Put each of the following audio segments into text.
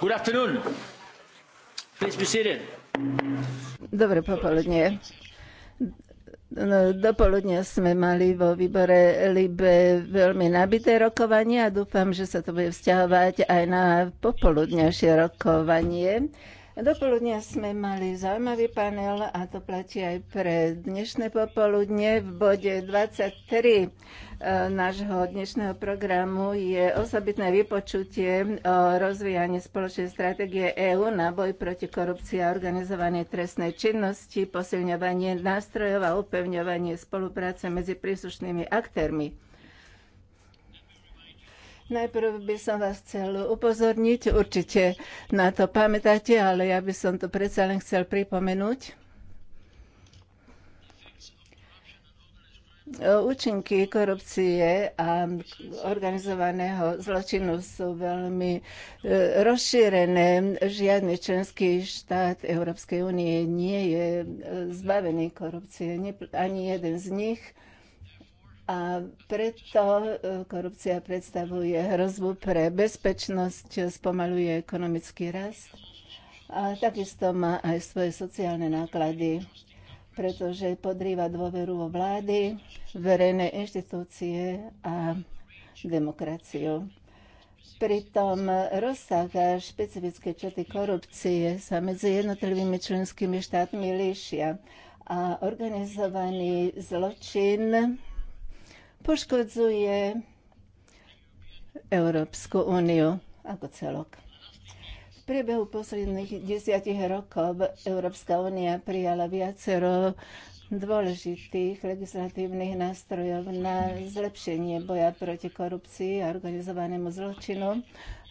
Good afternoon. Please be seated. Dobre popoludne. No, dopoludne sme mali vo výbore LIBE veľmi nabité rokovanie a dúfam, že sa to bude vzťahovať aj na popoludnejšie rokovanie. Dopoludne sme mali zaujímavý panel a to platí aj pre dnešné popoludne. V bode 23 eh, nášho dnešného programu je osobitné vypočutie o rozvíjaní spoločnej stratégie EÚ na boj proti korupcii a organizovanej trestnej činnosti, posilňovanie nástrojov a upevňovanie spolupráce medzi príslušnými aktérmi. Najprv by som vás chcel upozorniť, určite na to pamätáte, ale ja by som to predsa len chcel pripomenúť. Účinky korupcie a organizovaného zločinu sú veľmi e, rozšírené. Žiadny členský štát Európskej únie nie je e, zbavený korupcie, ani jeden z nich a preto e, korupcia predstavuje hrozbu pre bezpečnosť, spomaluje ekonomický rast a takisto má aj svoje sociálne náklady, pretože podrýva dôveru vo vlády, verejné inštitúcie a demokraciu. Pritom rozsah a špecifické čety korupcie sa medzi jednotlivými členskými štátmi líšia a organizovaný zločin poškodzuje Európsku úniu ako celok. V priebehu posledných desiatich rokov Európska únia prijala viacero dôležitých legislatívnych nástrojov na zlepšenie boja proti korupcii a organizovanému zločinu,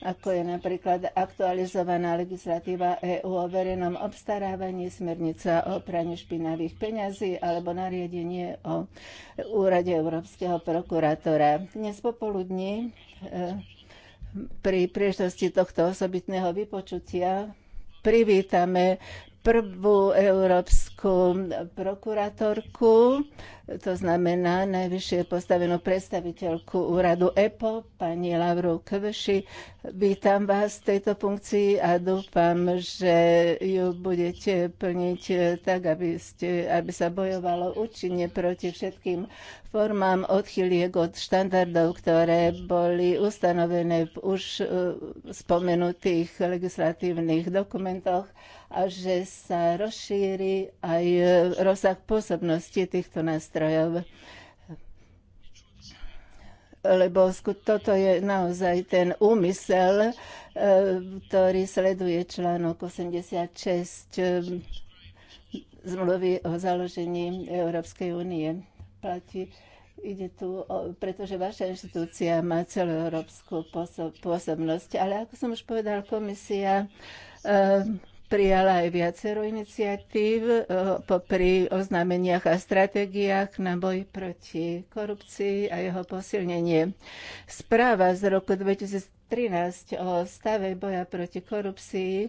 ako je napríklad aktualizovaná legislatíva EÚ o verejnom obstarávaní, smernica o praní špinavých peňazí alebo nariadenie o úrade Európskeho prokurátora. Dnes popoludní eh, pri príležitosti tohto osobitného vypočutia privítame prvú európsku prokuratorku, to znamená najvyššie postavenú predstaviteľku úradu EPO, pani Lavru Kveši. Vítam vás v tejto funkcii a dúfam, že ju budete plniť tak, aby, ste, aby sa bojovalo účinne proti všetkým formám odchyliek od štandardov, ktoré boli ustanovené v už eh, spomenutých legislatívnych dokumentoch a že sa rozšíri aj e, rozsah pôsobnosti týchto nástrojov lebo toto je naozaj ten úmysel, e, ktorý sleduje článok 86 e, zmluvy o založení Európskej únie. Platí, ide tu, pretože vaša inštitúcia má celoeurópsku pôsobnosť, ale ako som už povedal, komisia prijala aj viacero iniciatív e, pri oznámeniach a stratégiách na boj proti korupcii a jeho posilnenie. Správa z roku 2013 o stave boja proti korupcii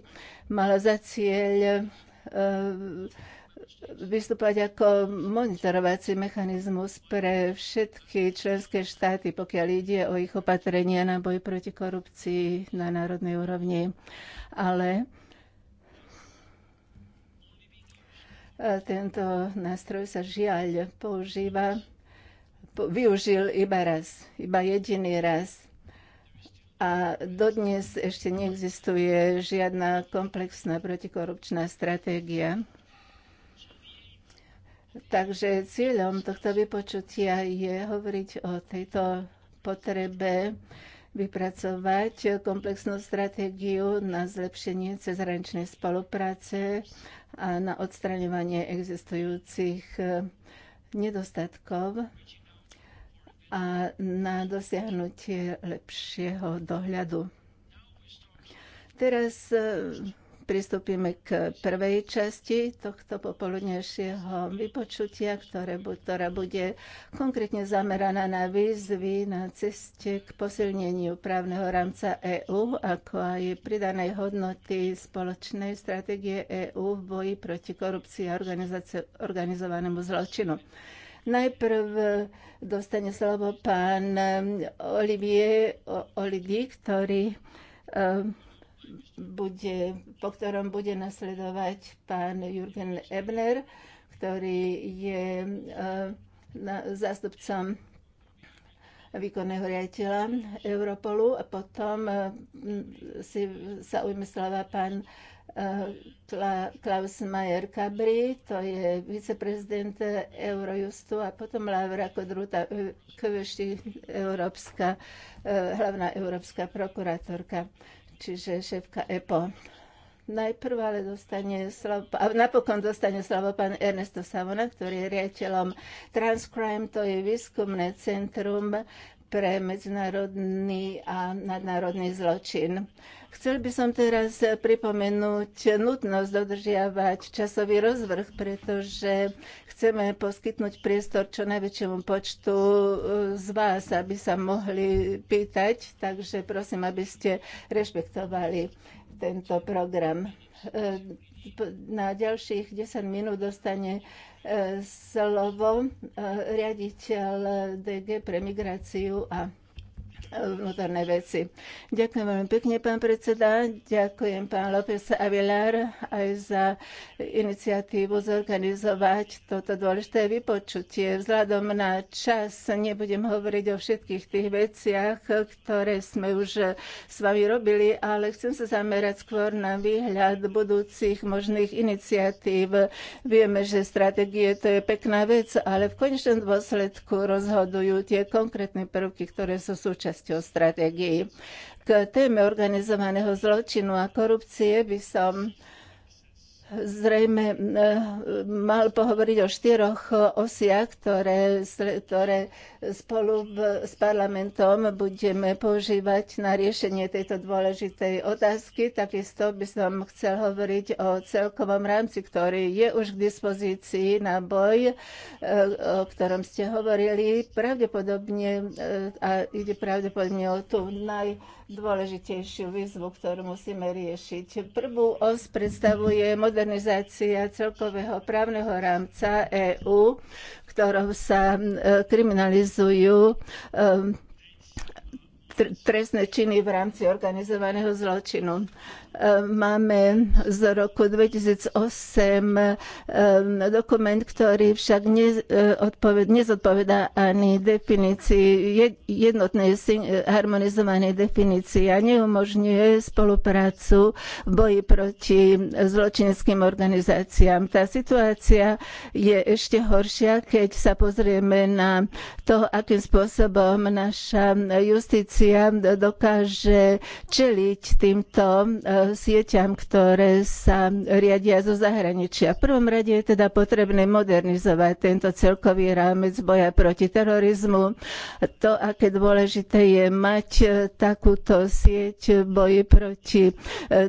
mala za cieľ e, vystúpať ako monitorovací mechanizmus pre všetky členské štáty, pokiaľ ide o ich opatrenia na boj proti korupcii na národnej úrovni. Ale Tento nástroj sa žiaľ používa, využil iba raz, iba jediný raz. A dodnes ešte neexistuje žiadna komplexná protikorupčná stratégia. Takže cieľom tohto vypočutia je hovoriť o tejto potrebe vypracovať komplexnú stratégiu na zlepšenie cezhraničnej spolupráce a na odstraňovanie existujúcich e, nedostatkov a na dosiahnutie lepšieho dohľadu. Teraz e, pristúpime k prvej časti tohto popoludnejšieho vypočutia, ktoré, ktorá bude konkrétne zameraná na výzvy na ceste k posilneniu právneho rámca EÚ, ako aj pridanej hodnoty spoločnej stratégie EÚ v boji proti korupcii a organizovanému zločinu. Najprv dostane slovo pán Olivier Oligi, ktorý bude, po ktorom bude nasledovať pán Jürgen Ebner, ktorý je eh, zástupcom výkonného riaditeľa Europolu a potom eh, si sa ujme slova pán eh, Klaus Mayer Cabri, to je viceprezident Eurojustu a potom Lavra Kodruta Kvešti, európska, hlavná európska prokurátorka čiže šéfka EPO. Najprv ale dostane a napokon dostane slovo pán Ernesto Savona, ktorý je riaditeľom Transcrime, to je výskumné centrum pre medzinárodný a nadnárodný zločin. Chcel by som teraz pripomenúť nutnosť dodržiavať časový rozvrh, pretože chceme poskytnúť priestor čo najväčšiemu počtu eh, z vás, aby sa mohli pýtať, takže prosím, aby ste rešpektovali tento program. Eh, na ďalších 10 minút dostane eh, slovo riaditeľ DG pre migráciu a vnútorné veci. Ďakujem veľmi pekne, pán predseda. Ďakujem pán López Avilar aj za iniciatívu zorganizovať toto dôležité vypočutie. Vzhľadom na čas nebudem hovoriť o všetkých tých veciach, ktoré sme už s vami robili, ale chcem sa zamerať skôr na výhľad budúcich možných iniciatív. Vieme, že stratégie to je pekná vec, ale v konečnom dôsledku rozhodujú tie konkrétne prvky, ktoré sú súčasné súčasťou stratégií. K téme organizovaného zločinu a korupcie by som zrejme eh, mal pohovoriť o štyroch osiach, ktoré, ktoré spolu v, s parlamentom budeme používať na riešenie tejto dôležitej otázky. Takisto by som chcel hovoriť o celkovom rámci, ktorý je už k dispozícii na boj, eh, o ktorom ste hovorili. Pravdepodobne, eh, a ide pravdepodobne o tú najdôležitejšiu výzvu, ktorú musíme riešiť. Prvú os predstavuje modernizácia celkového právneho rámca EÚ, ktorou sa e, kriminalizujú e, trestné činy v rámci organizovaného zločinu. E, máme z roku 2008 e, dokument, ktorý však e, nezodpovedá ani definícii jednotnej harmonizovanej definícii a neumožňuje spoluprácu v boji proti zločineckým organizáciám. Tá situácia je ešte horšia, keď sa pozrieme na to, akým spôsobom naša justícia komisia dokáže čeliť týmto e, sieťam, ktoré sa riadia zo zahraničia. V prvom rade je teda potrebné modernizovať tento celkový rámec boja proti terorizmu. To, aké dôležité je mať e, takúto sieť boji proti e,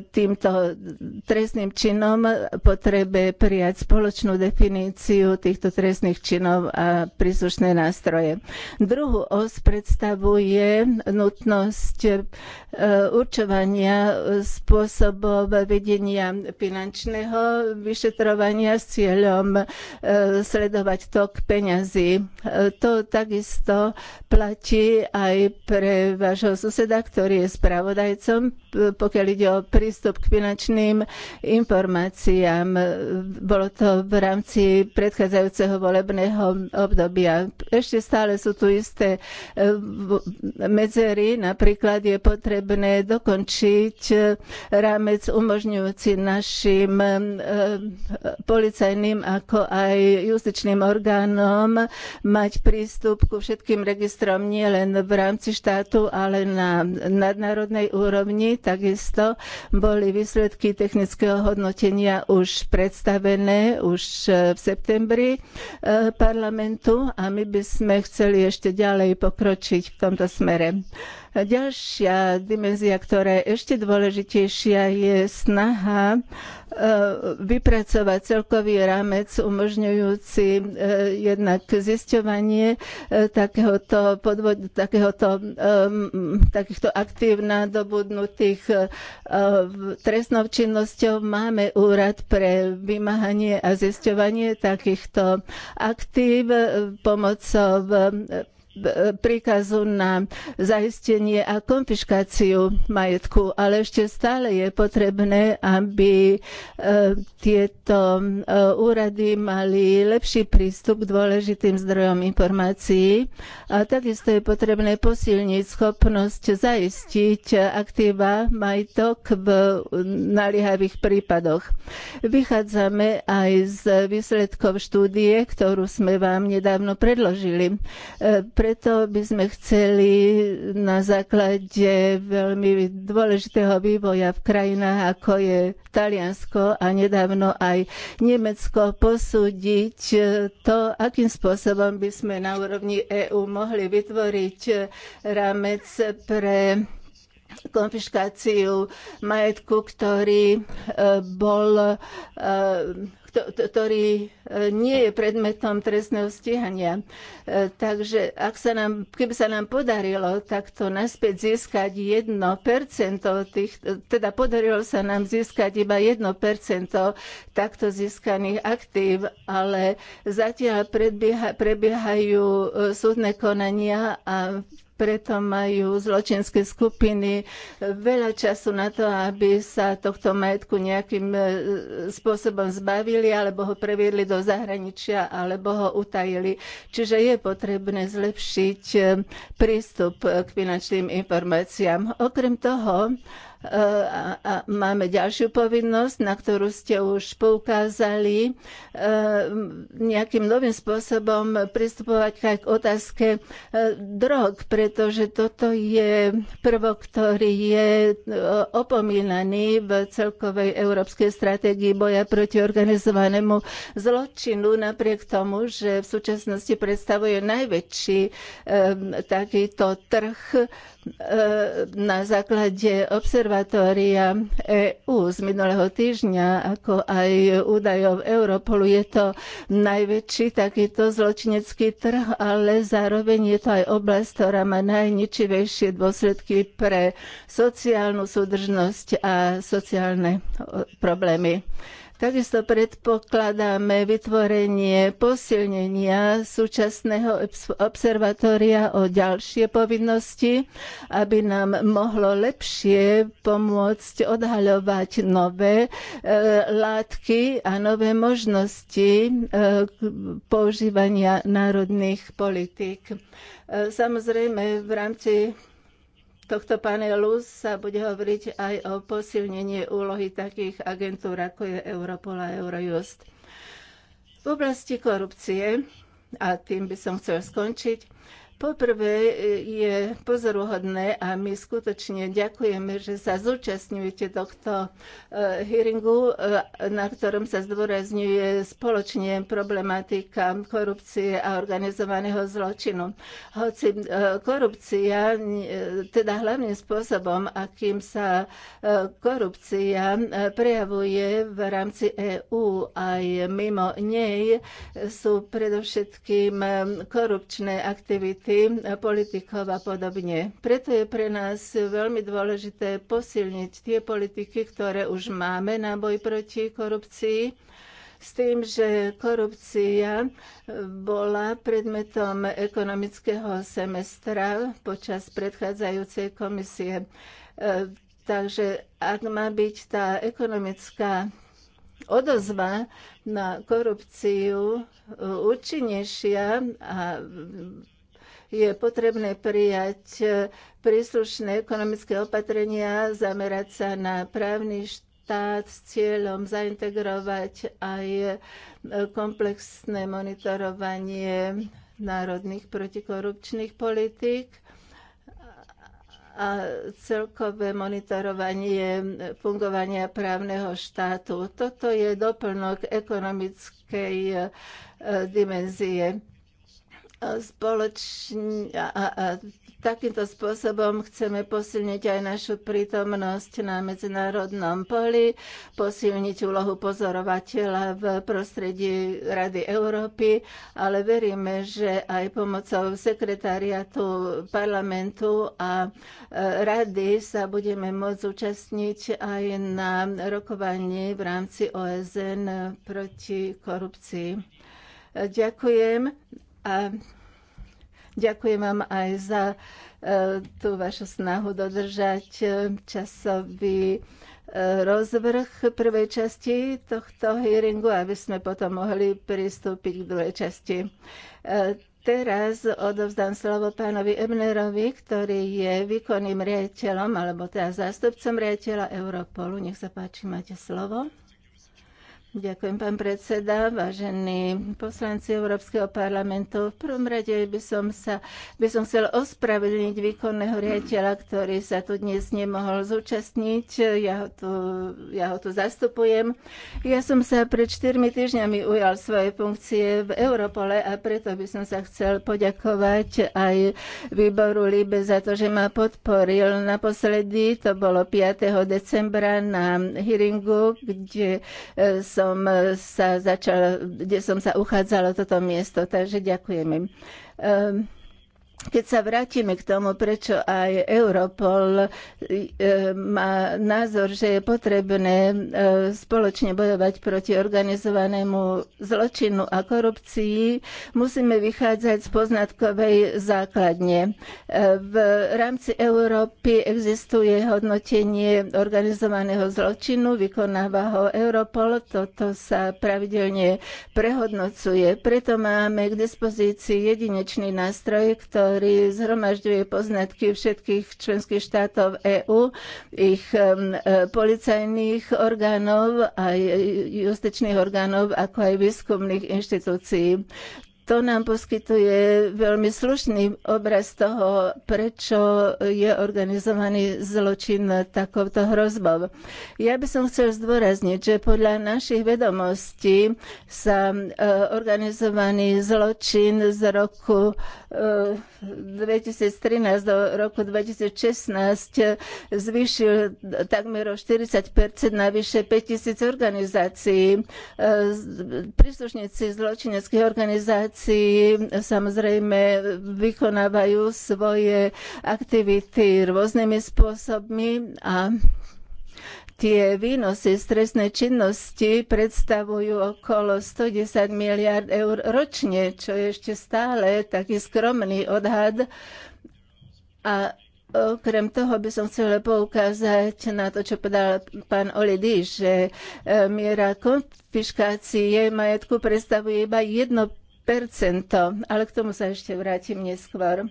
týmto trestným činom, potrebe prijať spoločnú definíciu týchto trestných činov a príslušné nástroje. Druhú os predstavuje nutnosť e, určovania spôsobov vedenia finančného vyšetrovania s cieľom e, sledovať tok peňazí. E, to takisto platí aj pre vášho suseda, ktorý je spravodajcom, pokiaľ ide o prístup k finančným informáciám. Bolo to v rámci predchádzajúceho volebného obdobia. Ešte stále sú tu isté medzery ktorý Napríklad je potrebné dokončiť e, rámec umožňujúci našim e, policajným ako aj justičným orgánom mať prístup ku všetkým registrom nielen v rámci štátu, ale na nadnárodnej úrovni. Takisto boli výsledky technického hodnotenia už predstavené už e, v septembri parlamentu a my by sme chceli ešte ďalej pokročiť v tomto smere. Ďalšia dimenzia, ktorá je ešte dôležitejšia, je snaha e, vypracovať celkový rámec umožňujúci e, jednak zisťovanie e, takéhoto, podvod, takéhoto takýchto aktív nadobudnutých trestnou činnosťou. Máme úrad pre vymáhanie a zisťovanie takýchto aktív pomocou E, príkazu na zaistenie a konfiškáciu majetku, ale ešte stále je potrebné, aby e, tieto e, úrady mali lepší prístup k dôležitým zdrojom informácií a takisto je potrebné posilniť schopnosť zaistiť aktíva majetok v naliehavých prípadoch. Vychádzame aj z výsledkov štúdie, ktorú sme vám nedávno predložili preto by sme chceli na základe veľmi dôležitého vývoja v krajinách, ako je Taliansko a nedávno aj Nemecko, posúdiť to, akým spôsobom by sme na úrovni EÚ mohli vytvoriť rámec pre konfiškáciu majetku, ktorý eh, bol eh, ktorý e, nie je predmetom trestného stíhania. E, takže ak sa nám, keby sa nám podarilo takto naspäť získať 1%, tých, e, teda podarilo sa nám získať iba 1% takto získaných aktív, ale zatiaľ predbieha, prebiehajú súdne konania a preto majú zločinské skupiny veľa času na to, aby sa tohto majetku nejakým e, spôsobom zbavili, alebo ho previedli do zahraničia, alebo ho utajili. Čiže je potrebné zlepšiť e, prístup k finančným informáciám. Okrem toho, a, a máme ďalšiu povinnosť, na ktorú ste už poukázali, e, nejakým novým spôsobom pristupovať k otázke e, drog, pretože toto je prvok, ktorý je e, opomínaný v celkovej európskej stratégii boja proti organizovanému zločinu, napriek tomu, že v súčasnosti predstavuje najväčší takýto trh na základe observatória EU z minulého týždňa, ako aj údajov Europolu, je to najväčší takýto zločinecký trh, ale zároveň je to aj oblasť, ktorá má najničivejšie dôsledky pre sociálnu súdržnosť a sociálne problémy. Takisto predpokladáme vytvorenie posilnenia súčasného observatória o ďalšie povinnosti, aby nám mohlo lepšie pomôcť odhaľovať nové e, látky a nové možnosti e, používania národných politík. E, samozrejme, v rámci tohto panelu sa bude hovoriť aj o posilnení úlohy takých agentúr, ako je Europol a Eurojust. V oblasti korupcie, a tým by som chcel skončiť, Poprvé e, je pozoruhodné a my skutočne ďakujeme, že sa zúčastňujete tohto e, hearingu, e, na ktorom sa zdôrazňuje spoločne problematika korupcie a organizovaného zločinu. Hoci korupcia, teda hlavným spôsobom, akým sa korupcia prejavuje v rámci EÚ aj mimo nej, sú predovšetkým korupčné aktivity platy politikov a podobne. Preto je pre nás veľmi dôležité posilniť tie politiky, ktoré už máme na boj proti korupcii s tým, že korupcia bola predmetom ekonomického semestra počas predchádzajúcej komisie. E, takže ak má byť tá ekonomická odozva na korupciu e, účinnejšia a je potrebné prijať eh, príslušné ekonomické opatrenia, zamerať sa na právny štát s cieľom zaintegrovať aj eh, komplexné monitorovanie národných protikorupčných politík a celkové monitorovanie fungovania právneho štátu. Toto je doplnok ekonomickej eh, dimenzie spoločne, a, a takýmto spôsobom chceme posilniť aj našu prítomnosť na medzinárodnom poli, posilniť úlohu pozorovateľa v prostredí Rady Európy, ale veríme, že aj pomocou sekretariatu parlamentu a e, rady sa budeme môcť zúčastniť aj na rokovaní v rámci OSN proti korupcii. Ďakujem. A ďakujem vám aj za e, tú vašu snahu dodržať e, časový e, rozvrh prvej časti tohto hearingu, aby sme potom mohli pristúpiť k druhej časti. Teraz odovzdám slovo pánovi Ebnerovi, ktorý je výkonným riaditeľom, alebo teda zástupcom riaditeľa Europolu. Nech sa páči, máte slovo. Ďakujem, pán predseda, vážení poslanci Európskeho parlamentu. V prvom rade by som, sa, by som chcel ospravedlniť výkonného riaditeľa, ktorý sa tu dnes nemohol zúčastniť. Ja ho tu, ja ho tu zastupujem. Ja som sa pred 4 týždňami ujal svoje funkcie v Europole a preto by som sa chcel poďakovať aj výboru Líbe za to, že ma podporil. Naposledy to bolo 5. decembra na hearingu, kde sa e, som sa začala, kde som sa uchádzala toto miesto. Takže ďakujem im. Um, keď sa vrátime k tomu, prečo aj Europol e, má názor, že je potrebné e, spoločne bojovať proti organizovanému zločinu a korupcii, musíme vychádzať z poznatkovej základne. E, v rámci Európy existuje hodnotenie organizovaného zločinu, vykonáva ho Europol, toto sa pravidelne prehodnocuje. Preto máme k dispozícii jedinečný nástroj, ktorý ktorý zhromažďuje poznatky všetkých členských štátov EÚ, ich e, policajných orgánov, aj justičných orgánov, ako aj výskumných inštitúcií. To nám poskytuje veľmi slušný obraz toho, prečo je organizovaný zločin takouto hrozbou. Ja by som chcel zdôrazniť, že podľa našich vedomostí sa e, organizovaný zločin z roku 2013 e, do roku 2016 e, zvýšil takmer o 40 na vyše 5000 organizácií. Príslušníci zločineckých organizácií Všetci samozrejme vykonávajú svoje aktivity rôznymi spôsobmi a Tie výnosy z trestnej činnosti predstavujú okolo 110 miliard eur ročne, čo je ešte stále taký skromný odhad. A Okrem toho by som chcela poukázať na to, čo povedal pán Oledy, že eh, miera konfiškácie majetku predstavuje iba jedno percento, ale k tomu sa ešte vrátim neskôr.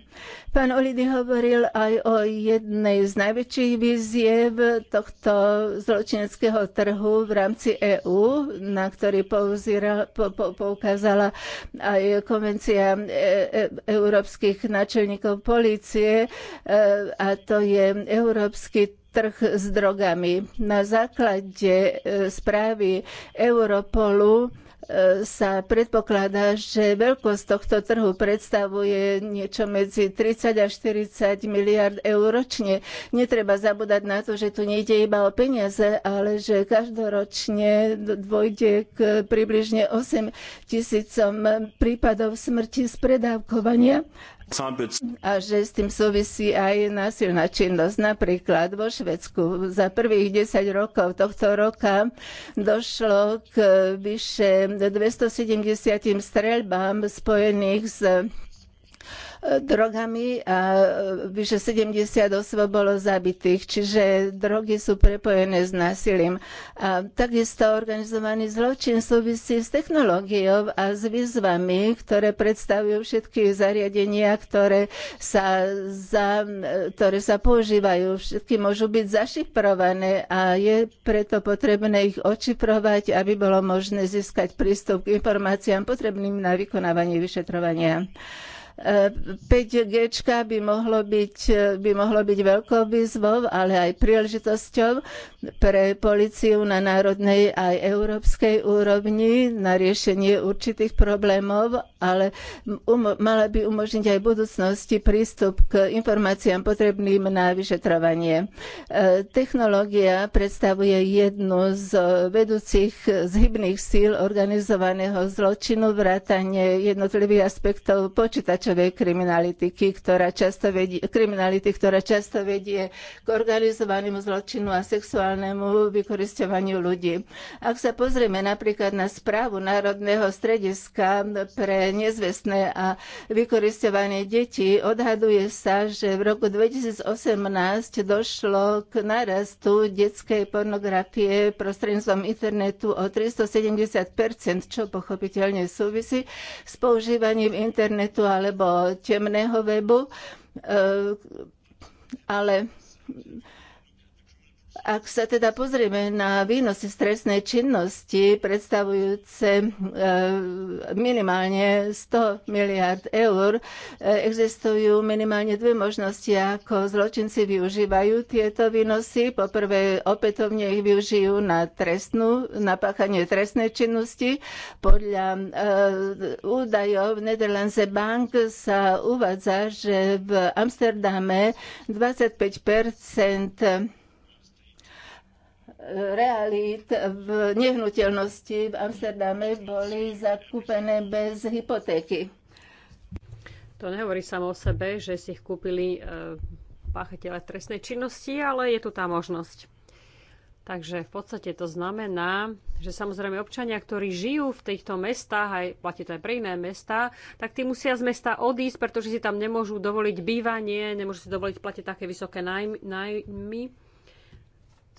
Pán Olidy hovoril aj o jednej z najväčších výziev tohto zločineckého trhu v rámci EÚ, na ktorý po, po, poukázala aj konvencia e, e, európskych náčelníkov policie, e, a to je európsky trh s drogami. Na základe správy Europolu E, sa predpokladá, že veľkosť tohto trhu predstavuje niečo medzi 30 a 40 miliard eur ročne. Netreba zabúdať na to, že tu nejde iba o peniaze, ale že každoročne dôjde k približne 8 tisícom prípadov smrti z predávkovania a že s tým súvisí aj násilná činnosť. Napríklad vo Švedsku za prvých 10 rokov tohto roka došlo k vyše 270 streľbám spojených s drogami a e, vyše 70 osôb bolo zabitých, čiže drogy sú prepojené s násilím. A takisto organizovaný zločin súvisí s technológiou a s výzvami, ktoré predstavujú všetky zariadenia, ktoré sa, za, ktoré sa používajú. Všetky môžu byť zašifrované a je preto potrebné ich očifrovať, aby bolo možné získať prístup k informáciám potrebným na vykonávanie vyšetrovania. 5G by mohlo, byť, by mohlo byť veľkou výzvou, ale aj príležitosťou pre policiu na národnej aj európskej úrovni na riešenie určitých problémov, ale um, mala by umožniť aj v budúcnosti prístup k informáciám potrebným na vyšetrovanie. E, technológia predstavuje jednu z vedúcich zhybných síl organizovaného zločinu, vrátanie jednotlivých aspektov počítačov počítačovej kriminalitiky, ktorá často vedie, kriminality, ktorá často vedie k organizovanému zločinu a sexuálnemu vykoristovaniu ľudí. Ak sa pozrieme napríklad na správu Národného strediska pre nezvestné a vykoristované deti, odhaduje sa, že v roku 2018 došlo k narastu detskej pornografie prostredníctvom internetu o 370%, čo pochopiteľne súvisí s používaním internetu, ale alebo temného webu, e, ale ak sa teda pozrieme na výnosy stresnej činnosti predstavujúce e, minimálne 100 miliard eur, e, existujú minimálne dve možnosti, ako zločinci využívajú tieto výnosy. Poprvé, opätovne ich využijú na trestnú, na páchanie trestnej činnosti. Podľa e, údajov Nederlandse Bank sa uvádza, že v Amsterdame 25 realít v nehnuteľnosti v Amsterdame boli zakúpené bez hypotéky. To nehovorí samo o sebe, že si ich kúpili e, páchateľe trestnej činnosti, ale je tu tá možnosť. Takže v podstate to znamená, že samozrejme občania, ktorí žijú v týchto mestách, aj platí to aj pre iné mesta, tak tí musia z mesta odísť, pretože si tam nemôžu dovoliť bývanie, nemôžu si dovoliť platiť také vysoké nájmy.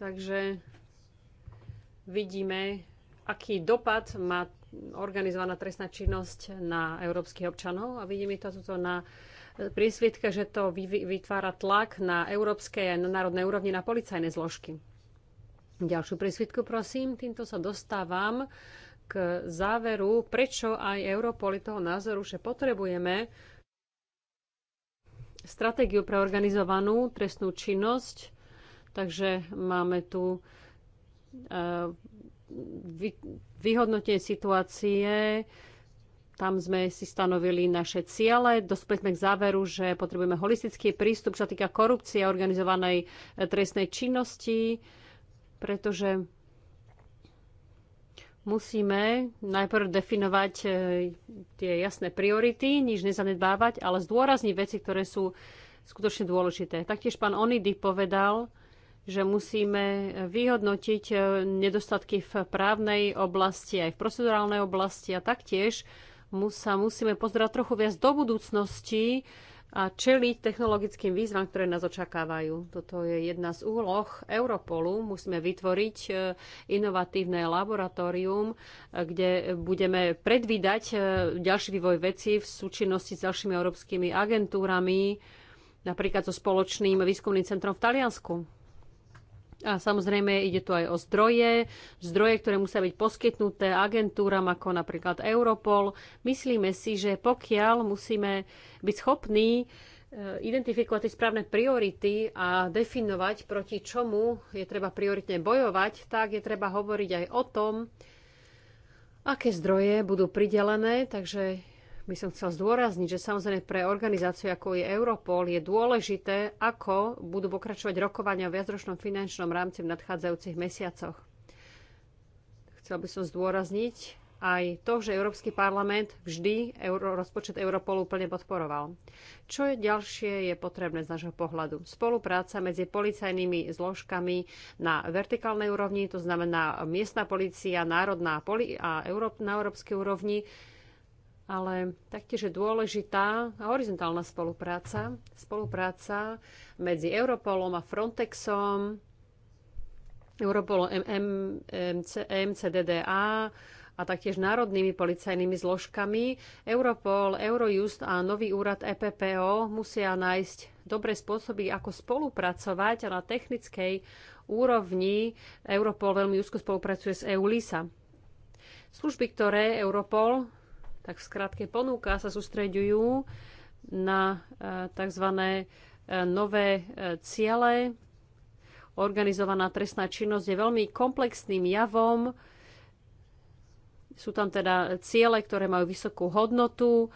Takže vidíme, aký dopad má organizovaná trestná činnosť na európskych občanov a vidíme to tuto na prísvitke, že to vytvára tlak na európskej a na národnej úrovni na policajné zložky. Ďalšiu prísvitku prosím. Týmto sa dostávam k záveru, prečo aj Europoli toho názoru, že potrebujeme stratégiu pre organizovanú trestnú činnosť, Takže máme tu e, vyhodnotenie situácie, tam sme si stanovili naše ciele. Dospeli sme k záveru, že potrebujeme holistický prístup, čo sa týka korupcie a organizovanej e, trestnej činnosti, pretože musíme najprv definovať e, tie jasné priority, nič nezanedbávať, ale zdôrazniť veci, ktoré sú skutočne dôležité. Taktiež pán Onidy povedal, že musíme vyhodnotiť e, nedostatky v právnej oblasti aj v procedurálnej oblasti a taktiež sa musíme pozerať trochu viac do budúcnosti a čeliť technologickým výzvam, ktoré nás očakávajú. Toto je jedna z úloh Europolu. Musíme vytvoriť e, inovatívne laboratórium, e, kde budeme predvídať ďalší vývoj veci v súčinnosti s ďalšími európskymi agentúrami, napríklad so spoločným výskumným centrom v Taliansku a samozrejme ide tu aj o zdroje, zdroje, ktoré musia byť poskytnuté agentúram ako napríklad Europol. Myslíme si, že pokiaľ musíme byť schopní e, identifikovať tie správne priority a definovať, proti čomu je treba prioritne bojovať, tak je treba hovoriť aj o tom, aké zdroje budú pridelené. Takže by som chcel zdôrazniť, že samozrejme pre organizáciu ako je Europol je dôležité, ako budú pokračovať rokovania o viacročnom finančnom rámci v nadchádzajúcich mesiacoch. Chcel by som zdôrazniť aj to, že Európsky parlament vždy euro, rozpočet Europolu plne podporoval. Čo je ďalšie je potrebné z nášho pohľadu? Spolupráca medzi policajnými zložkami na vertikálnej úrovni, to znamená miestna policia, národná poli- a Euró- na európskej úrovni, ale taktiež je dôležitá horizontálna spolupráca. Spolupráca medzi Europolom a Frontexom, Europolom MCDDA a taktiež národnými policajnými zložkami. Europol, Eurojust a nový úrad EPPO musia nájsť dobré spôsoby, ako spolupracovať a na technickej úrovni Europol veľmi úzko spolupracuje s EULISA. Služby, ktoré Europol tak v skratke ponúka, sa sústreďujú na e, tzv. E, nové e, ciele. Organizovaná trestná činnosť je veľmi komplexným javom. Sú tam teda ciele, ktoré majú vysokú hodnotu,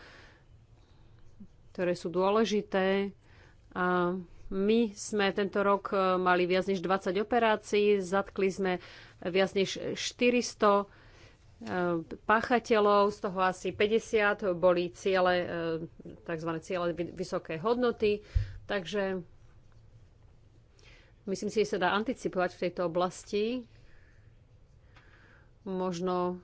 ktoré sú dôležité. A my sme tento rok mali viac než 20 operácií, zatkli sme viac než 400 Ehm, páchateľov, z toho asi 50 boli ciele, ehm, tzv. ciele vysoké hodnoty, takže myslím si, že sa dá anticipovať v tejto oblasti. Možno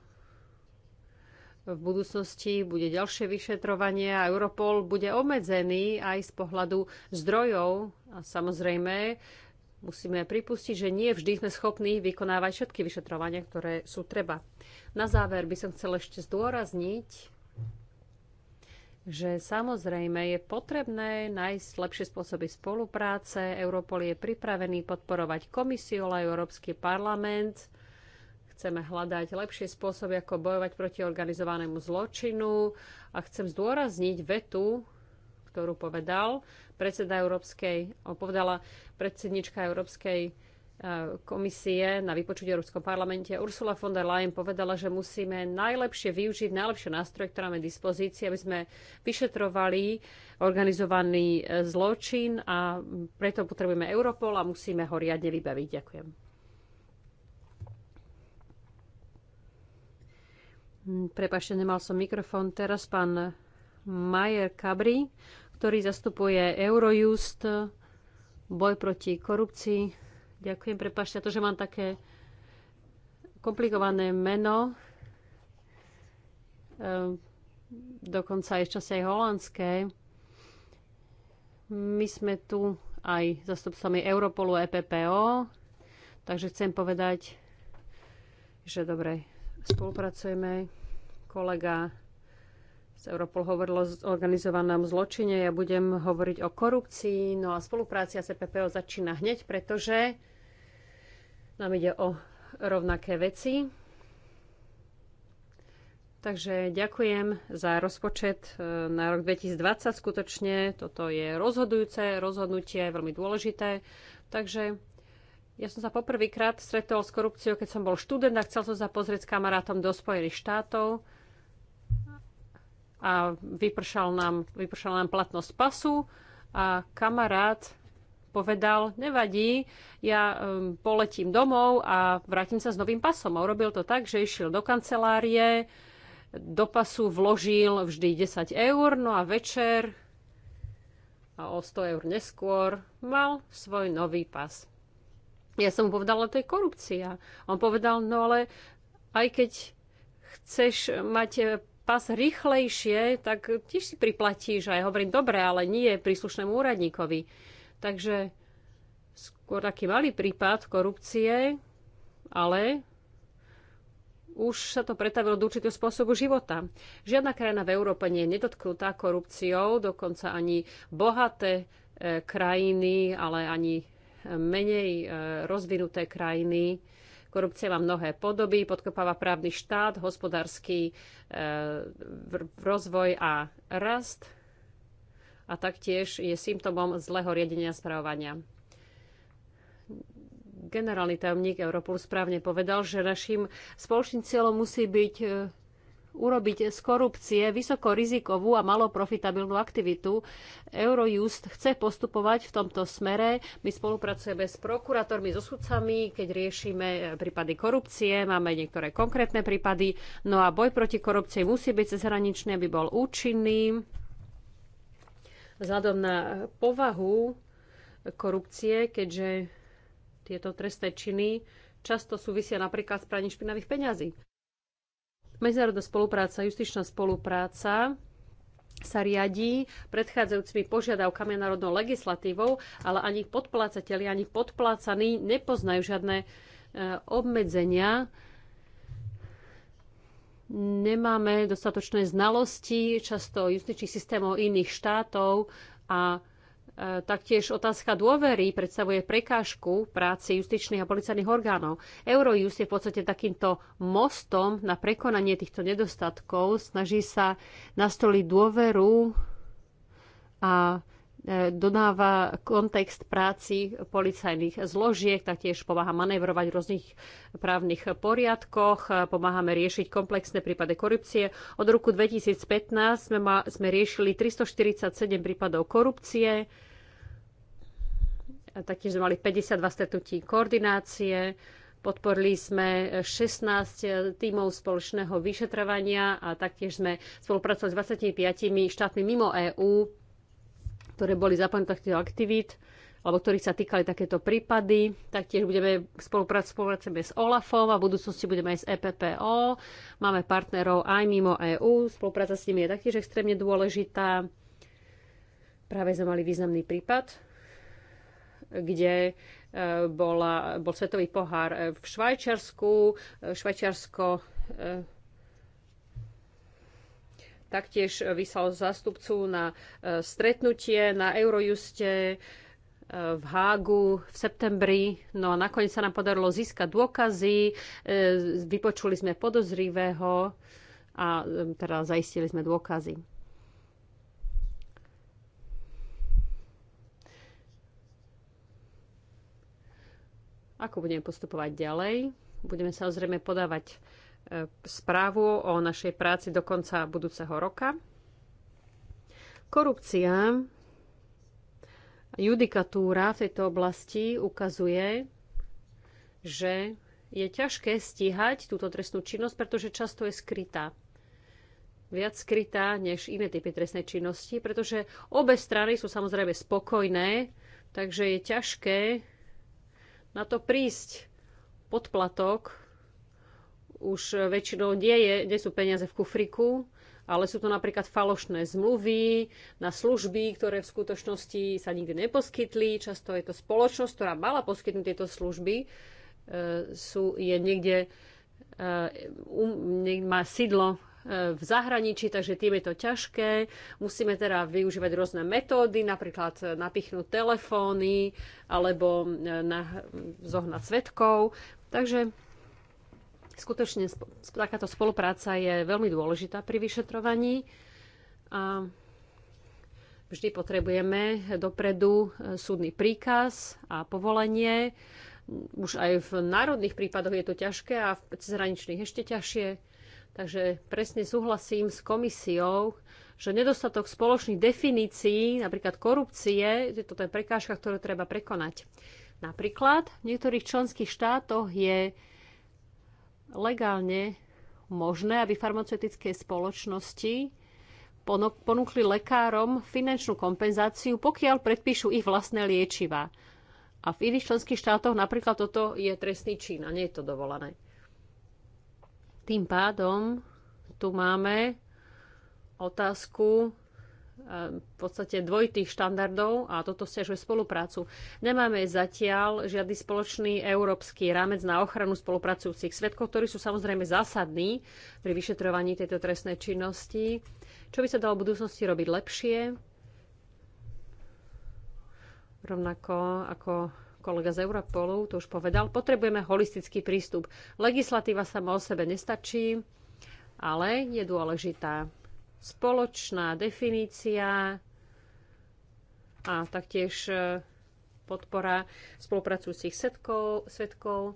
v budúcnosti bude ďalšie vyšetrovanie a Europol bude obmedzený aj z pohľadu zdrojov a samozrejme musíme pripustiť, že nie vždy sme schopní vykonávať všetky vyšetrovania, ktoré sú treba. Na záver by som chcel ešte zdôrazniť, že samozrejme je potrebné nájsť lepšie spôsoby spolupráce. Europol je pripravený podporovať komisiu, ale aj Európsky parlament. Chceme hľadať lepšie spôsoby, ako bojovať proti organizovanému zločinu. A chcem zdôrazniť vetu, ktorú povedal predseda Európskej, povedala predsednička Európskej e, komisie na vypočuť v Európskom parlamente. Ursula von der Leyen povedala, že musíme najlepšie využiť najlepšie nástroje, ktoré máme dispozícii, aby sme vyšetrovali organizovaný e, zločin a preto potrebujeme Europol a musíme ho riadne vybaviť. Ďakujem. Hm, prepašte, nemal som mikrofón. Teraz pán Majer Kabri ktorý zastupuje Eurojust, boj proti korupcii. Ďakujem, prepašte to, že mám také komplikované meno. Ehm, dokonca aj čase aj holandské. My sme tu aj zastupcami Europolu EPPO, takže chcem povedať, že dobre, spolupracujeme. Kolega z Europol hovorilo o organizovanom zločine. Ja budem hovoriť o korupcii. No a spoluprácia EPPO začína hneď, pretože nám ide o rovnaké veci. Takže ďakujem za rozpočet e, na rok 2020. Skutočne toto je rozhodujúce rozhodnutie, veľmi dôležité. Takže ja som sa poprvýkrát stretol s korupciou, keď som bol študent a chcel som sa pozrieť s kamarátom do Spojených štátov a vypršal nám, vypršal nám platnosť pasu a kamarát povedal, nevadí, ja um, poletím domov a vrátim sa s novým pasom. A urobil to tak, že išiel do kancelárie, do pasu vložil vždy 10 eur, no a večer a o 100 eur neskôr mal svoj nový pas. Ja som mu povedala, to je korupcia. On povedal, no ale aj keď chceš mať pas rýchlejšie, tak tiež si priplatíš. A ja hovorím, dobre, ale nie príslušnému úradníkovi. Takže skôr taký malý prípad korupcie, ale už sa to pretavilo do určitého spôsobu života. Žiadna krajina v Európe nie je nedotknutá korupciou, dokonca ani bohaté e, krajiny, ale ani menej e, rozvinuté krajiny Korupcia má mnohé podoby, podkopáva právny štát, hospodársky e, rozvoj a rast a taktiež je symptómom zlého riadenia správania. Generálny tajomník Europol správne povedal, že našim spoločným cieľom musí byť e, urobiť z korupcie vysokorizikovú a maloprofitabilnú aktivitu. Eurojust chce postupovať v tomto smere. My spolupracujeme s prokurátormi, so sudcami, keď riešime prípady korupcie, máme niektoré konkrétne prípady. No a boj proti korupcii musí byť cezhraničný, aby bol účinný. Vzhľadom na povahu korupcie, keďže tieto trestné činy často súvisia napríklad s praním špinavých peňazí. Medzinárodná spolupráca, justičná spolupráca sa riadí predchádzajúcimi požiadavkami národnou legislatívou, ale ani podplácateľi, ani podplácaní nepoznajú žiadne e, obmedzenia. Nemáme dostatočné znalosti často justičných systémov iných štátov a E, taktiež otázka dôvery predstavuje prekážku práci justičných a policajných orgánov. Eurojust je v podstate takýmto mostom na prekonanie týchto nedostatkov. Snaží sa nastoliť dôveru a E, dodáva kontext práci policajných zložiek, taktiež pomáha manévrovať v rôznych právnych poriadkoch, e, pomáhame riešiť komplexné prípady korupcie. Od roku 2015 sme, ma, sme riešili 347 prípadov korupcie, taktiež sme mali 52 stretnutí koordinácie, Podporili sme 16 tímov spoločného vyšetrovania a taktiež sme spolupracovali s 25 štátmi mimo EÚ ktoré boli zapojené do takýchto aktivít, alebo ktorých sa týkali takéto prípady. Taktiež budeme spolupracujeme s OLAFom a v budúcnosti budeme aj s EPPO. Máme partnerov aj mimo EÚ. Spolupráca s nimi je taktiež extrémne dôležitá. Práve sme mali významný prípad, kde e, bola, bol svetový pohár e, v Švajčiarsku. E, Švajčiarsko taktiež e, vyslal zástupcu na e, stretnutie na Eurojuste e, v Hágu v septembri. No a nakoniec sa nám podarilo získať dôkazy, vypočuli sme podozrivého a teda zaistili sme dôkazy. Ako budeme postupovať ďalej? Budeme samozrejme podávať E, správu o našej práci do konca budúceho roka. Korupcia, judikatúra v tejto oblasti ukazuje, že je ťažké stíhať túto trestnú činnosť, pretože často je skrytá. Viac skrytá než iné typy trestnej činnosti, pretože obe strany sú samozrejme spokojné, takže je ťažké na to prísť podplatok už väčšinou nie, je, nie sú peniaze v kufriku, ale sú to napríklad falošné zmluvy na služby, ktoré v skutočnosti sa nikdy neposkytli. Často je to spoločnosť, ktorá mala poskytnúť tieto služby, e, sú, je niekde, e, um, niekde má sídlo e, v zahraničí, takže tým je to ťažké. Musíme teda využívať rôzne metódy, napríklad napichnúť telefóny alebo na, zohnať svetkov. Takže Skutočne takáto spolupráca je veľmi dôležitá pri vyšetrovaní a vždy potrebujeme dopredu e, súdny príkaz a povolenie. Už aj v národných prípadoch je to ťažké a v cezhraničných ešte ťažšie. Takže presne súhlasím s komisiou, že nedostatok spoločných definícií, napríklad korupcie, je to tá prekážka, ktorú treba prekonať. Napríklad v niektorých členských štátoch je legálne možné, aby farmaceutické spoločnosti ponúkli lekárom finančnú kompenzáciu, pokiaľ predpíšu ich vlastné liečiva. A v iných členských štátoch napríklad toto je trestný čin a nie je to dovolené. Tým pádom tu máme otázku v podstate dvojitých štandardov a toto stiažuje spoluprácu. Nemáme zatiaľ žiadny spoločný európsky rámec na ochranu spolupracujúcich svetkov, ktorí sú samozrejme zásadní pri vyšetrovaní tejto trestnej činnosti. Čo by sa dalo v budúcnosti robiť lepšie? Rovnako ako kolega z Europolu to už povedal, potrebujeme holistický prístup. Legislatíva sama o sebe nestačí, ale je dôležitá spoločná definícia a taktiež e, podpora spolupracujúcich svetkov, svetkov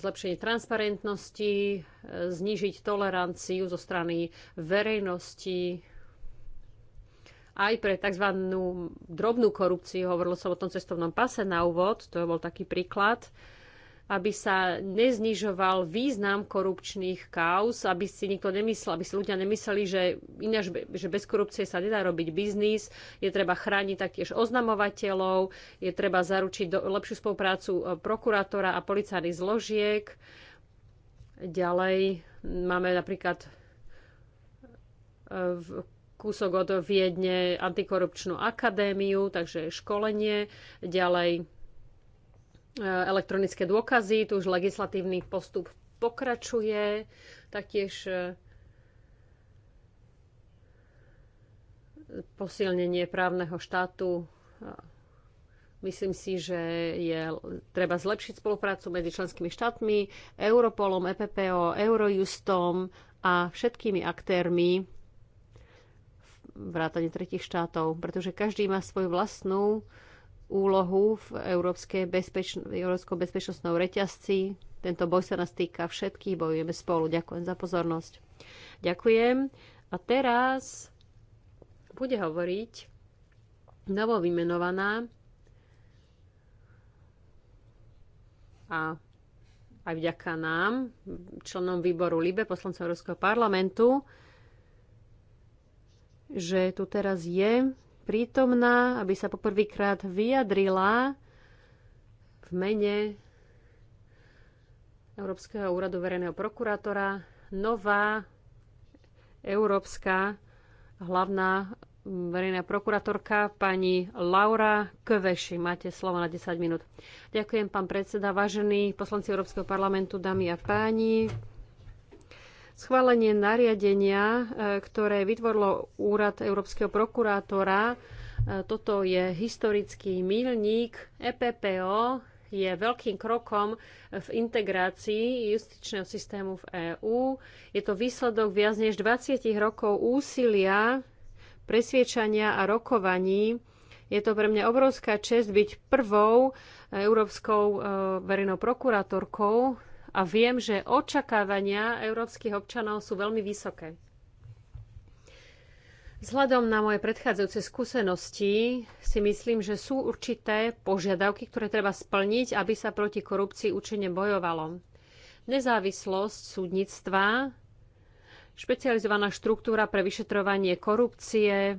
zlepšenie transparentnosti, e, znižiť toleranciu zo strany verejnosti, aj pre tzv. drobnú korupciu. Hovorilo sa o tom cestovnom pase na úvod, to bol taký príklad aby sa neznižoval význam korupčných kauz, aby si nikto nemyslel, aby si ľudia nemysleli, že ináč, že bez korupcie sa nedá robiť biznis, je treba chrániť taktiež oznamovateľov, je treba zaručiť do, lepšiu spoluprácu e, prokurátora a policajných zložiek. Ďalej máme napríklad e, v kúsok od Viedne antikorupčnú akadémiu, takže školenie. Ďalej E, elektronické dôkazy, tu už legislatívny postup pokračuje, taktiež e, posilnenie právneho štátu. Myslím si, že je treba zlepšiť spoluprácu medzi členskými štátmi, Europolom, EPPO, Eurojustom a všetkými aktérmi vrátane tretich štátov, pretože každý má svoju vlastnú úlohu v Európskej bezpečno, bezpečnostnou bezpečnostnom reťazci. Tento boj sa nás týka všetkých, bojujeme spolu. Ďakujem za pozornosť. Ďakujem. A teraz bude hovoriť novo vymenovaná a aj vďaka nám, členom výboru LIBE, poslancov Európskeho parlamentu, že tu teraz je prítomná, aby sa poprvýkrát vyjadrila v mene Európskeho úradu verejného prokurátora nová európska hlavná verejná prokurátorka pani Laura Kveši. Máte slovo na 10 minút. Ďakujem, pán predseda, vážení poslanci Európskeho parlamentu, dámy a páni. Schválenie nariadenia, e, ktoré vytvorilo úrad Európskeho prokurátora, e, toto je historický milník. EPPO je veľkým krokom v integrácii justičného systému v EÚ. Je to výsledok viac než 20 rokov úsilia, presviečania a rokovaní. Je to pre mňa obrovská čest byť prvou e, európskou verejnou prokurátorkou a viem, že očakávania európskych občanov sú veľmi vysoké. Vzhľadom na moje predchádzajúce skúsenosti si myslím, že sú určité požiadavky, ktoré treba splniť, aby sa proti korupcii účinne bojovalo. Nezávislosť súdnictva, špecializovaná štruktúra pre vyšetrovanie korupcie,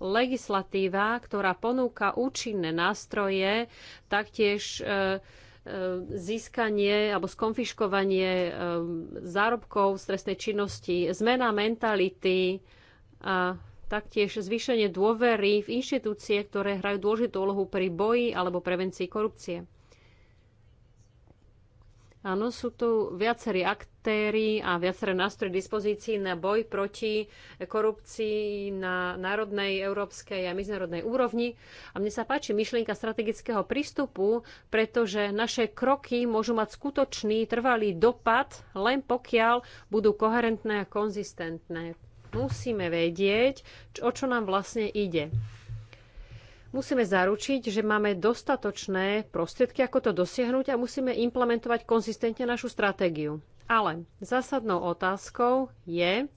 legislatíva, ktorá ponúka účinné nástroje, taktiež e, E, získanie alebo skonfiškovanie e, zárobkov z trestnej činnosti, zmena mentality a taktiež zvýšenie dôvery v inštitúcie, ktoré hrajú dôležitú úlohu pri boji alebo prevencii korupcie. Áno, sú tu viacerí akt, aktéry a viaceré nástroje dispozícií na boj proti korupcii na národnej, európskej a medzinárodnej úrovni. A mne sa páči myšlienka strategického prístupu, pretože naše kroky môžu mať skutočný, trvalý dopad, len pokiaľ budú koherentné a konzistentné. Musíme vedieť, o čo nám vlastne ide musíme zaručiť, že máme dostatočné prostriedky, ako to dosiahnuť a musíme implementovať konzistentne našu stratégiu. Ale zásadnou otázkou je,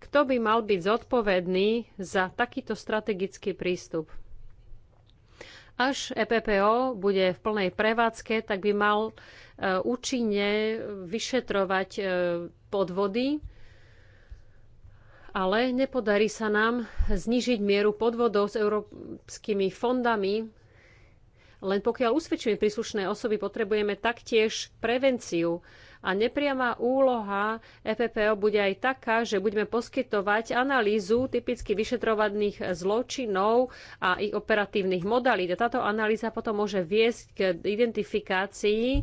kto by mal byť zodpovedný za takýto strategický prístup. Až EPPO bude v plnej prevádzke, tak by mal e, účinne vyšetrovať e, podvody, ale nepodarí sa nám znižiť mieru podvodov s európskymi fondami. Len pokiaľ usvedčíme príslušné osoby, potrebujeme taktiež prevenciu a nepriama úloha EPPO bude aj taká, že budeme poskytovať analýzu typicky vyšetrovaných zločinov a ich operatívnych modalít. A táto analýza potom môže viesť k identifikácii e,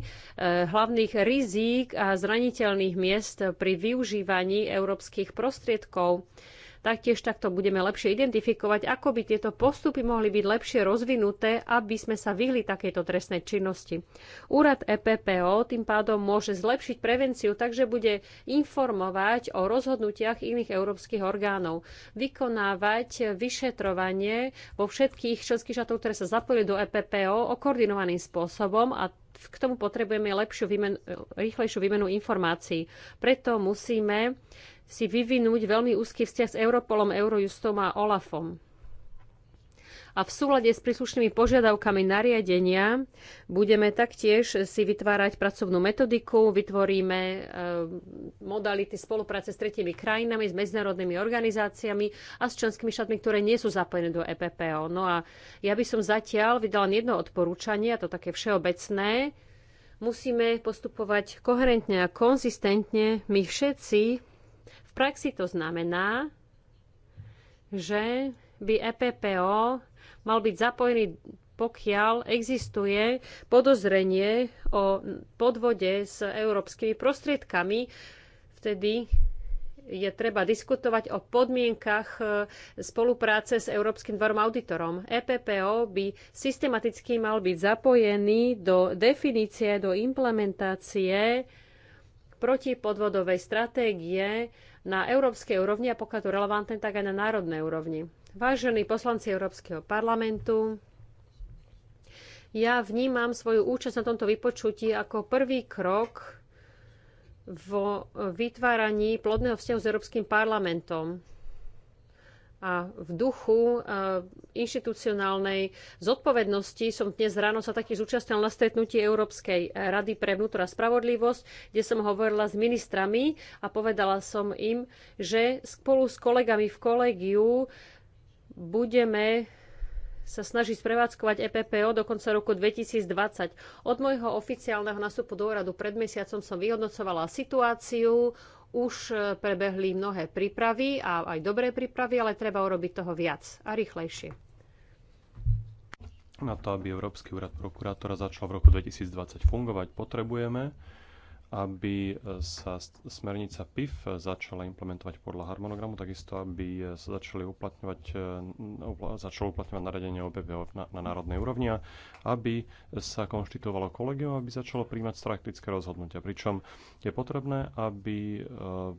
hlavných rizík a zraniteľných miest pri využívaní európskych prostriedkov. Taktiež takto budeme lepšie identifikovať, ako by tieto postupy mohli byť lepšie rozvinuté, aby sme sa vyhli takejto trestnej činnosti. Úrad EPPO tým pádom môže zlepšiť prevenciu, takže bude informovať o rozhodnutiach iných európskych orgánov, vykonávať vyšetrovanie vo všetkých členských šatov, ktoré sa zapojili do EPPO, o koordinovaným spôsobom a k tomu potrebujeme lepšiu výmenu, rýchlejšiu výmenu informácií. Preto musíme si vyvinúť veľmi úzky vzťah s Europolom, Eurojustom a Olafom. A v súlade s príslušnými požiadavkami nariadenia budeme taktiež si vytvárať pracovnú metodiku, vytvoríme e, modality spolupráce s tretimi krajinami, s medzinárodnými organizáciami a s členskými štátmi, ktoré nie sú zapojené do EPPO. No a ja by som zatiaľ vydala jedno odporúčanie, a to také všeobecné. Musíme postupovať koherentne a konzistentne my všetci praxi to znamená, že by EPPO mal byť zapojený, pokiaľ existuje podozrenie o podvode s európskymi prostriedkami. Vtedy je treba diskutovať o podmienkach e, spolupráce s Európskym dvorom auditorom. EPPO by systematicky mal byť zapojený do definície, do implementácie protipodvodovej stratégie na európskej úrovni a pokiaľ to relevantné, tak aj na národnej úrovni. Vážení poslanci Európskeho parlamentu, ja vnímam svoju účasť na tomto vypočutí ako prvý krok vo vytváraní plodného vzťahu s Európskym parlamentom. A v duchu eh, inštitucionálnej zodpovednosti som dnes ráno sa taký zúčastnil na stretnutí Európskej rady pre vnútor a spravodlivosť, kde som hovorila s ministrami a povedala som im, že spolu s kolegami v kolegiu budeme sa snaží sprevádzkovať EPPO do konca roku 2020. Od môjho oficiálneho nastupu do úradu pred mesiacom som vyhodnocovala situáciu, už e, prebehli mnohé prípravy a aj dobré prípravy, ale treba urobiť toho viac a rýchlejšie. Na to, aby Európsky úrad prokurátora začal v roku 2020 fungovať, potrebujeme aby e, sa smernica PIF začala implementovať podľa harmonogramu, takisto aby e, sa začali uplatňovať, e, začalo uplatňovať naradenie OBV na, na národnej úrovni a aby sa konštituovalo kolegium, aby začalo príjmať strategické rozhodnutia. Pričom je potrebné, aby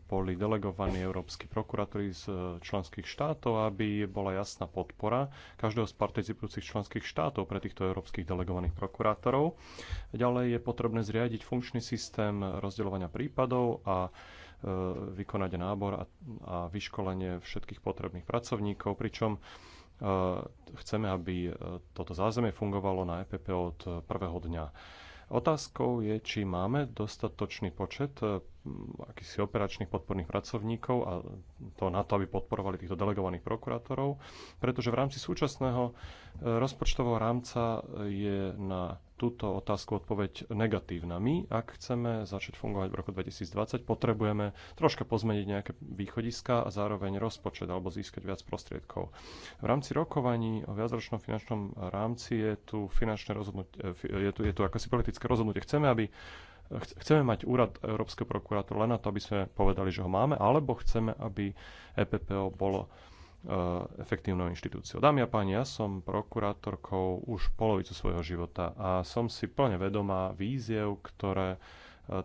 boli delegovaní európsky prokuratúry z členských štátov, aby bola jasná podpora každého z participujúcich členských štátov pre týchto európskych delegovaných prokurátorov. Ďalej je potrebné zriadiť funkčný systém rozdeľovania prípadov a e, vykonať nábor a, a vyškolenie všetkých potrebných pracovníkov, pričom e, chceme, aby e, toto zázemie fungovalo na EPP od prvého dňa. Otázkou je, či máme dostatočný počet akýchsi operačných podporných pracovníkov a to na to, aby podporovali týchto delegovaných prokurátorov, pretože v rámci súčasného rozpočtového rámca je na túto otázku odpoveď negatívna. My, ak chceme začať fungovať v roku 2020, potrebujeme troška pozmeniť nejaké východiska a zároveň rozpočet alebo získať viac prostriedkov. V rámci rokovaní o viacročnom finančnom rámci je tu finančné rozhodnutie, eh, je tu, je tu akési politické rozhodnutie. Chceme, aby chceme mať úrad Európskeho prokurátora len na to, aby sme povedali, že ho máme, alebo chceme, aby EPPO bolo Eh, efektívnou inštitúciou. Dámy a páni, ja som prokurátorkou už polovicu svojho života a som si plne vedomá víziev, ktoré eh,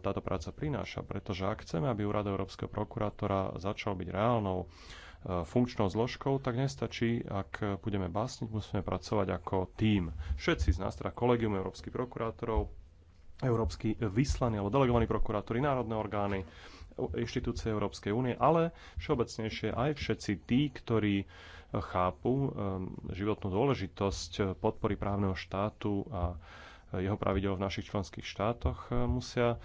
táto práca prináša, pretože ak chceme, aby úrad Európskeho prokurátora začal byť reálnou eh, funkčnou zložkou, tak nestačí, ak budeme básniť, musíme pracovať ako tím. Všetci z nás, teda kolegium európskych prokurátorov, európsky vyslaní alebo delegovaní prokurátori, národné orgány, inštitúcie Európskej únie, ale všeobecnejšie aj všetci tí, ktorí chápu um, životnú dôležitosť podpory právneho štátu a jeho pravidel v našich členských štátoch, um, musia uh,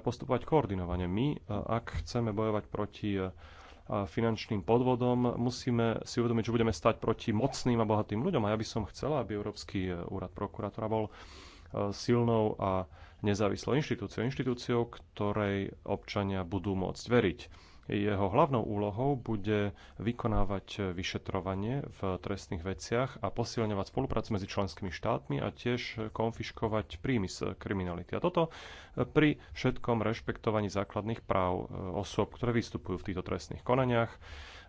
postupovať koordinovane. My, uh, ak chceme bojovať proti uh, finančným podvodom, musíme si uvedomiť, že budeme stať proti mocným a bohatým ľuďom. A ja by som chcela, aby Európsky úrad prokurátora bol silnou a nezávislou inštitúciou, inštitúciou, ktorej občania budú môcť veriť. Jeho hlavnou úlohou bude vykonávať vyšetrovanie v trestných veciach a posilňovať spoluprácu medzi členskými štátmi a tiež konfiškovať príjmy z kriminality. A toto pri všetkom rešpektovaní základných práv osôb, ktoré vystupujú v týchto trestných konaniach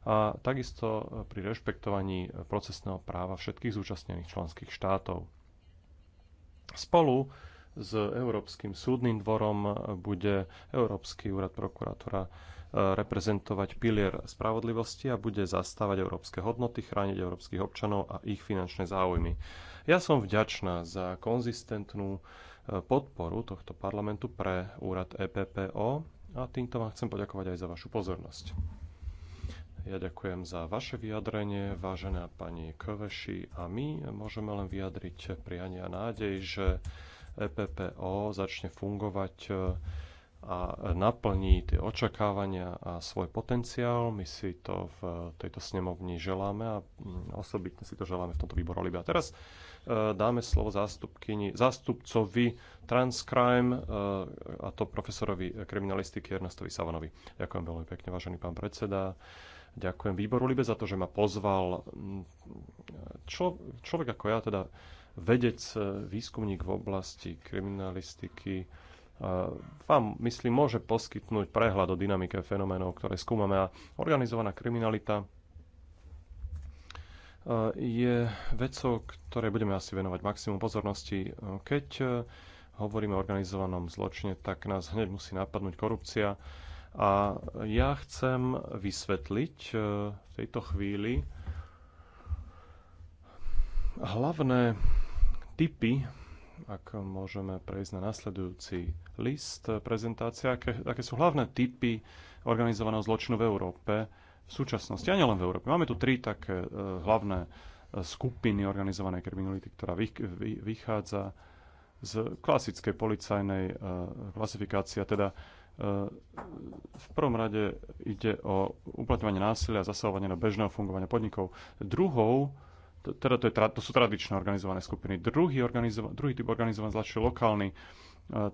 a takisto pri rešpektovaní procesného práva všetkých zúčastnených členských štátov. Spolu s Európskym súdnym dvorom bude Európsky úrad prokuratúra e, reprezentovať pilier spravodlivosti a bude zastávať európske hodnoty, chrániť európskych občanov a ich finančné záujmy. Ja som vďačná za konzistentnú e, podporu tohto parlamentu pre úrad EPPO a týmto vám chcem poďakovať aj za vašu pozornosť. Ja ďakujem za vaše vyjadrenie, vážená pani Köveši, a my môžeme len vyjadriť prianie a nádej, že EPPO začne fungovať e, a naplní tie očakávania a svoj potenciál. My si to v tejto snemovni želáme a mm, osobitne si to želáme v tomto výboru Libia. Teraz e, dáme slovo zástupkyni, zástupcovi Transcrime e, a to profesorovi kriminalistiky Ernestovi Savanovi. Ďakujem veľmi pekne, vážený pán predseda. Ďakujem výboru Libe za to, že ma pozval. Mm, Člo, človek ako ja teda vedec, eh, výskumník v oblasti kriminalistiky eh, vám, myslím, môže poskytnúť prehľad o dynamike fenoménov, ktoré skúmame. A organizovaná kriminalita eh, je vecou, ktoré budeme asi venovať maximum pozornosti. Keď hovoríme o organizovanom zločine, tak nás hneď musí napadnúť korupcia. A ja chcem vysvetliť v tejto chvíli hlavné tipy, ak môžeme prejsť na nasledujúci list prezentácia, aké, aké sú hlavné typy organizovaného zločinu v Európe v súčasnosti, a nielen v Európe. Máme tu tri také e, hlavné e, skupiny organizovanej kriminality, ktorá vychádza z klasickej policajnej e, klasifikácie, teda v prvom rade ide o uplatňovanie násilia a zasahovanie do bežného fungovania podnikov. Druhou teda to, je, to sú tradičné organizované skupiny. Druhý, organizova, druhý typ organizovaný zvlášť lokálny. E,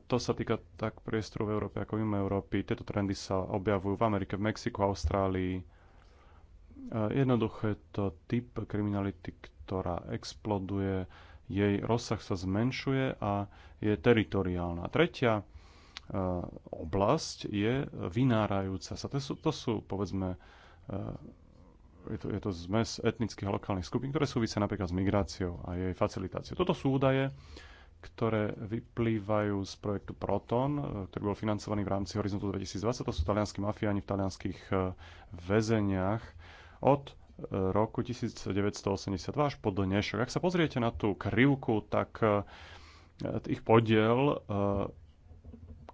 to sa týka tak priestoru v Európe ako mimo Európy. Tieto trendy sa objavujú v Amerike, v Mexiku, Austrálii. E, Jednoducho je to typ kriminality, ktorá exploduje, jej rozsah sa zmenšuje a je teritoriálna. Tretia e, oblasť je vynárajúca sa. To sú, to sú povedzme, je to, je to zmes etnických a lokálnych skupín, ktoré súvisia napríklad s migráciou a jej facilitáciou. Toto sú údaje, ktoré vyplývajú z projektu Proton, e, ktorý bol financovaný v rámci Horizontu 2020. To sú talianskí mafiáni v talianských e, väzeniach od e, roku 1982 až po dnešok. Ak sa pozriete na tú krivku, tak ich podiel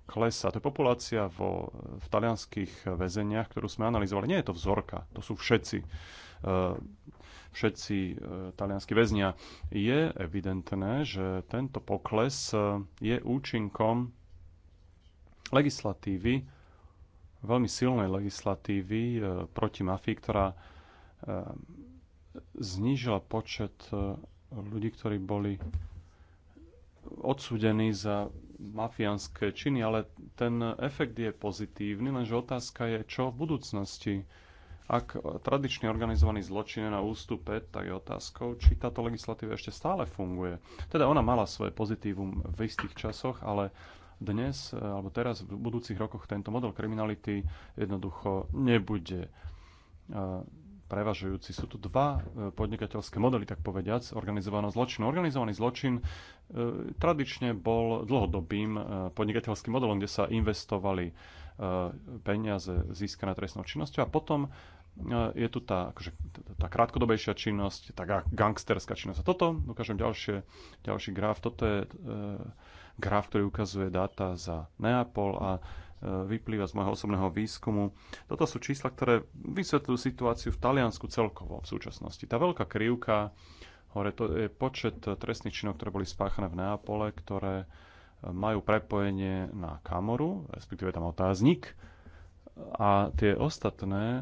klesa. To je populácia vo, v talianských väzeniach, ktorú sme analyzovali. Nie je to vzorka, to sú všetci, eh, všetci eh, talianskí väznia. Je evidentné, že tento pokles eh, je účinkom legislatívy, veľmi silnej legislatívy proti mafii, ktorá znížila počet ľudí, ktorí boli odsúdení za mafiánske činy, ale ten efekt je pozitívny, lenže otázka je, čo v budúcnosti. Ak tradične organizovaný zločin je na ústupe, tak je otázkou, či táto legislatíva ešte stále funguje. Teda ona mala svoje pozitívum v istých časoch, ale dnes e, alebo teraz v budúcich rokoch tento model kriminality jednoducho nebude e, prevažujúci. Sú tu dva e, podnikateľské modely, tak povediac, organizovaného zločin. Organizovaný zločin e, tradične bol dlhodobým e, podnikateľským modelom, kde sa investovali peniaze získané trestnou činnosťou a potom je tu tá, akože, tá krátkodobejšia činnosť, tá gangsterská činnosť. A toto, ukážem ďalšie, ďalší graf, toto je e, graf, ktorý ukazuje dáta za Neapol a vyplýva z môjho osobného výskumu. Toto sú čísla, ktoré vysvetľujú situáciu v Taliansku celkovo v súčasnosti. Tá veľká krivka, hore to je počet trestných činov, ktoré boli spáchané v Neapole, ktoré e, majú prepojenie na kamoru, respektíve tam otáznik. A tie ostatné e,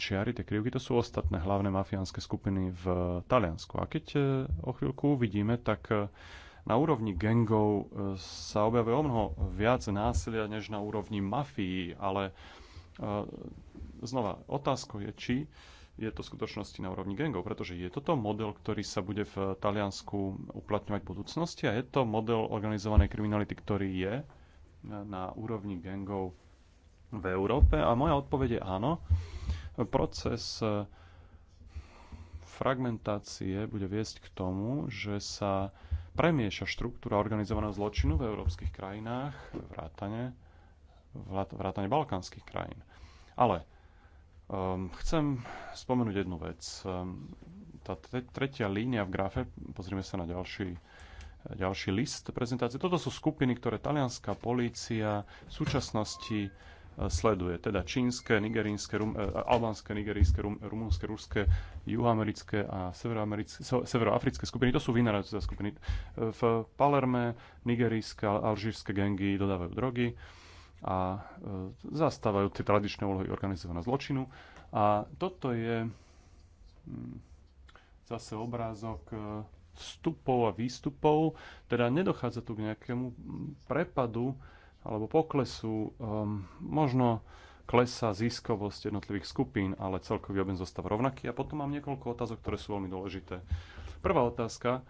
čiary, tie krivky, to sú ostatné hlavné mafiánske skupiny v Taliansku. A keď e, o chvíľku uvidíme, tak na úrovni gangov e, sa objavuje o mnoho viac násilia než na úrovni mafií, ale e, znova, otázkou je, či je to v skutočnosti na úrovni gangov, pretože je toto model, ktorý sa bude v Taliansku uplatňovať v budúcnosti a je to model organizovanej kriminality, ktorý je na úrovni gangov v Európe? A moja odpoveď je áno. Proces e, fragmentácie bude viesť k tomu, že sa premieša štruktúra organizovaného zločinu v európskych krajinách, vrátane, vrátane balkánskych krajín. Ale um, chcem spomenúť jednu vec. Um, tá tretia línia v grafe, pozrieme sa na ďalší, ďalší list prezentácie. Toto sú skupiny, ktoré talianská polícia v súčasnosti sleduje. Teda čínske, nigerínske, rum, e, albánske, nigerínske, rum, rumúnske, ruské, juhoamerické a severoafrické skupiny. To sú vynárajúce skupiny. V Palerme nigerijské a alžírske gengy dodávajú drogy a e, zastávajú tie tradičné úlohy organizovaného zločinu. A toto je hm, zase obrázok e, vstupov a výstupov, teda nedochádza tu k nejakému hm, prepadu alebo poklesu. Um, možno klesá ziskovosť jednotlivých skupín, ale celkový objem zostáva rovnaký. A potom mám niekoľko otázok, ktoré sú veľmi dôležité. Prvá otázka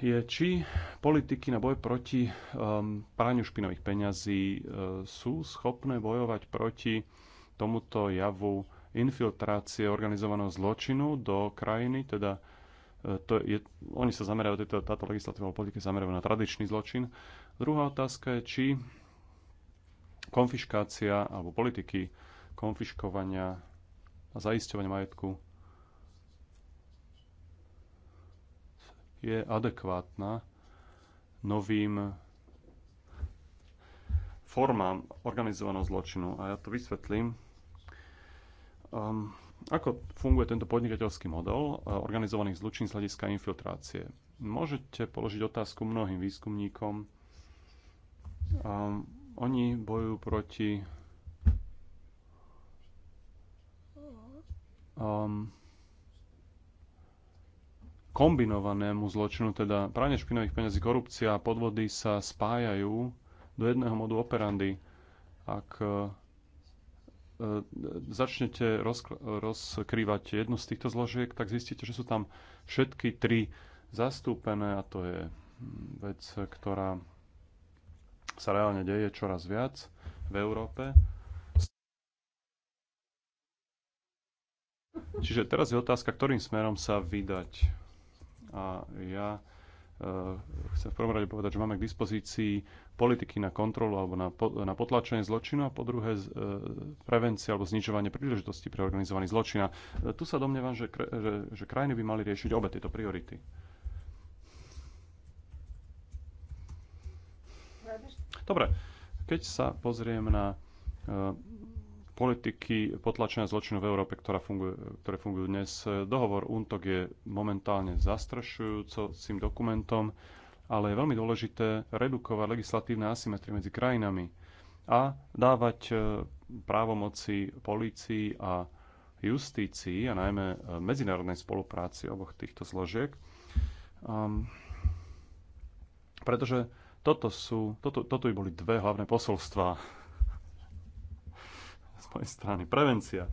je, či politiky na boj proti um, praniu špinových peňazí um, sú schopné bojovať proti tomuto javu infiltrácie organizovaného zločinu do krajiny, teda e, to je, oni sa zamerajú, teda. táto legislatíva politika zamerajú na tradičný zločin, Druhá otázka je, či konfiškácia alebo politiky konfiškovania a zaisťovania majetku je adekvátna novým formám organizovaného zločinu. A ja to vysvetlím. Um, ako funguje tento podnikateľský model eh, organizovaných zločin z hľadiska infiltrácie? Môžete položiť otázku mnohým výskumníkom, Um, oni bojujú proti um, kombinovanému zločinu, teda pranie špinových peniazí, korupcia a podvody sa spájajú do jedného modu operandy. Ak uh, začnete rozkrývať jednu z týchto zložiek, tak zistíte, že sú tam všetky tri zastúpené a to je vec, ktorá sa reálne deje čoraz viac v Európe. Čiže teraz je otázka, ktorým smerom sa vydať. A ja e, chcem v prvom rade povedať, že máme k dispozícii politiky na kontrolu alebo na, na potlačenie zločinu a po druhé uh, e, prevencia alebo znižovanie príležitosti pre organizovaný zločin. A e, tu sa domnievam, že, že, že krajiny by mali riešiť obe tieto priority. Dobre, keď sa pozriem na eh, politiky potlačenia zločinu v Európe, ktorá funguje, ktoré fungujú dnes. Eh, dohovor UNTOG je momentálne zastrašujúcim dokumentom, ale je veľmi dôležité redukovať legislatívne asymetrie medzi krajinami a dávať eh, právomoci polícii a justícii a najmä medzinárodnej spolupráci oboch týchto zložiek. Um, pretože toto, sú, toto, toto by boli dve hlavné posolstva z mojej strany. Prevencia.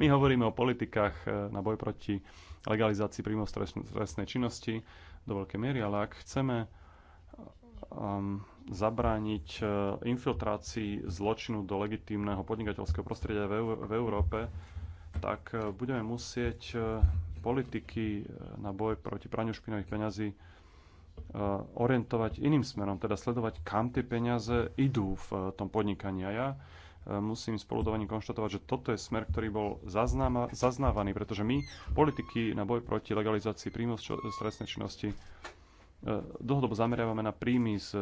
My hovoríme o politikách eh, na boj proti legalizácii príjmov trestnej činnosti do veľkej miery, ale ak chceme um, zabrániť eh, infiltrácii zločinu do legitímneho podnikateľského prostredia v, v Európe, tak e, budeme musieť e, politiky e, na boj proti praniu špinových peňazí orientovať iným smerom, teda sledovať, kam tie peniaze idú v tom podnikaní. A ja musím spoludovaním konštatovať, že toto je smer, ktorý bol zaznávaný, pretože my, politiky na boj proti legalizácii príjmov z trestnej činnosti, dlhodobo zameriavame na príjmy z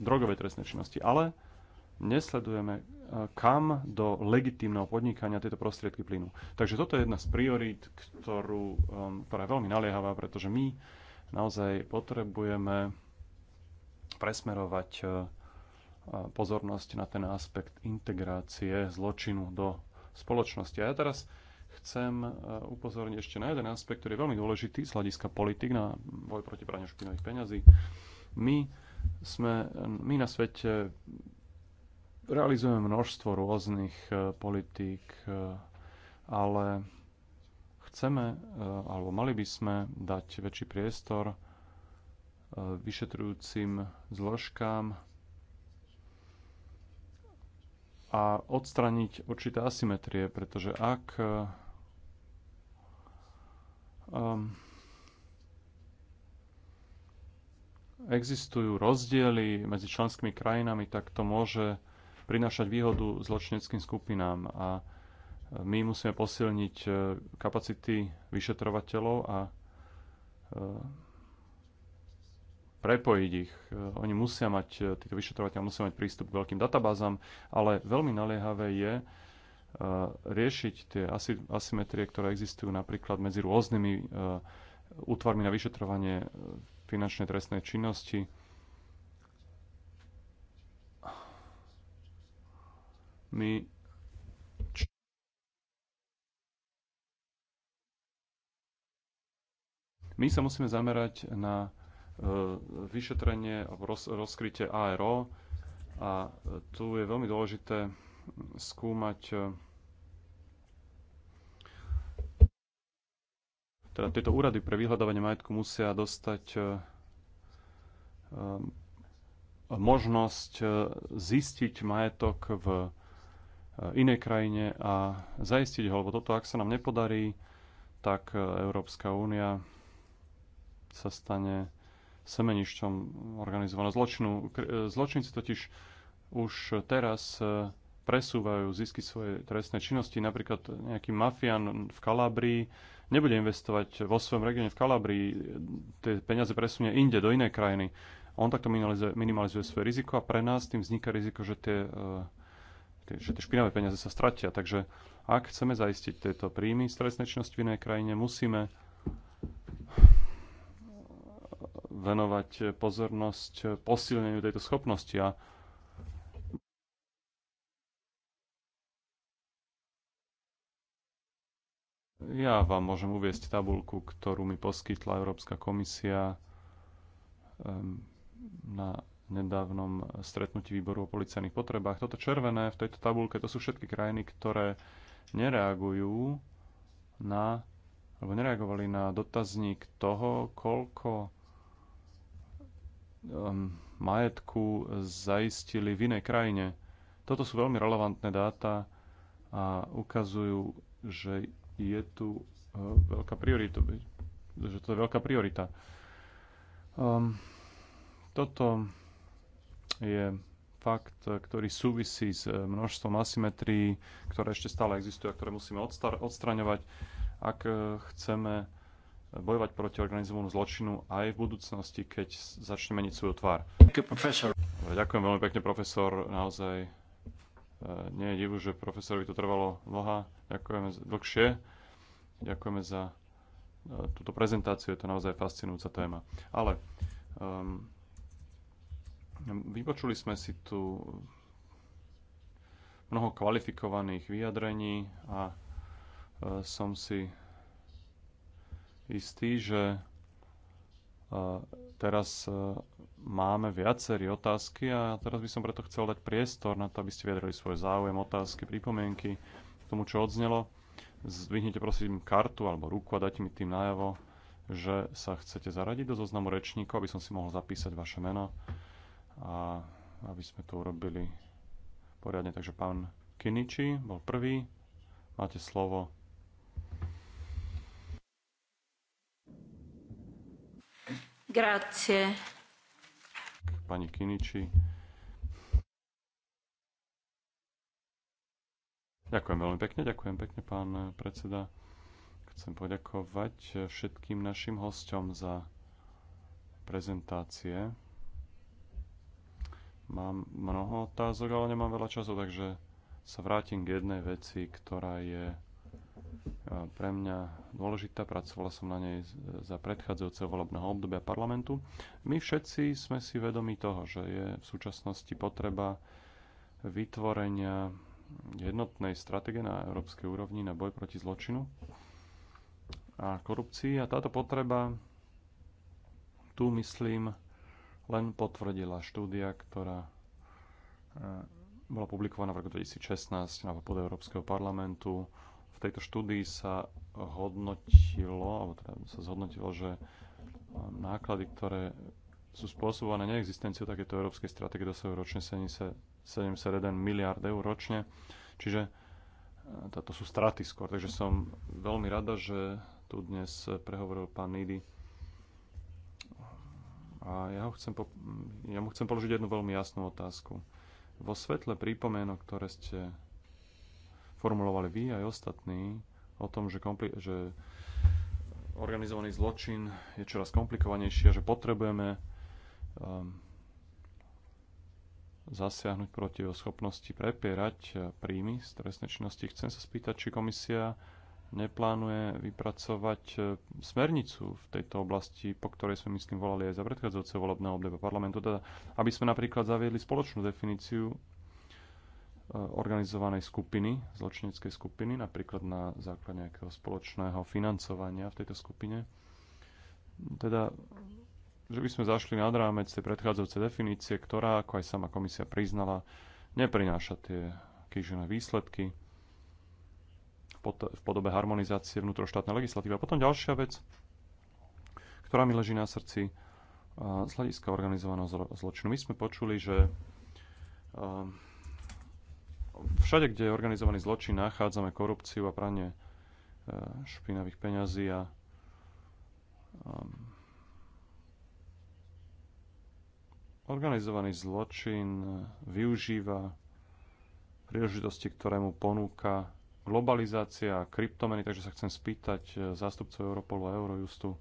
drogovej trestnej činnosti. Ale nesledujeme, e, kam do legitímneho podnikania tieto prostriedky plynú. Takže toto je jedna z priorít, ktorú, um, ktorá je veľmi naliehavá, pretože my naozaj potrebujeme presmerovať e, pozornosť na ten aspekt integrácie zločinu do spoločnosti. A ja teraz chcem e, upozorniť ešte na jeden aspekt, ktorý je veľmi dôležitý z hľadiska politik na boj proti praniu špinových peňazí. My sme, my na svete Realizujeme množstvo rôznych e, politík, e, ale chceme, e, alebo mali by sme dať väčší priestor vyšetrujúcim zložkám a odstraniť určité asymetrie, pretože ak um, existujú rozdiely medzi členskými krajinami, tak to môže prinášať výhodu zločineckým skupinám a my musíme posilniť e, kapacity vyšetrovateľov a e, prepojiť ich. E, oni musia mať, títo vyšetrovateľ musia mať prístup k veľkým databázam, ale veľmi naliehavé je riešiť tie asymetrie, ktoré existujú napríklad medzi rôznymi útvarmi na vyšetrovanie finančnej trestnej činnosti, My My sa musíme zamerať na e, vyšetrenie alebo roz, rozkrytie ARO a tu je veľmi dôležité skúmať e, teda tieto úrady pre vyhľadávanie majetku musia dostať e, možnosť zistiť majetok v Eh, inej krajine a zaistiť ho, lebo toto, ak sa nám nepodarí, tak eh, Európska únia sa stane semenišťom organizovaného zločinu. Eh, zločinci totiž už teraz presúvajú zisky svojej trestnej činnosti. Napríklad nejaký mafián v Kalabrii nebude investovať vo svojom regióne v Kalabrii. tie peniaze presunie inde, do inej krajiny. On takto minimalizuje, minimalizuje svoje riziko a pre nás tým vzniká riziko, že tie že tie špinavé peniaze sa stratia. Takže ak chceme zaistiť tieto príjmy z trestnej činnosti v inej krajine, musíme venovať pozornosť posilneniu tejto schopnosti. A Ja vám môžem uviesť tabulku, ktorú mi poskytla Európska komisia ehm, na nedávnom stretnutí výboru o policajných potrebách. Toto červené v tejto tabulke, to sú všetky krajiny, ktoré nereagujú na, alebo nereagovali na dotazník toho, koľko um, majetku zaistili v inej krajine. Toto sú veľmi relevantné dáta a ukazujú, že je tu uh, veľká priorita, že to je veľká priorita. Um, toto je fakt, e, ktorý súvisí s e, množstvom asymetrií, ktoré ešte stále existujú a ktoré musíme odstraňovať, ak e, chceme bojovať proti organizovanému zločinu aj v budúcnosti, keď začne meniť svoju tvár. Ďakujem veľmi pekne, profesor. Naozaj nie je divu, že profesorovi to trvalo dlhá. Ďakujeme dlhšie. Ďakujeme za túto prezentáciu. Je to naozaj fascinujúca téma. Ale um, Vypočuli sme si tu mnoho kvalifikovaných vyjadrení a e, som si istý, že e, teraz e, máme viacerí otázky a teraz by som preto chcel dať priestor na to, aby ste vyjadrili svoj záujem, otázky, pripomienky k tomu, čo odznelo. Zdvihnite prosím kartu alebo ruku a dajte mi tým najavo, že sa chcete zaradiť do zoznamu rečníkov, aby som si mohol zapísať vaše meno a aby sme to urobili poriadne. Takže pán Kiniči bol prvý. Máte slovo. Grazie. Pani Kiniči. Ďakujem veľmi pekne, ďakujem pekne, pán predseda. Chcem poďakovať všetkým našim hosťom za prezentácie. Mám mnoho otázok, ale nemám veľa času, takže sa vrátim k jednej veci, ktorá je e, pre mňa dôležitá. Pracovala som na nej za predchádzajúceho volebného obdobia parlamentu. My všetci sme si vedomi toho, že je v súčasnosti potreba vytvorenia jednotnej stratégie na európskej úrovni na boj proti zločinu a korupcii. A táto potreba tu, myslím, len potvrdila štúdia, ktorá eh, bola publikovaná v roku 2016 na pod Európskeho parlamentu. V tejto štúdii sa hodnotilo, alebo teda sa zhodnotilo, že eh, náklady, ktoré sú spôsobované neexistenciou takéto európskej stratégie, dosahujú ročne 71 miliard eur ročne. Čiže eh, táto sú straty skôr. Takže som veľmi rada, že tu dnes prehovoril pán Nidy a ja, ho chcem po, ja mu chcem položiť jednu veľmi jasnú otázku. Vo svetle prípomienok, ktoré ste formulovali vy aj ostatní o tom, že, kompli- že organizovaný zločin je čoraz komplikovanejší a že potrebujeme um, zasiahnuť proti jeho schopnosti prepierať príjmy z trestnej činnosti. Chcem sa spýtať, či komisia neplánuje vypracovať e, smernicu v tejto oblasti, po ktorej sme, myslím, volali aj za predchádzajúce volebné obdobie parlamentu, teda aby sme napríklad zaviedli spoločnú definíciu e, organizovanej skupiny, zločineckej skupiny, napríklad na základe nejakého spoločného financovania v tejto skupine. Teda, že by sme zašli nad rámec tej predchádzajúcej definície, ktorá, ako aj sama komisia priznala, neprináša tie kýžené výsledky v podobe harmonizácie vnútroštátnej legislatívy. A potom ďalšia vec, ktorá mi leží na srdci z hľadiska organizovaného zločinu. My sme počuli, že všade, kde je organizovaný zločin, nachádzame korupciu a pranie e, špinavých peňazí a organizovaný zločin využíva príležitosti, ktoré mu ponúka globalizácia a kryptomeny, takže sa chcem spýtať e, zástupcov Europolu a Eurojustu,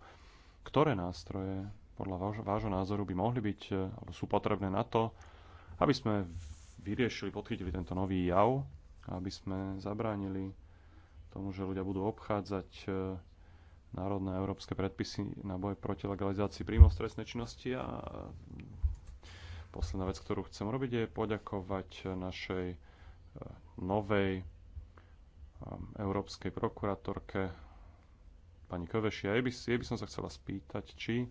ktoré nástroje podľa váš, vášho názoru by mohli byť e, alebo sú potrebné na to, aby sme vyriešili, podchytili tento nový jav, aby sme zabránili tomu, že ľudia budú obchádzať e, národné a európske predpisy na boj proti legalizácii príjmov stresnej činnosti a posledná vec, ktorú chcem robiť, je poďakovať našej novej európskej prokuratorke pani Köveši. Ja jej by, jej by som sa chcela spýtať, či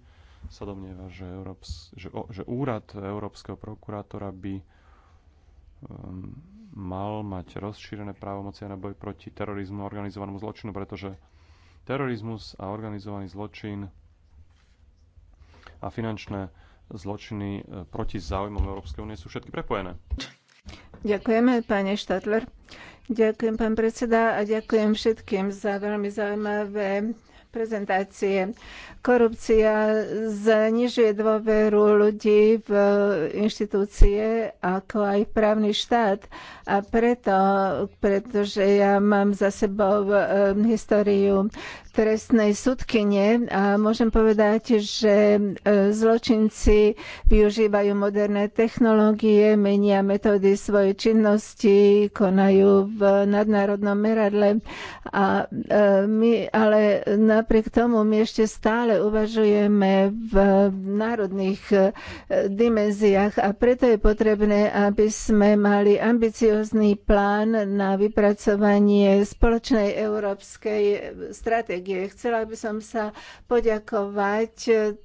sa domnieva, že, Európs, že, o, že úrad európskeho prokurátora by um, mal mať rozšírené právomoci na boj proti terorizmu a organizovanému zločinu, pretože terorizmus a organizovaný zločin a finančné zločiny e, proti záujmom Európskej únie sú všetky prepojené. Ďakujeme, pani Štatler. Ďakujem, pán predseda, a ďakujem všetkým za veľmi zaujímavé prezentácie. Korupcia znižuje dôveru ľudí v inštitúcie, ako aj v právny štát. A preto, pretože ja mám za sebou e, históriu trestnej súdkyne a môžem povedať, že e, zločinci využívajú moderné technológie, menia metódy svojej činnosti, konajú v nadnárodnom meradle a e, my ale na napriek tomu my ešte stále uvažujeme v národných e, dimenziách a preto je potrebné, aby sme mali ambiciózny plán na vypracovanie spoločnej európskej stratégie. Chcela by som sa poďakovať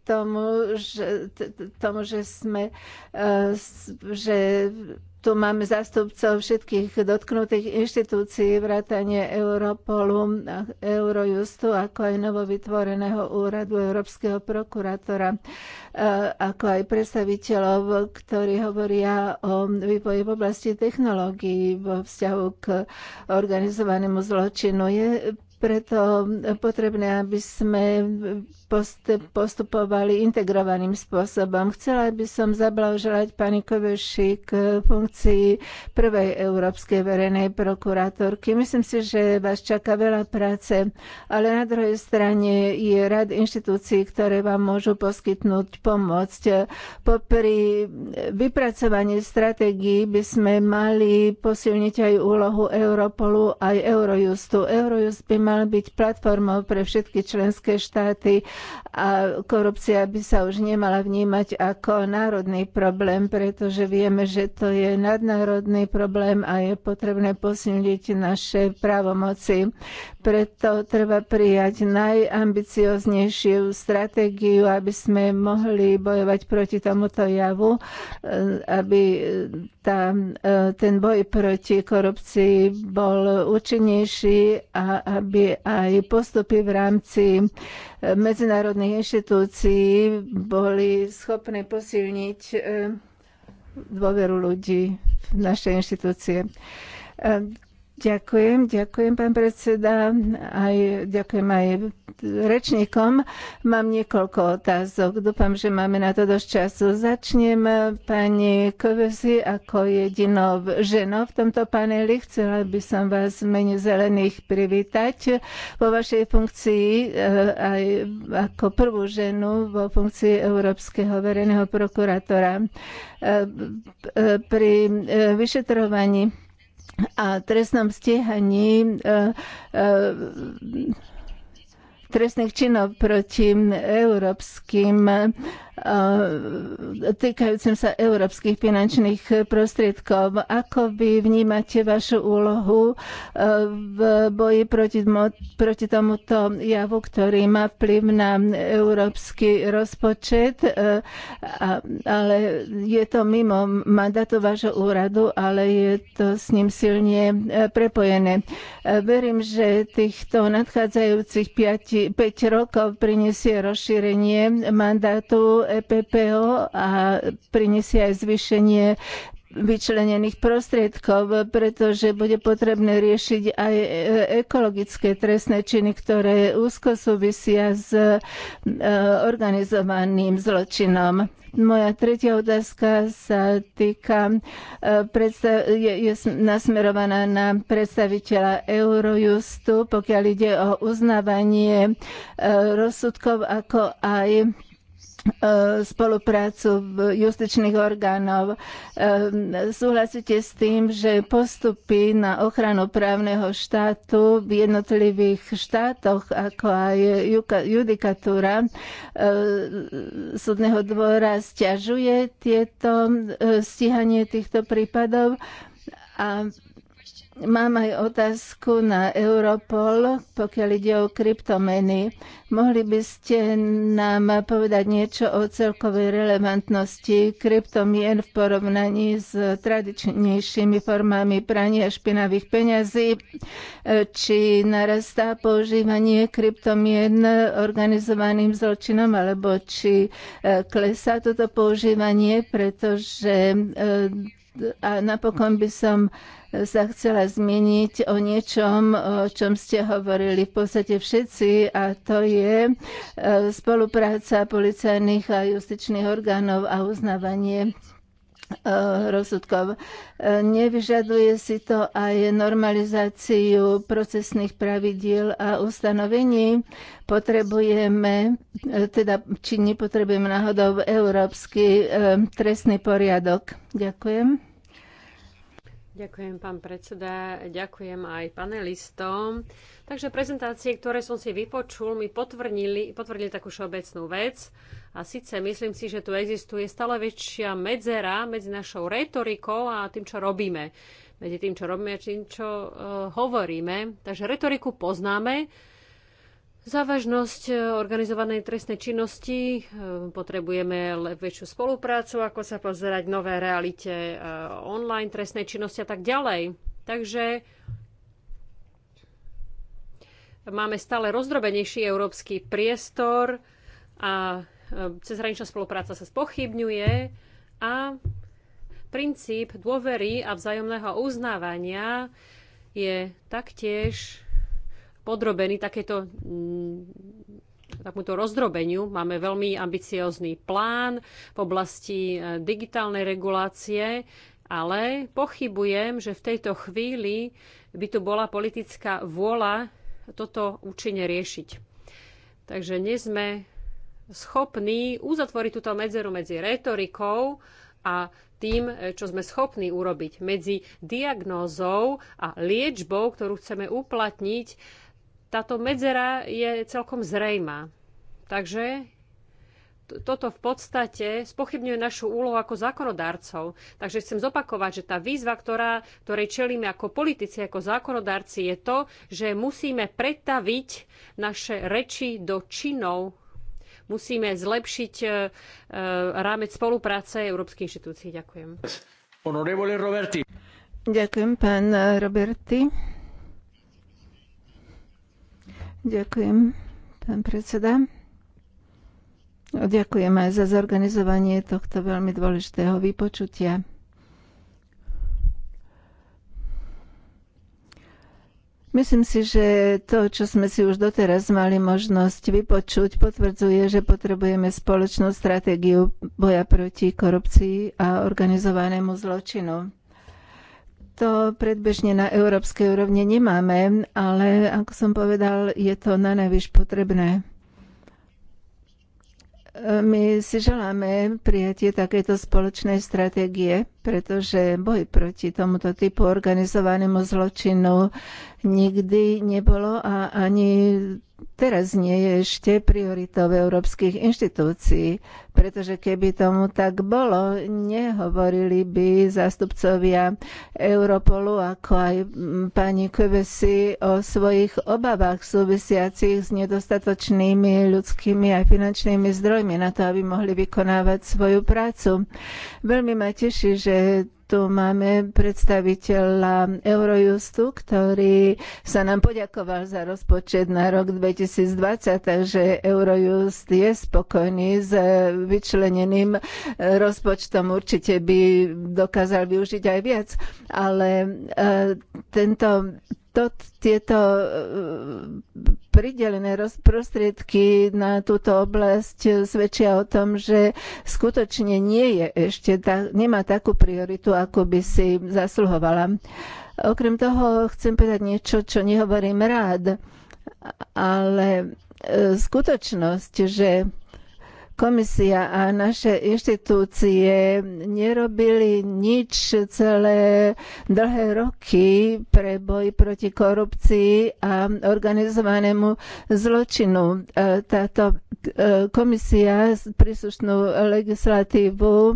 tomu, že, tomu, že sme e, že tu máme zástupcov všetkých dotknutých inštitúcií, vrátane Europolu, Eurojustu, ako aj novovytvoreného úradu Európskeho prokurátora, e, ako aj predstaviteľov, ktorí hovoria o vývoji v oblasti technológií vo vzťahu k organizovanému zločinu. Je preto potrebné, aby sme postupovali integrovaným spôsobom. Chcela by som zablahoželať pani Koveši k funkcii prvej európskej verejnej prokurátorky. Myslím si, že vás čaká veľa práce, ale na druhej strane je rad inštitúcií, ktoré vám môžu poskytnúť pomoc. Popri vypracovaní stratégií by sme mali posilniť aj úlohu Europolu aj Eurojustu. Eurojust by mal byť platformou pre všetky členské štáty, a korupcia by sa už nemala vnímať ako národný problém, pretože vieme, že to je nadnárodný problém a je potrebné posilniť naše právomoci preto treba prijať najambicioznejšiu stratégiu, aby sme mohli bojovať proti tomuto javu, e, aby e, tá, e, ten boj proti korupcii bol účinnejší a aby aj postupy v rámci medzinárodných inštitúcií boli schopné posilniť dôveru ľudí v naše inštitúcie. Ďakujem, ďakujem, pán predseda. Aj, ďakujem aj rečníkom. Mám niekoľko otázok. Dúfam, že máme na to dosť času. Začnem pani Kovesi ako jedinou ženou v tomto paneli. Chcela by som vás v mene zelených privítať vo vašej funkcii e, aj ako prvú ženu vo funkcii Európskeho verejného prokurátora e, e, pri vyšetrovaní a trestnom stíhaní e, e, trestných činov proti európskym eh, týkajúcim sa európskych finančných prostriedkov. Ako vy vnímate vašu úlohu eh, v boji proti, proti tomuto javu, ktorý má vplyv na európsky rozpočet, eh, ale je to mimo mandátu vášho úradu, ale je to s ním silne prepojené. Verím, že týchto nadchádzajúcich 5 5 rokov prinesie rozšírenie mandátu EPPO a prinesie aj zvýšenie vyčlenených prostriedkov, pretože bude potrebné riešiť aj e, ekologické trestné činy, ktoré úzko súvisia s e, organizovaným zločinom. Moja tretia otázka sa týka, e, je, nasmerovaná na predstaviteľa Eurojustu, pokiaľ ide o uznávanie rozsudkov, ako aj E, spoluprácu justičných orgánov. E, súhlasíte s tým, že postupy na ochranu právneho štátu v jednotlivých štátoch, ako aj judikatúra e, súdneho dvora stiažuje tieto stíhanie týchto prípadov a Mám aj otázku na Europol, pokiaľ ide o kryptomeny. Mohli by ste nám povedať niečo o celkovej relevantnosti kryptomien v porovnaní s tradičnejšími formami prania špinavých peňazí? Či narastá používanie kryptomien organizovaným zločinom, alebo či e, klesá toto používanie, pretože e, a napokon by som sa chcela zmieniť o niečom, o čom ste hovorili v podstate všetci a to je e, spolupráca policajných a justičných orgánov a uznávanie e, rozsudkov. E, nevyžaduje si to aj normalizáciu procesných pravidiel a ustanovení. Potrebujeme, teda, či nepotrebujeme náhodou európsky trestný poriadok. Ďakujem. Ďakujem, pán predseda. Ďakujem aj panelistom. Takže prezentácie, ktoré som si vypočul, mi potvrdili, potvrdili takú všeobecnú vec. A síce myslím si, že tu existuje stále väčšia medzera medzi našou retorikou a tým, čo robíme. Medzi tým, čo robíme a tým, čo uh, hovoríme. Takže retoriku poznáme, Závažnosť e, organizovanej trestnej činnosti e, potrebujeme väčšiu spoluprácu, ako sa pozerať nové realite e, online trestnej činnosti a tak ďalej. Takže máme stále rozdrobenejší európsky priestor a cezhraničná spolupráca sa spochybňuje a princíp dôvery a vzájomného uznávania je taktiež podrobení takéto mm, takomuto rozdrobeniu. Máme veľmi ambiciózny plán v oblasti e, digitálnej regulácie, ale pochybujem, že v tejto chvíli by tu bola politická vôľa toto účinne riešiť. Takže nie sme schopní uzatvoriť túto medzeru medzi retorikou a tým, e, čo sme schopní urobiť medzi diagnózou a liečbou, ktorú chceme uplatniť táto medzera je celkom zrejmá. Takže toto v podstate spochybňuje našu úlohu ako zákonodárcov. Takže chcem zopakovať, že tá výzva, ktorá, ktorej čelíme ako politici, ako zákonodárci, je to, že musíme pretaviť naše reči do činov. Musíme zlepšiť uh, rámec spolupráce Európskej inštitúcií. Ďakujem. Honorevole Roberti. Ďakujem, pán Roberti. Ďakujem, pán predseda. Ďakujem aj za zorganizovanie tohto veľmi dôležitého vypočutia. Myslím si, že to, čo sme si už doteraz mali možnosť vypočuť, potvrdzuje, že potrebujeme spoločnú stratégiu boja proti korupcii a organizovanému zločinu to predbežne na európskej úrovne nemáme, ale ako som povedal, je to na najvyš potrebné. E, my si želáme prijatie takéto spoločnej stratégie pretože boj proti tomuto typu organizovanému zločinu nikdy nebolo a ani teraz nie je ešte prioritou európskych inštitúcií, pretože keby tomu tak bolo, nehovorili by zástupcovia Europolu, ako aj pani Kvesi, o svojich obavách súvisiacich s nedostatočnými ľudskými a finančnými zdrojmi na to, aby mohli vykonávať svoju prácu. Veľmi ma teší, že tu máme predstaviteľa Eurojustu, ktorý sa nám poďakoval za rozpočet na rok 2020, takže Eurojust je spokojný s vyčleneným rozpočtom. Určite by dokázal využiť aj viac, ale e, tento to, tieto e, pridelené prostriedky na túto oblasť svedčia o tom, že skutočne nie je ešte, nemá takú prioritu, ako by si zasluhovala. Okrem toho chcem povedať niečo, čo nehovorím rád, ale e, skutočnosť, že komisia a naše inštitúcie nerobili nič celé dlhé roky pre boj proti korupcii a organizovanému zločinu. E, Táto komisia príslušnú legislatívu e,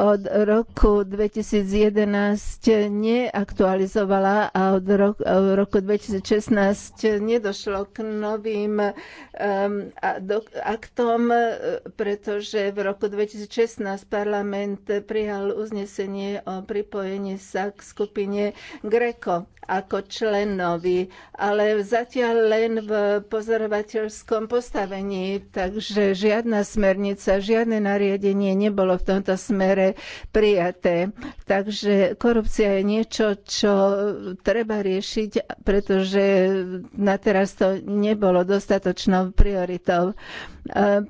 od roku 2011 neaktualizovala a od e, roku 2016 nedošlo k novým e, aktom, pretože v roku 2016 parlament prijal uznesenie o pripojení sa k skupine Greco ako členovi, ale zatiaľ len v pozorovateľskom postavení, takže žiadna smernica, žiadne nariadenie nebolo v tomto smere prijaté. Takže korupcia je niečo, čo treba riešiť, pretože na teraz to nebolo dostatočnou prioritou.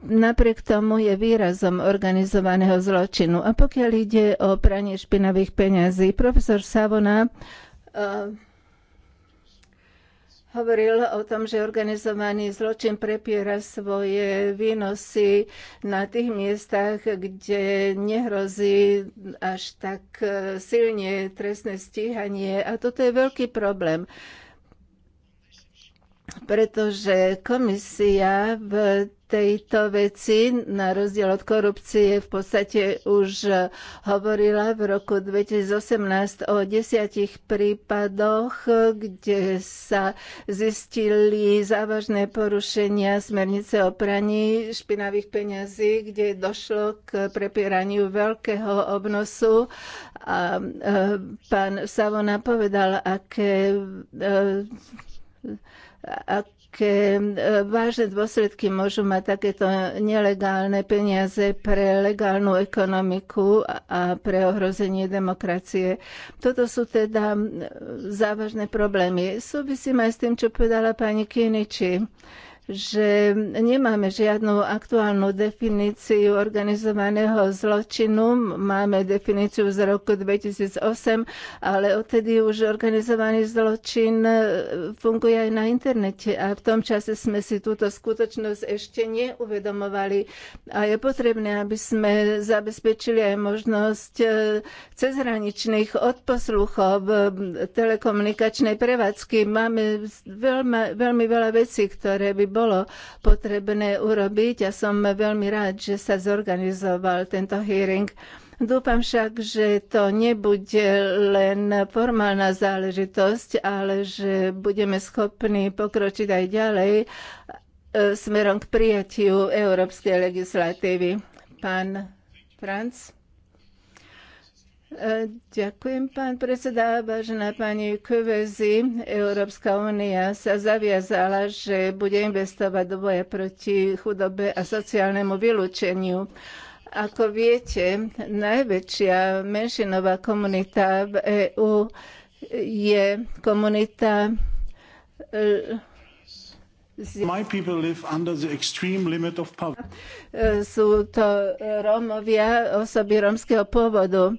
Napriek tomu je výrazom organizovaného zločinu. A pokiaľ ide o pranie špinavých peňazí, profesor Savona uh, hovoril o tom, že organizovaný zločin prepiera svoje výnosy na tých miestach, kde nehrozí až tak silne trestné stíhanie. A toto je veľký problém pretože komisia v tejto veci, na rozdiel od korupcie, v podstate už hovorila v roku 2018 o desiatich prípadoch, kde sa zistili závažné porušenia smernice o praní špinavých peňazí, kde došlo k prepieraniu veľkého obnosu. A e, pán Savona povedal, aké e, aké e, vážne dôsledky môžu mať takéto nelegálne peniaze pre legálnu ekonomiku a pre ohrozenie demokracie. Toto sú teda závažné problémy. Súvisím aj s tým, čo povedala pani Kiniči že nemáme žiadnu aktuálnu definíciu organizovaného zločinu. Máme definíciu z roku 2008, ale odtedy už organizovaný zločin e, funguje aj na internete a v tom čase sme si túto skutočnosť ešte neuvedomovali a je potrebné, aby sme zabezpečili aj možnosť e, cezhraničných odposluchov e, telekomunikačnej prevádzky. Máme veľmi, veľmi veľa vecí, ktoré by boli bolo potrebné urobiť a som veľmi rád, že sa zorganizoval tento hearing. Dúfam však, že to nebude len formálna záležitosť, ale že budeme schopní pokročiť aj ďalej e, smerom k prijatiu európskej legislatívy. Pán Franz. E, ďakujem, pán predseda. Vážená pani Kvezi, Európska únia sa zaviazala, že bude investovať do boja proti chudobe a sociálnemu vylúčeniu. Ako viete, najväčšia menšinová komunita v EÚ je komunita e, My people live under the extreme limit of poverty. Sú to Rómovia, osoby rómskeho pôvodu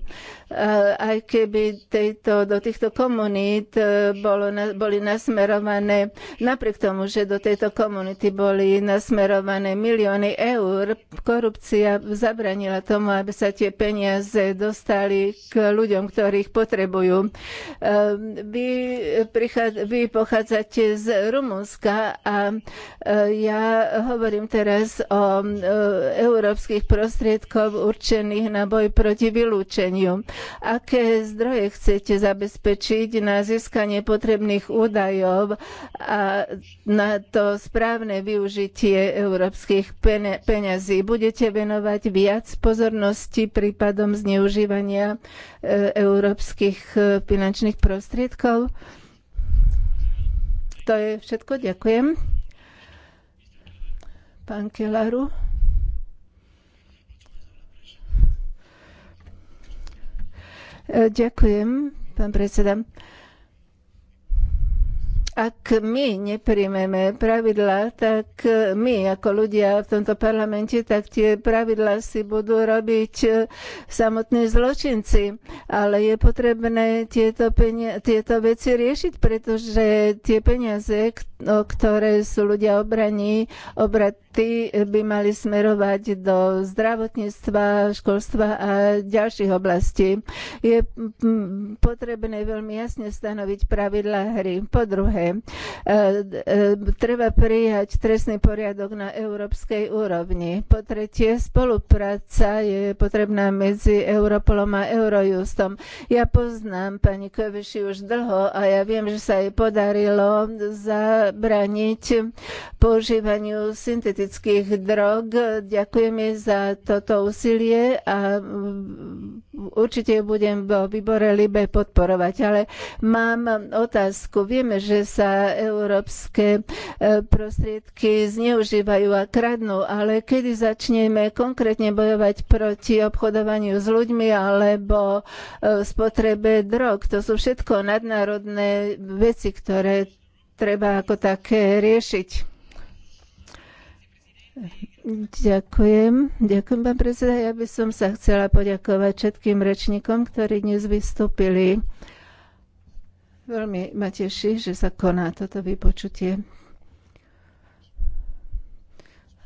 aj keby tejto, do týchto komunít e, bolo, boli nasmerované, napriek tomu, že do tejto komunity boli nasmerované milióny eur, korupcia zabranila tomu, aby sa tie peniaze dostali k ľuďom, ktorých potrebujú. E, vy, vy pochádzate z Rumunska a e, ja hovorím teraz o európskych prostriedkov určených na boj proti vylúčeniu aké zdroje chcete zabezpečiť na získanie potrebných údajov a na to správne využitie európskych peňazí. Budete venovať viac pozornosti prípadom zneužívania e, európskych e, finančných prostriedkov? To je všetko. Ďakujem. Pán Kelaru. Ďakujem, pán predseda. Ak my nepríjmeme pravidlá, tak my ako ľudia v tomto parlamente, tak tie pravidlá si budú robiť eh, samotní zločinci. Ale je potrebné tieto, tieto veci riešiť, pretože tie peniaze, o ktoré sú ľudia obraní, obraty by mali smerovať do zdravotníctva, školstva a ďalších oblastí. Je potrebné veľmi jasne stanoviť pravidlá hry. Po druhé, jednoduché. E, e, treba prijať trestný poriadok na európskej úrovni. Po tretie, spolupráca je potrebná medzi Europolom a Eurojustom. Ja poznám pani Koveši už dlho a ja viem, že sa jej podarilo zabraniť používaniu syntetických drog. Ďakujem jej za toto úsilie a určite ju budem vo výbore Libe podporovať. Ale mám otázku. Vieme, že sa európske e, prostriedky zneužívajú a kradnú, ale kedy začneme konkrétne bojovať proti obchodovaniu s ľuďmi alebo e, spotrebe drog. To sú všetko nadnárodné veci, ktoré treba ako také riešiť. Ďakujem. Ďakujem, pán predseda. Ja by som sa chcela poďakovať všetkým rečníkom, ktorí dnes vystúpili. Veľmi ma teší, že sa koná toto vypočutie.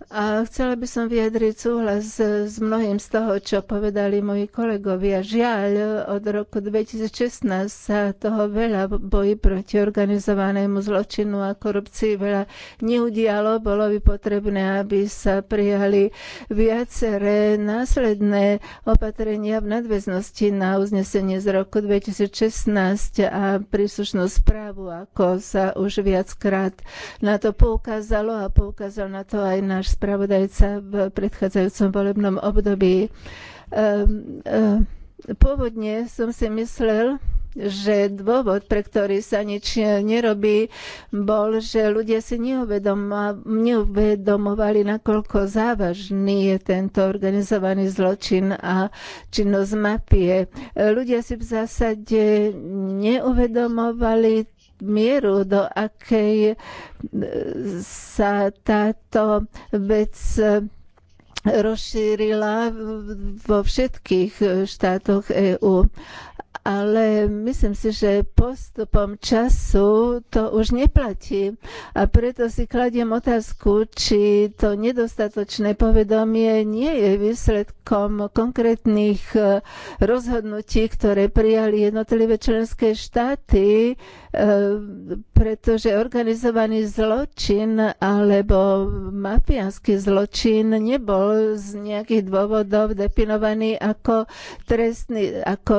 A chcela by som vyjadriť súhlas s mnohým z toho, čo povedali moji kolegovia. Žiaľ, od roku 2016 sa toho veľa v boji proti organizovanému zločinu a korupcii veľa neudialo. Bolo by potrebné, aby sa prijali viaceré následné opatrenia v nadväznosti na uznesenie z roku 2016 a príslušnú správu, ako sa už viackrát na to poukázalo a poukázal na to aj náš spravodajca v predchádzajúcom volebnom období. Ehm, ehm, pôvodne som si myslel, že dôvod, pre ktorý sa nič nerobí, bol, že ľudia si neuvedomovali, nakoľko závažný je tento organizovaný zločin a činnosť mafie. Ľudia si v zásade neuvedomovali mieru, do akej e, sa táto vec e, rozšírila vo všetkých štátoch EÚ ale myslím si, že postupom času to už neplatí a preto si kladiem otázku, či to nedostatočné povedomie nie je výsledkom konkrétnych e, rozhodnutí, ktoré prijali jednotlivé členské štáty, e, pretože organizovaný zločin alebo mafiánsky zločin nebol z nejakých dôvodov definovaný ako trestný, ako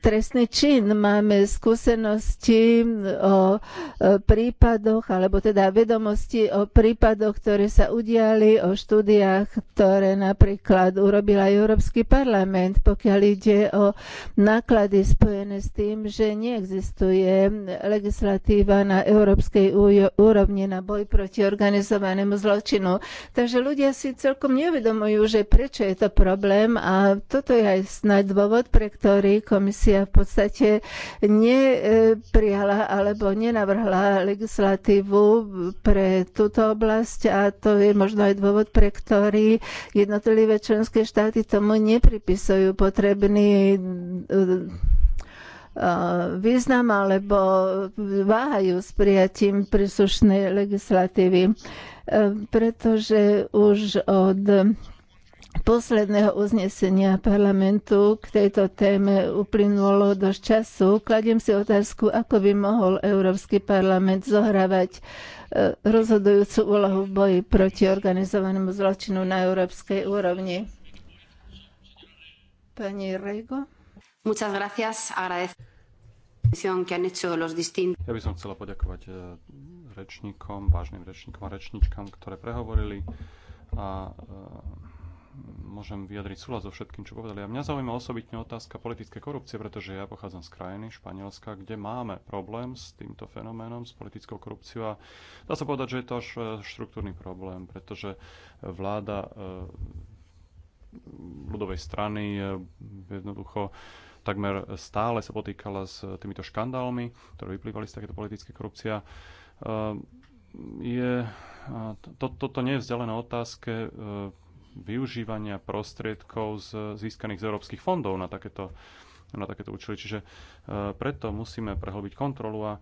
trestný čin. Máme skúsenosti o e, prípadoch, alebo teda vedomosti o prípadoch, ktoré sa udiali, o štúdiách, ktoré napríklad urobila Európsky parlament, pokiaľ ide o náklady spojené s tým, že neexistuje legislatíva na európskej úrovni na boj proti organizovanému zločinu. Takže ľudia si celkom neuvedomujú, že prečo je to problém a toto je aj snáď dôvod, pre ktorý komisia komisia v podstate neprijala alebo nenavrhla legislatívu pre túto oblasť a to je možno aj dôvod, pre ktorý jednotlivé členské štáty tomu nepripisujú potrebný e, e, význam alebo váhajú s prijatím príslušnej legislatívy, e, pretože už od posledného uznesenia parlamentu k tejto téme uplynulo dosť času. Kladiem si otázku, ako by mohol Európsky parlament zohrávať e, rozhodujúcu úlohu v boji proti organizovanému zločinu na európskej úrovni. Pani Rego. Muchas gracias. Ja by som chcela poďakovať e, rečníkom, vážnym rečníkom a rečníčkam, ktoré prehovorili a e, môžem vyjadriť súhlas so všetkým, čo povedali. A mňa zaujíma osobitne otázka politické korupcie, pretože ja pochádzam z krajiny Španielska, kde máme problém s týmto fenoménom, s politickou korupciou. A dá sa povedať, že je to až e, štruktúrny problém, pretože vláda e, ľudovej strany e, jednoducho takmer stále sa potýkala s týmito škandálmi, ktoré vyplývali z takéto politické korupcia je, to, toto nie je vzdialené otázke využívania prostriedkov z, získaných z európskych fondov na takéto, na takéto účely. Čiže e, preto musíme prehlbiť kontrolu a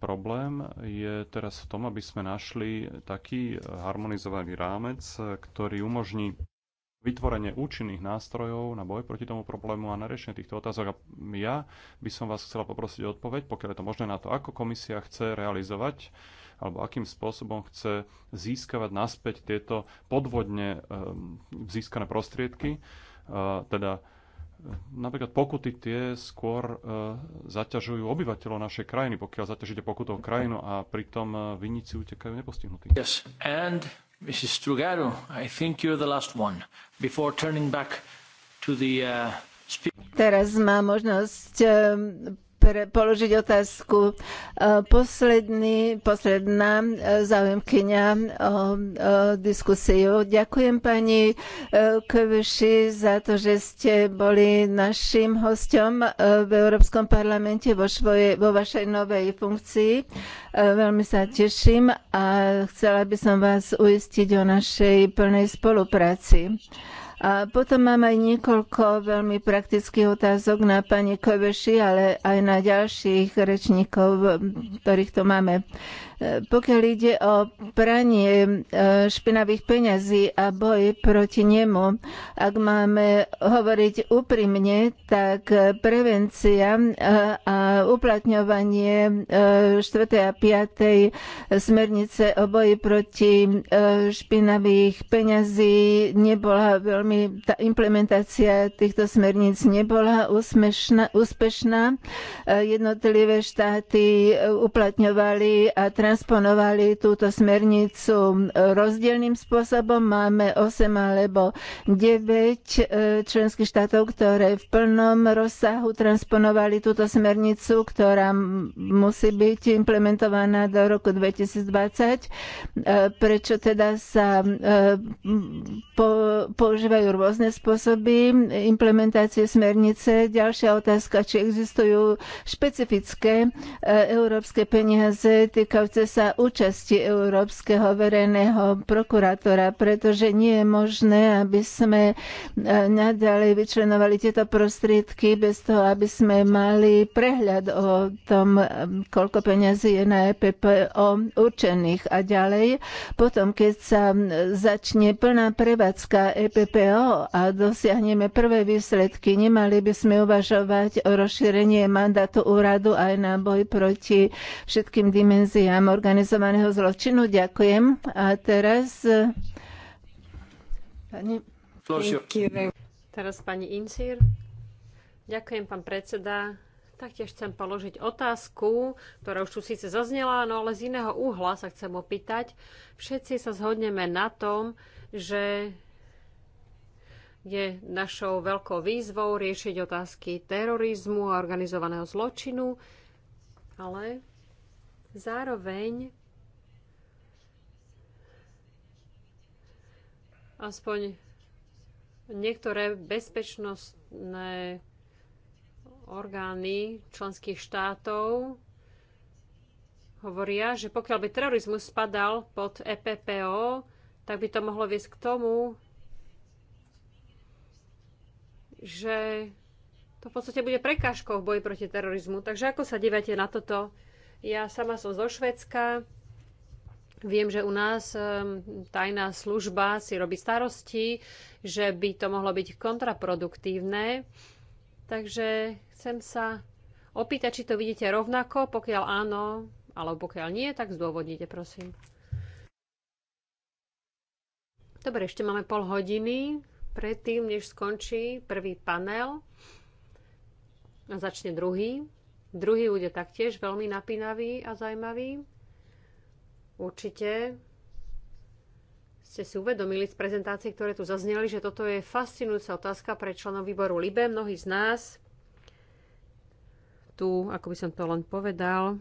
problém je teraz v tom, aby sme našli taký harmonizovaný rámec, ktorý umožní vytvorenie účinných nástrojov na boj proti tomu problému a na riešenie týchto otázok. A ja by som vás chcela poprosiť o odpoveď, pokiaľ je to možné na to, ako komisia chce realizovať alebo akým spôsobom chce získavať naspäť tieto podvodne ehm, získané prostriedky. Ehm, teda ehm, napríklad pokuty tie skôr zaťažujú obyvateľov našej krajiny, pokiaľ zaťažíte pokutou krajinu a pritom vinníci utekajú nepostihnutí. Yes. And Mrs. Strugaro, I think you're the last one. Before turning back to the uh, speaker. Teraz má možnosť pre, položiť otázku. E, posledný, posledná e, záujemkynia o, e, o diskusiu. Ďakujem pani Kveši za to, že ste boli našim hostom v Európskom parlamente vo, svoje, vo vašej novej funkcii. Veľmi sa teším a chcela by som vás uistiť o našej plnej spolupráci. A potom mám aj niekoľko veľmi praktických otázok na pani Koveši, ale aj na ďalších rečníkov, ktorých tu máme. Pokiaľ ide o pranie e, špinavých peňazí a boj proti nemu, ak máme hovoriť úprimne, tak prevencia e, a uplatňovanie 4. E, a 5. smernice o boji proti špinavých peňazí nebola veľmi, tá implementácia týchto smerníc nebola úspešná. Jednotlivé štáty uplatňovali a transponovali túto smernicu rozdielným spôsobom. Máme 8 alebo 9 e, členských štátov, ktoré v plnom rozsahu transponovali túto smernicu, ktorá musí byť implementovaná do roku 2020. E, prečo teda sa e, používajú rôzne spôsoby implementácie smernice? Ďalšia otázka, či existujú špecifické európske peniaze týkajúce chce sa účasti Európskeho verejného prokurátora, pretože nie je možné, aby sme e, nadalej vyčlenovali tieto prostriedky bez toho, aby sme mali prehľad o tom, e, koľko peňazí je na EPPO určených a ďalej. Potom, keď sa začne plná prevádzka EPPO a dosiahneme prvé výsledky, nemali by sme uvažovať o rozšírenie mandátu úradu aj na boj proti všetkým dimenziám problém organizovaného zločinu. Ďakujem. A teraz pani... Teraz pani Incir. Ďakujem, pán predseda. Taktiež chcem položiť otázku, ktorá už tu síce zaznela, no ale z iného uhla sa chcem opýtať. Všetci sa zhodneme na tom, že je našou veľkou výzvou riešiť otázky terorizmu a organizovaného zločinu, ale Zároveň aspoň niektoré bezpečnostné orgány členských štátov hovoria, že pokiaľ by terorizmus spadal pod EPPO, tak by to mohlo viesť k tomu, že to v podstate bude prekážkou v boji proti terorizmu. Takže ako sa dívate na toto ja sama som zo Švedska. Viem, že u nás tajná služba si robí starosti, že by to mohlo byť kontraproduktívne. Takže chcem sa opýtať, či to vidíte rovnako. Pokiaľ áno, alebo pokiaľ nie, tak zdôvodnite, prosím. Dobre, ešte máme pol hodiny predtým, než skončí prvý panel a začne druhý. Druhý bude taktiež veľmi napínavý a zaujímavý. Určite ste si uvedomili z prezentácie, ktoré tu zazneli, že toto je fascinujúca otázka pre členov výboru LIBE. Mnohí z nás tu, ako by som to len povedal,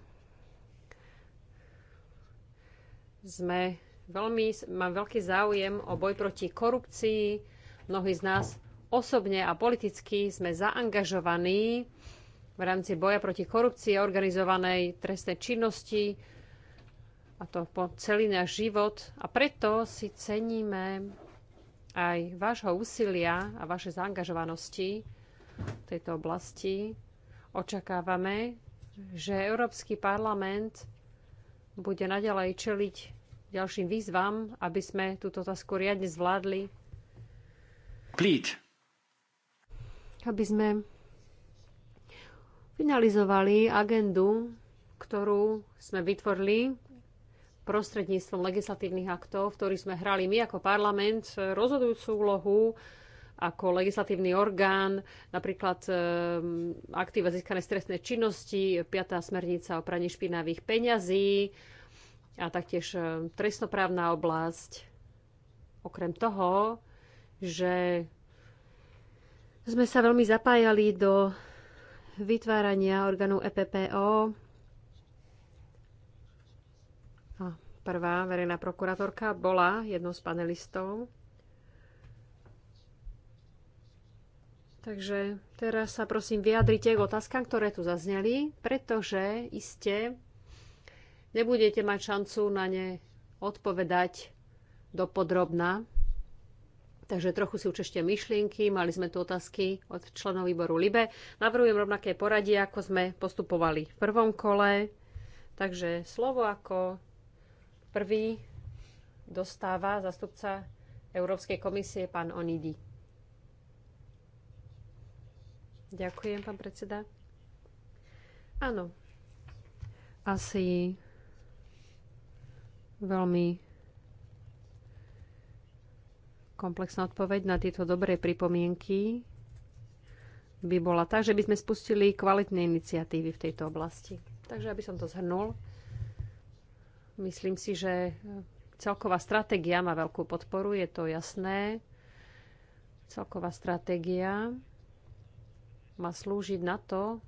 sme veľmi, mám veľký záujem o boj proti korupcii. Mnohí z nás osobne a politicky sme zaangažovaní v rámci boja proti korupcii a organizovanej trestnej činnosti a to po celý náš život. A preto si ceníme aj vášho úsilia a vaše zaangažovanosti v tejto oblasti. Očakávame, že Európsky parlament bude naďalej čeliť ďalším výzvam, aby sme túto otázku riadne zvládli. Plít. Aby sme finalizovali agendu, ktorú sme vytvorili prostredníctvom legislatívnych aktov, v ktorých sme hrali my ako parlament rozhodujúcu úlohu ako legislatívny orgán, napríklad e, aktíva získané z trestnej činnosti, 5. smernica o praní špinavých peňazí a taktiež ehm, trestnoprávna oblasť. Okrem toho, že sme sa veľmi zapájali do vytvárania orgánu EPPO. A prvá verejná prokurátorka bola jednou z panelistov. Takže teraz sa prosím vyjadrite k otázkam, ktoré tu zazneli, pretože iste nebudete mať šancu na ne odpovedať dopodrobná. Takže trochu si učešte myšlienky, mali sme tu otázky od členov výboru LIBE. Navrhujem rovnaké poradie, ako sme postupovali v prvom kole. Takže slovo ako prvý dostáva zastupca Európskej komisie, pán Onidi. Ďakujem, pán predseda. Áno, asi veľmi komplexná odpoveď na tieto dobré pripomienky by bola tak, že by sme spustili kvalitné iniciatívy v tejto oblasti. Takže aby som to zhrnul, myslím si, že celková stratégia má veľkú podporu, je to jasné. Celková stratégia má slúžiť na to,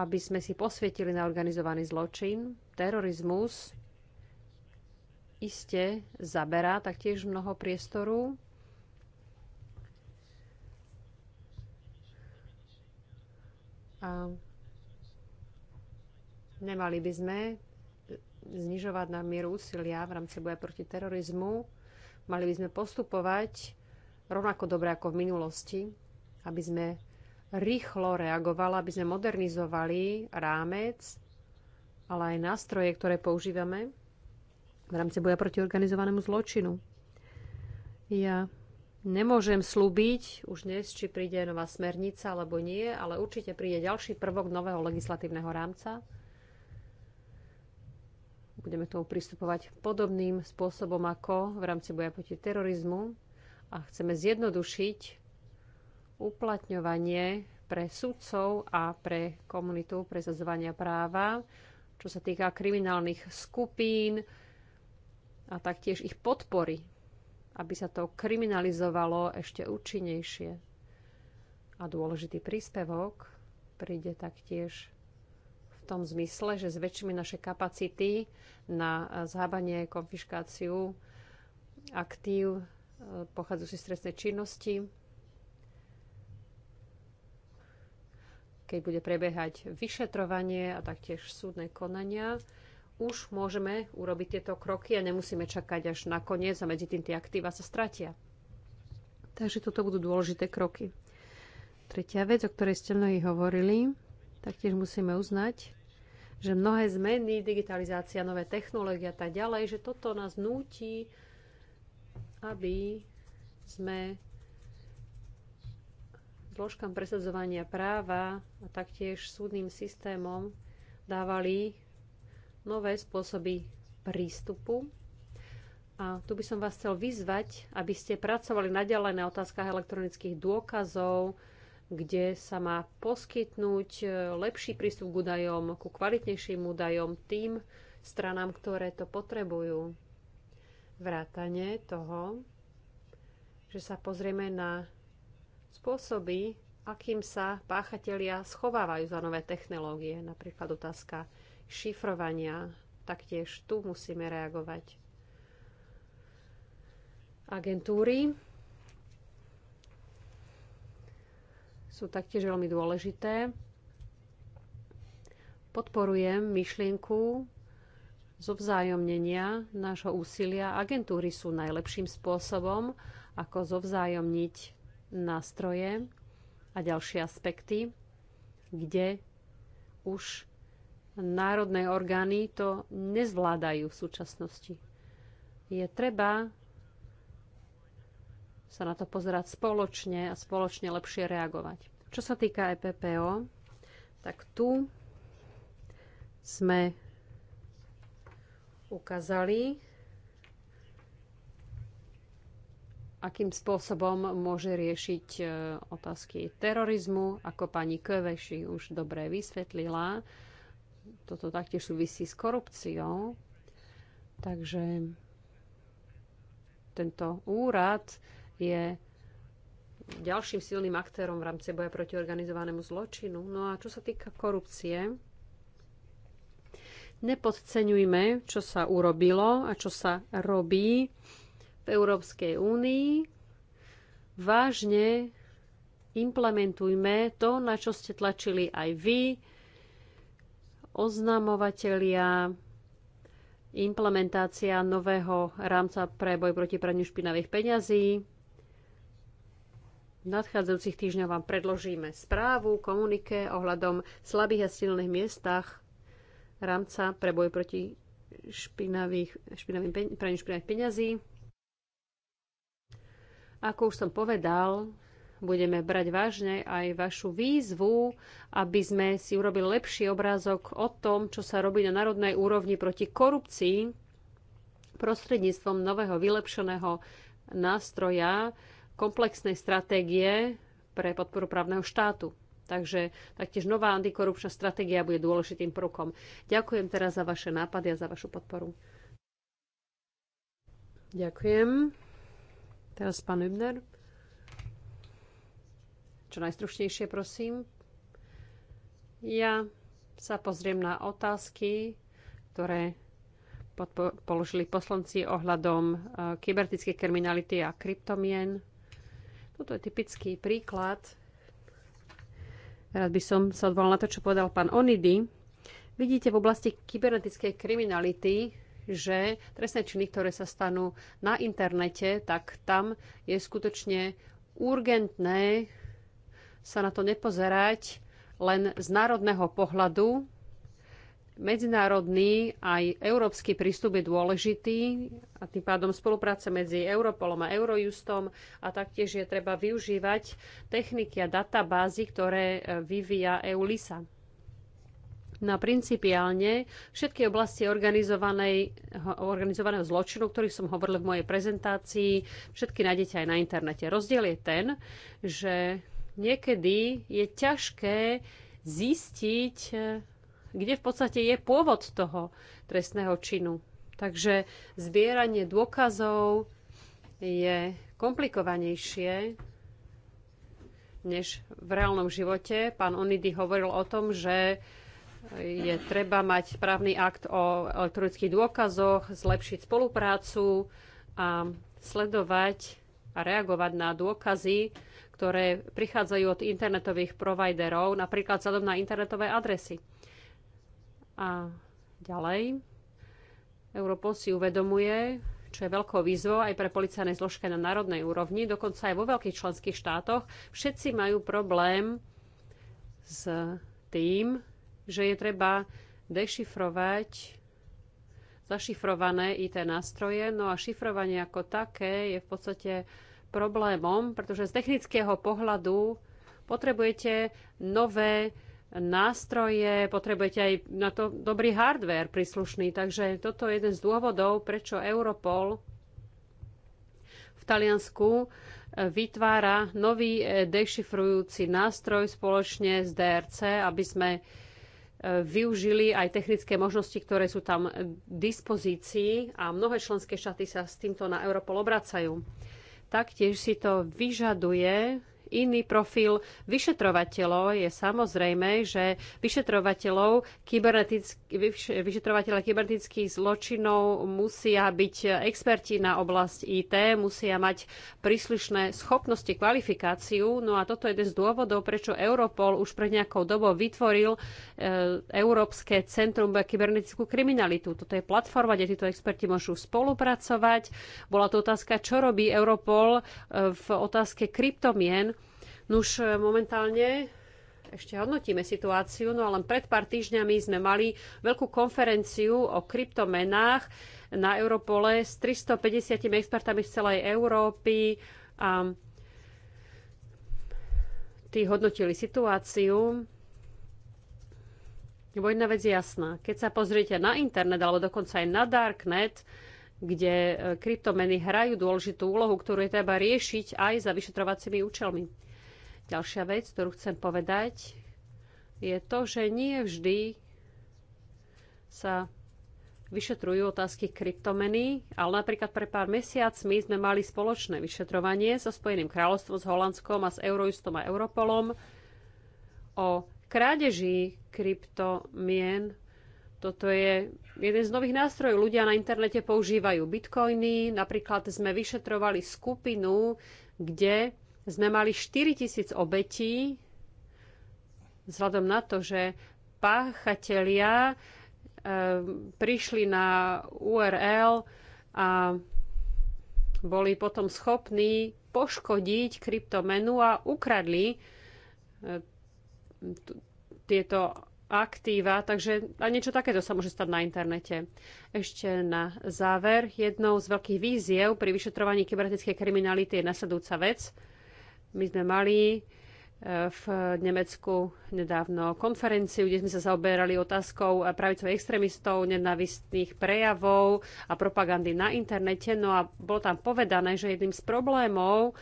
aby sme si posvietili na organizovaný zločin. Terorizmus iste zaberá taktiež mnoho priestoru A nemali by sme znižovať na mieru úsilia v rámci boja proti terorizmu. Mali by sme postupovať rovnako dobre ako v minulosti, aby sme rýchlo reagovali, aby sme modernizovali rámec, ale aj nástroje, ktoré používame v rámci boja proti organizovanému zločinu. Ja Nemôžem slúbiť už dnes, či príde nová smernica alebo nie, ale určite príde ďalší prvok nového legislatívneho rámca. Budeme k tomu pristupovať podobným spôsobom ako v rámci boja proti terorizmu a chceme zjednodušiť uplatňovanie pre sudcov a pre komunitu presadzovania práva, čo sa týka kriminálnych skupín a taktiež ich podpory aby sa to kriminalizovalo ešte účinnejšie. A dôležitý príspevok príde taktiež v tom zmysle, že zväčšíme naše kapacity na e, zhábanie, konfiškáciu aktív e, pochádzajúcich z trestnej činnosti. Keď bude prebiehať vyšetrovanie a taktiež súdne konania, už môžeme urobiť tieto kroky a nemusíme čakať až na koniec a medzi tým tie aktíva sa stratia. Takže toto budú dôležité kroky. Tretia vec, o ktorej ste mnohí hovorili, taktiež musíme uznať, že mnohé zmeny, digitalizácia, nové technológie a tak ďalej, že toto nás núti, aby sme zložkám presadzovania práva a taktiež súdnym systémom dávali nové spôsoby prístupu. A tu by som vás chcel vyzvať, aby ste pracovali naďalej na otázkach elektronických dôkazov, kde sa má poskytnúť e, lepší prístup k údajom, ku kvalitnejším údajom tým stranám, ktoré to potrebujú. Vrátane toho, že sa pozrieme na spôsoby, akým sa páchatelia schovávajú za nové technológie, napríklad otázka šifrovania. Taktiež tu musíme reagovať. Agentúry sú taktiež veľmi dôležité. Podporujem myšlienku zovzájomnenia nášho úsilia. Agentúry sú najlepším spôsobom, ako zovzájomniť nástroje a ďalšie aspekty, kde už národné orgány to nezvládajú v súčasnosti. Je treba sa na to pozerať spoločne a spoločne lepšie reagovať. Čo sa týka EPPO, tak tu sme ukázali, akým spôsobom môže riešiť e, otázky terorizmu, ako pani Köveši už dobre vysvetlila toto taktiež súvisí s korupciou. Takže tento úrad je ďalším silným aktérom v rámci boja proti organizovanému zločinu. No a čo sa týka korupcie, nepodceňujme, čo sa urobilo a čo sa robí v Európskej únii. Vážne implementujme to, na čo ste tlačili aj vy, oznamovatelia, implementácia nového rámca pre boj proti praniu špinavých peňazí. V nadchádzajúcich týždňoch vám predložíme správu, komunike ohľadom slabých a silných miestach rámca pre boj proti špinavých, špinavým, praniu špinavých peňazí. Ako už som povedal, budeme brať vážne aj vašu výzvu, aby sme si urobili lepší obrázok o tom, čo sa robí na národnej úrovni proti korupcii prostredníctvom nového vylepšeného nástroja komplexnej stratégie pre podporu právneho štátu. Takže taktiež nová antikorupčná stratégia bude dôležitým prvkom. Ďakujem teraz za vaše nápady a za vašu podporu. Ďakujem. Teraz pán Übner čo najstručnejšie, prosím. Ja sa pozriem na otázky, ktoré položili poslanci ohľadom e, kybernetickej kriminality a kryptomien. Toto je typický príklad. Rád by som sa odvolal na to, čo povedal pán Onidy. Vidíte v oblasti kybernetickej kriminality, že trestné činy, ktoré sa stanú na internete, tak tam je skutočne urgentné sa na to nepozerať len z národného pohľadu. Medzinárodný aj európsky prístup je dôležitý a tým pádom spolupráca medzi Europolom a Eurojustom a taktiež je treba využívať techniky a databázy, ktoré e, vyvíja EULISA. Na no principiálne všetky oblasti organizovaného zločinu, o ktorých som hovoril v mojej prezentácii, všetky nájdete aj na internete. Rozdiel je ten, že niekedy je ťažké zistiť, e, kde v podstate je pôvod toho trestného činu. Takže zbieranie dôkazov je komplikovanejšie než v reálnom živote. Pán Onidy hovoril o tom, že je treba mať právny akt o elektronických dôkazoch, zlepšiť spoluprácu a sledovať a reagovať na dôkazy, ktoré prichádzajú od internetových providerov, napríklad vzhľadom na internetové adresy. A ďalej, Europol si uvedomuje, čo je veľkou výzvou aj pre policajné zložky na národnej úrovni, dokonca aj vo veľkých členských štátoch. Všetci majú problém s tým, že je treba dešifrovať zašifrované IT nástroje, no a šifrovanie ako také je v podstate problémom, pretože z technického pohľadu potrebujete nové nástroje, potrebujete aj na to dobrý hardware príslušný. Takže toto je jeden z dôvodov, prečo Europol v Taliansku e, vytvára nový e, dešifrujúci nástroj spoločne s DRC, aby sme e, využili aj technické možnosti, ktoré sú tam v dispozícii a mnohé členské štáty sa s týmto na Europol obracajú taktiež si to vyžaduje iný profil vyšetrovateľov. Je samozrejme, že vyšetrovateľov kybernetický, vyšetrovateľa kybernetických zločinov musia byť experti na oblasť IT, musia mať príslušné schopnosti, kvalifikáciu. No a toto je jeden z dôvodov, prečo Europol už pred nejakou dobou vytvoril e, Európske centrum pre kybernetickú kriminalitu. Toto je platforma, kde títo experti môžu spolupracovať. Bola to otázka, čo robí Europol e, v otázke kryptomien. Nuž e, momentálne ešte hodnotíme situáciu, no a len pred pár týždňami sme mali veľkú konferenciu o kryptomenách na Europole s 350 expertami z celej Európy a tí hodnotili situáciu. Lebo jedna vec je jasná. Keď sa pozriete na internet alebo dokonca aj na darknet, kde e, kryptomeny hrajú dôležitú úlohu, ktorú je treba riešiť aj za vyšetrovacími účelmi. Ďalšia vec, ktorú chcem povedať, je to, že nie vždy sa vyšetrujú otázky kryptomeny, ale napríklad pre pár mesiacmi sme mali spoločné vyšetrovanie so Spojeným kráľovstvom, s Holandskom a s Eurojustom a Europolom o krádeži kryptomien. Toto je jeden z nových nástrojov. Ľudia na internete používajú bitcoiny. Napríklad sme vyšetrovali skupinu, kde sme mali 4000 obetí, vzhľadom na to, že páchatelia e, prišli na URL a boli potom schopní poškodiť kryptomenu a ukradli e, tieto aktíva, takže a niečo takéto sa môže stať na internete. Ešte na záver, jednou z veľkých víziev pri vyšetrovaní kybernetickej kriminality je nasledujúca vec. My sme mali e, v Nemecku nedávno konferenciu, kde sme sa zaoberali otázkou pravicových extrémistov, nenávistných prejavov a propagandy na internete. No a bolo tam povedané, že jedným z problémov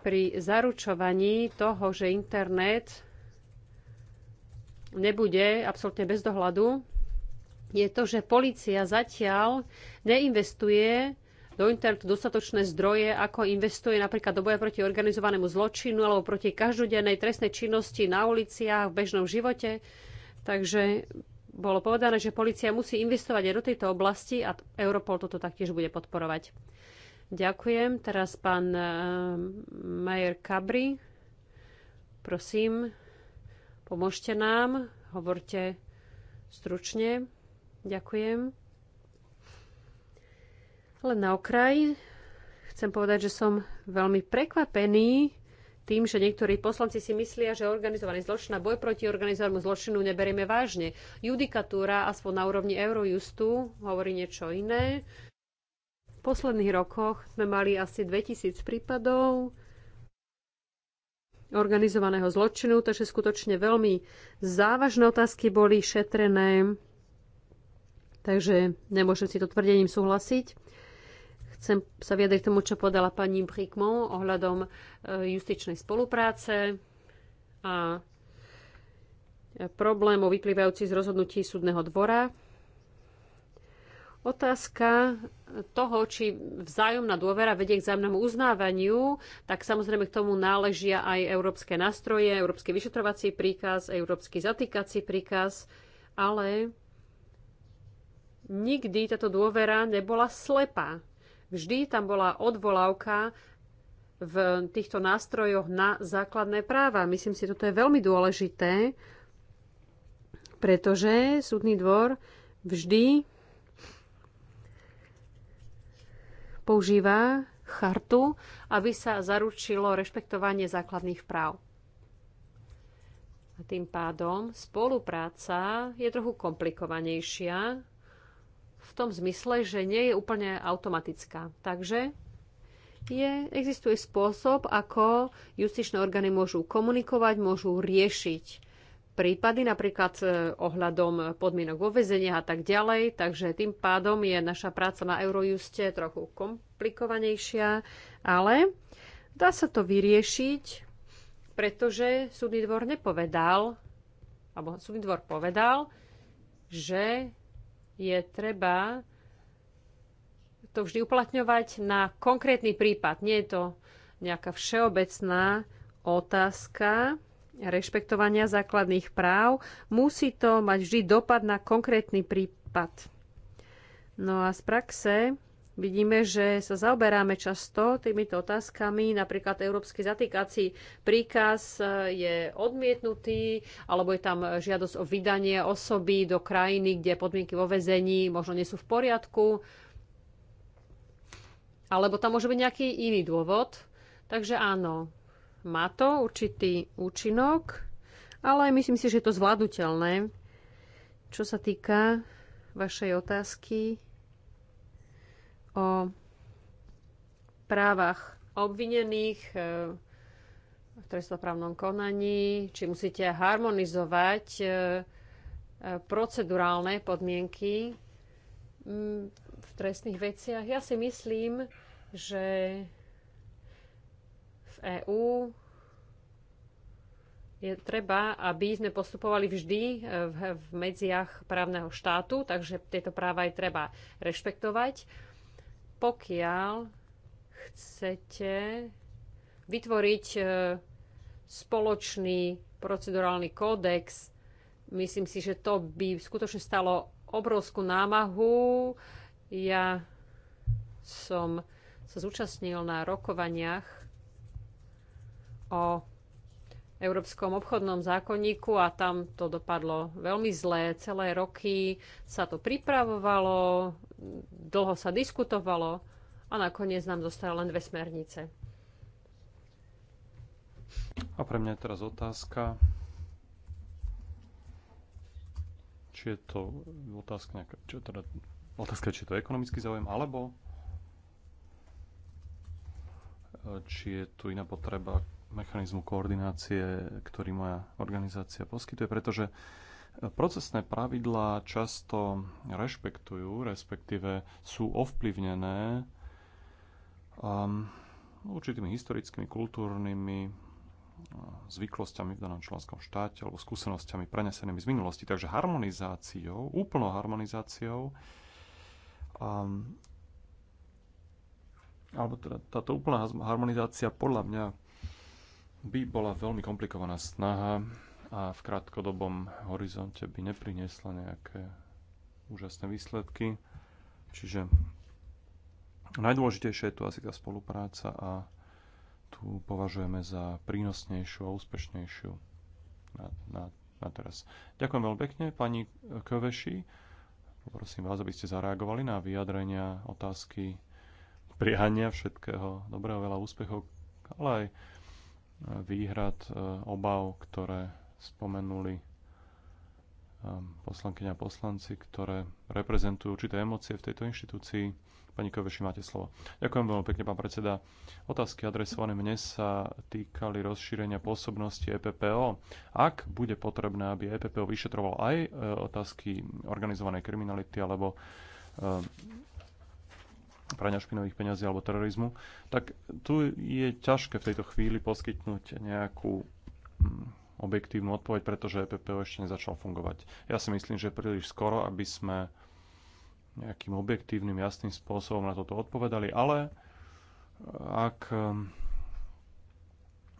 pri zaručovaní toho, že internet nebude absolútne bez dohľadu, je to, že policia zatiaľ neinvestuje do internetu dostatočné zdroje, ako investuje napríklad do boja proti organizovanému zločinu alebo proti každodennej trestnej činnosti na uliciach, v bežnom živote. Takže bolo povedané, že policia musí investovať aj do tejto oblasti a Europol toto taktiež bude podporovať. Ďakujem. Teraz pán eh, Majer Kabri. Prosím, pomôžte nám, hovorte stručne. Ďakujem. Len na okraj chcem povedať, že som veľmi prekvapený tým, že niektorí poslanci si myslia, že organizovaný zločin a boj proti organizovanému zločinu neberieme vážne. Judikatúra aspoň na úrovni Eurojustu hovorí niečo iné. V posledných rokoch sme mali asi 2000 prípadov organizovaného zločinu, takže skutočne veľmi závažné otázky boli šetrené, takže nemôžem si to tvrdením súhlasiť. Chcem sa vyjadriť tomu, čo podala pani Prikmo ohľadom e, justičnej spolupráce a problémov vyplývajúcich z rozhodnutí súdneho dvora. Otázka toho, či vzájomná dôvera vedie k vzájomnému uznávaniu, tak samozrejme k tomu náležia aj európske nástroje, európsky vyšetrovací príkaz, európsky zatýkací príkaz, ale nikdy táto dôvera nebola slepá. Vždy tam bola odvolávka v týchto nástrojoch na základné práva. Myslím si, toto je veľmi dôležité, pretože súdny dvor vždy používa chartu, aby sa zaručilo rešpektovanie základných práv. A tým pádom spolupráca je trochu komplikovanejšia tom zmysle, že nie je úplne automatická. Takže je, existuje spôsob, ako justičné orgány môžu komunikovať, môžu riešiť prípady, napríklad e, ohľadom podmienok vo vezenia a tak ďalej. Takže tým pádom je naša práca na Eurojuste trochu komplikovanejšia, ale dá sa to vyriešiť, pretože súdny dvor nepovedal, alebo súdny dvor povedal, že je treba to vždy uplatňovať na konkrétny prípad. Nie je to nejaká všeobecná otázka rešpektovania základných práv. Musí to mať vždy dopad na konkrétny prípad. No a z praxe Vidíme, že sa zaoberáme často týmito otázkami, napríklad európsky zatýkací príkaz eh, je odmietnutý, alebo je tam žiadosť o vydanie osoby do krajiny, kde podmienky vo vezení možno nie sú v poriadku, alebo tam môže byť nejaký iný dôvod. Takže áno, má to určitý účinok, ale myslím si, že je to zvládnutelné. Čo sa týka vašej otázky, o právach obvinených v e, trestnoprávnom konaní, či musíte harmonizovať e, e, procedurálne podmienky v trestných veciach. Ja si myslím, že v EÚ je treba, aby sme postupovali vždy v, medziach právneho štátu, takže tieto práva aj treba rešpektovať pokiaľ chcete vytvoriť e, spoločný procedurálny kódex, myslím si, že to by skutočne stalo obrovskú námahu. Ja som sa zúčastnil na rokovaniach o Európskom obchodnom zákonníku a tam to dopadlo veľmi zlé. Celé roky sa to pripravovalo, dlho sa diskutovalo a nakoniec nám zostali len dve smernice. A pre mňa je teraz otázka, či je to otázka nejaká, či, je teda, otázka, či je to ekonomický záujem, alebo e, či je tu iná potreba mechanizmu koordinácie, ktorý moja organizácia poskytuje, pretože uh, Procesné pravidlá často rešpektujú, respektíve sú ovplyvnené um, určitými historickými, kultúrnymi uh, zvyklosťami v danom členskom štáte alebo skúsenosťami prenesenými z minulosti. Takže harmonizáciou, úplnou harmonizáciou um, alebo teda táto úplná harmonizácia podľa mňa by bola veľmi komplikovaná snaha a v krátkodobom horizonte by nepriniesla nejaké úžasné výsledky. Čiže najdôležitejšie je tu asi tá spolupráca a tu považujeme za prínosnejšiu a úspešnejšiu na, na, na teraz. Ďakujem veľmi pekne, pani Köveši. Prosím vás, aby ste zareagovali na vyjadrenia, otázky, priania všetkého dobrého, veľa úspechov, ale aj výhrad, e, obav, ktoré spomenuli um, poslankyňa a poslanci, ktoré reprezentujú určité emócie v tejto inštitúcii. Pani Koveši, máte slovo. Ďakujem veľmi pekne, pán predseda. Otázky adresované mne sa týkali rozšírenia pôsobnosti EPPO. Ak bude potrebné, aby EPPO vyšetroval aj e, otázky organizovanej kriminality alebo e, prania špinových peňazí alebo terorizmu, tak tu je ťažké v tejto chvíli poskytnúť nejakú mm, objektívnu odpoveď, pretože EPPO ešte nezačal fungovať. Ja si myslím, že príliš skoro, aby sme nejakým objektívnym, jasným spôsobom na toto odpovedali, ale eh, ak eh,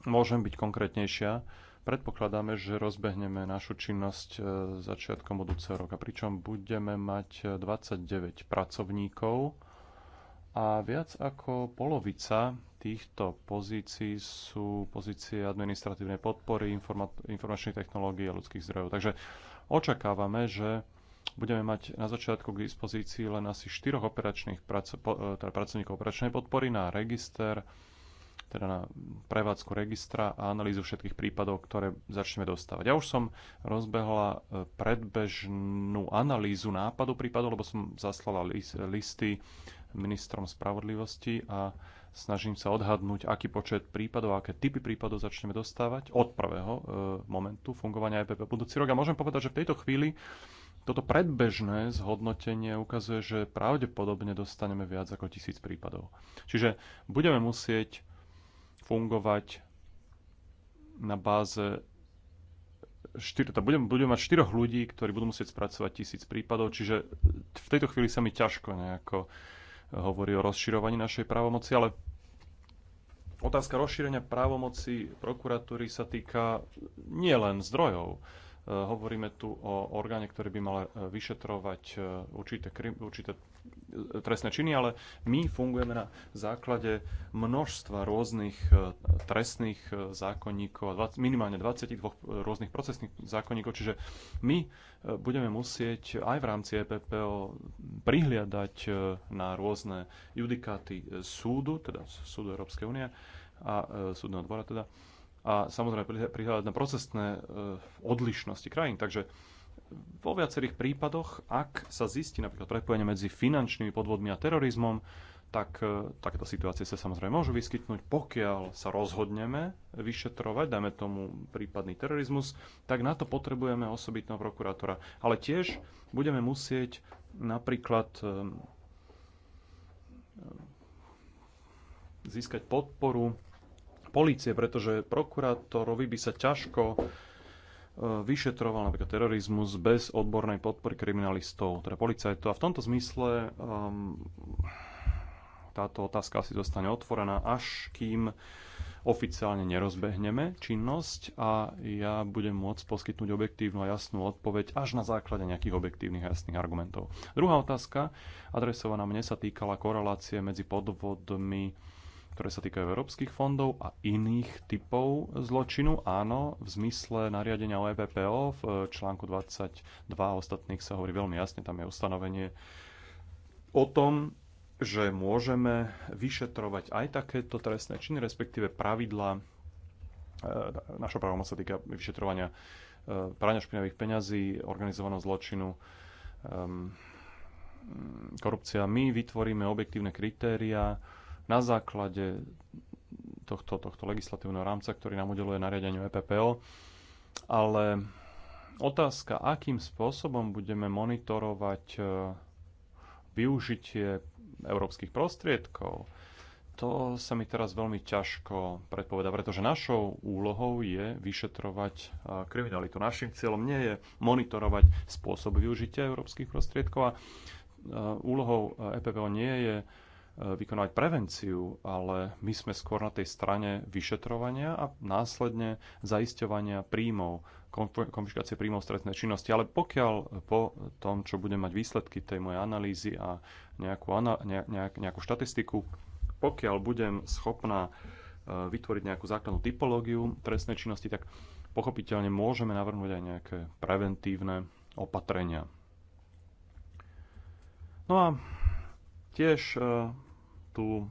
môžem byť konkrétnejšia, predpokladáme, že rozbehneme našu činnosť eh, začiatkom budúceho roka, pričom budeme mať 29 pracovníkov, a viac ako polovica týchto pozícií sú pozície administratívnej podpory, informa- informačných technológií a ľudských zdrojov. Takže očakávame, že budeme mať na začiatku k dispozícii len asi štyroch operačných prac- po, e, teda pracovníkov operačnej podpory na register, teda na prevádzku registra a analýzu všetkých prípadov, ktoré začneme dostávať. Ja už som rozbehla e, predbežnú analýzu nápadu prípadov, lebo som zaslala listy ministrom spravodlivosti a snažím sa odhadnúť, aký počet prípadov, aké typy prípadov začneme dostávať od prvého e, momentu fungovania EPP budúci rok. A môžem povedať, že v tejto chvíli toto predbežné zhodnotenie ukazuje, že pravdepodobne dostaneme viac ako tisíc prípadov. Čiže budeme musieť fungovať na báze štyr, tá budem, budem mať štyroch ľudí, ktorí budú musieť spracovať tisíc prípadov, čiže v tejto chvíli sa mi ťažko nejako hovorí o rozširovaní našej právomoci, ale otázka rozšírenia právomoci prokuratúry sa týka nielen zdrojov. E, hovoríme tu o orgáne, ktorý by mal e, vyšetrovať e, určité, určité trestné činy, ale my fungujeme na základe množstva rôznych trestných zákonníkov, minimálne 22 rôznych procesných zákonníkov, čiže my budeme musieť aj v rámci EPPO prihliadať na rôzne judikáty súdu, teda súdu Európskej únie a súdneho dvora teda, a samozrejme prihľadať na procesné e, odlišnosti krajín. Takže vo viacerých prípadoch, ak sa zistí napríklad prepojenie medzi finančnými podvodmi a terorizmom, tak e, takéto situácie sa samozrejme môžu vyskytnúť. Pokiaľ sa rozhodneme vyšetrovať, dajme tomu prípadný terorizmus, tak na to potrebujeme osobitného prokurátora. Ale tiež budeme musieť napríklad e, získať podporu polície, pretože prokurátorovi by sa ťažko e, vyšetroval napríklad terorizmus bez odbornej podpory kriminalistov, teda policajtov. A v tomto zmysle um, táto otázka asi zostane otvorená, až kým oficiálne nerozbehneme činnosť a ja budem môcť poskytnúť objektívnu a jasnú odpoveď až na základe nejakých objektívnych a jasných argumentov. Druhá otázka, adresovaná mne, sa týkala korelácie medzi podvodmi ktoré sa týkajú európskych fondov a iných typov zločinu. Áno, v zmysle nariadenia o e v eh, článku 22 ostatných sa hovorí veľmi jasne, tam je ustanovenie o tom, že môžeme vyšetrovať aj takéto trestné činy, respektíve pravidla, eh, naša právomoc sa týka vyšetrovania eh, prania špinavých peňazí, organizovaného zločinu, ehm, korupcia. My vytvoríme objektívne kritéria, na základe tohto, tohto legislatívneho rámca, ktorý nám udeluje nariadeniu EPPO. Ale otázka, akým spôsobom budeme monitorovať e, využitie európskych prostriedkov, to sa mi teraz veľmi ťažko predpoveda, pretože našou úlohou je vyšetrovať e, kriminalitu. Našim cieľom nie je monitorovať spôsob využitia európskych prostriedkov a e, úlohou EPPO nie je Eh, vykonávať prevenciu, ale my sme skôr na tej strane vyšetrovania a následne zaisťovania príjmov, konfiškácie príjmov stretnej činnosti. Ale pokiaľ eh, po tom, čo budem mať výsledky tej mojej analýzy a nejakú, ana, nejak, nejakú štatistiku, pokiaľ budem schopná eh, vytvoriť nejakú základnú typológiu trestnej činnosti, tak pochopiteľne môžeme navrhnúť aj nejaké preventívne opatrenia. No a tiež tu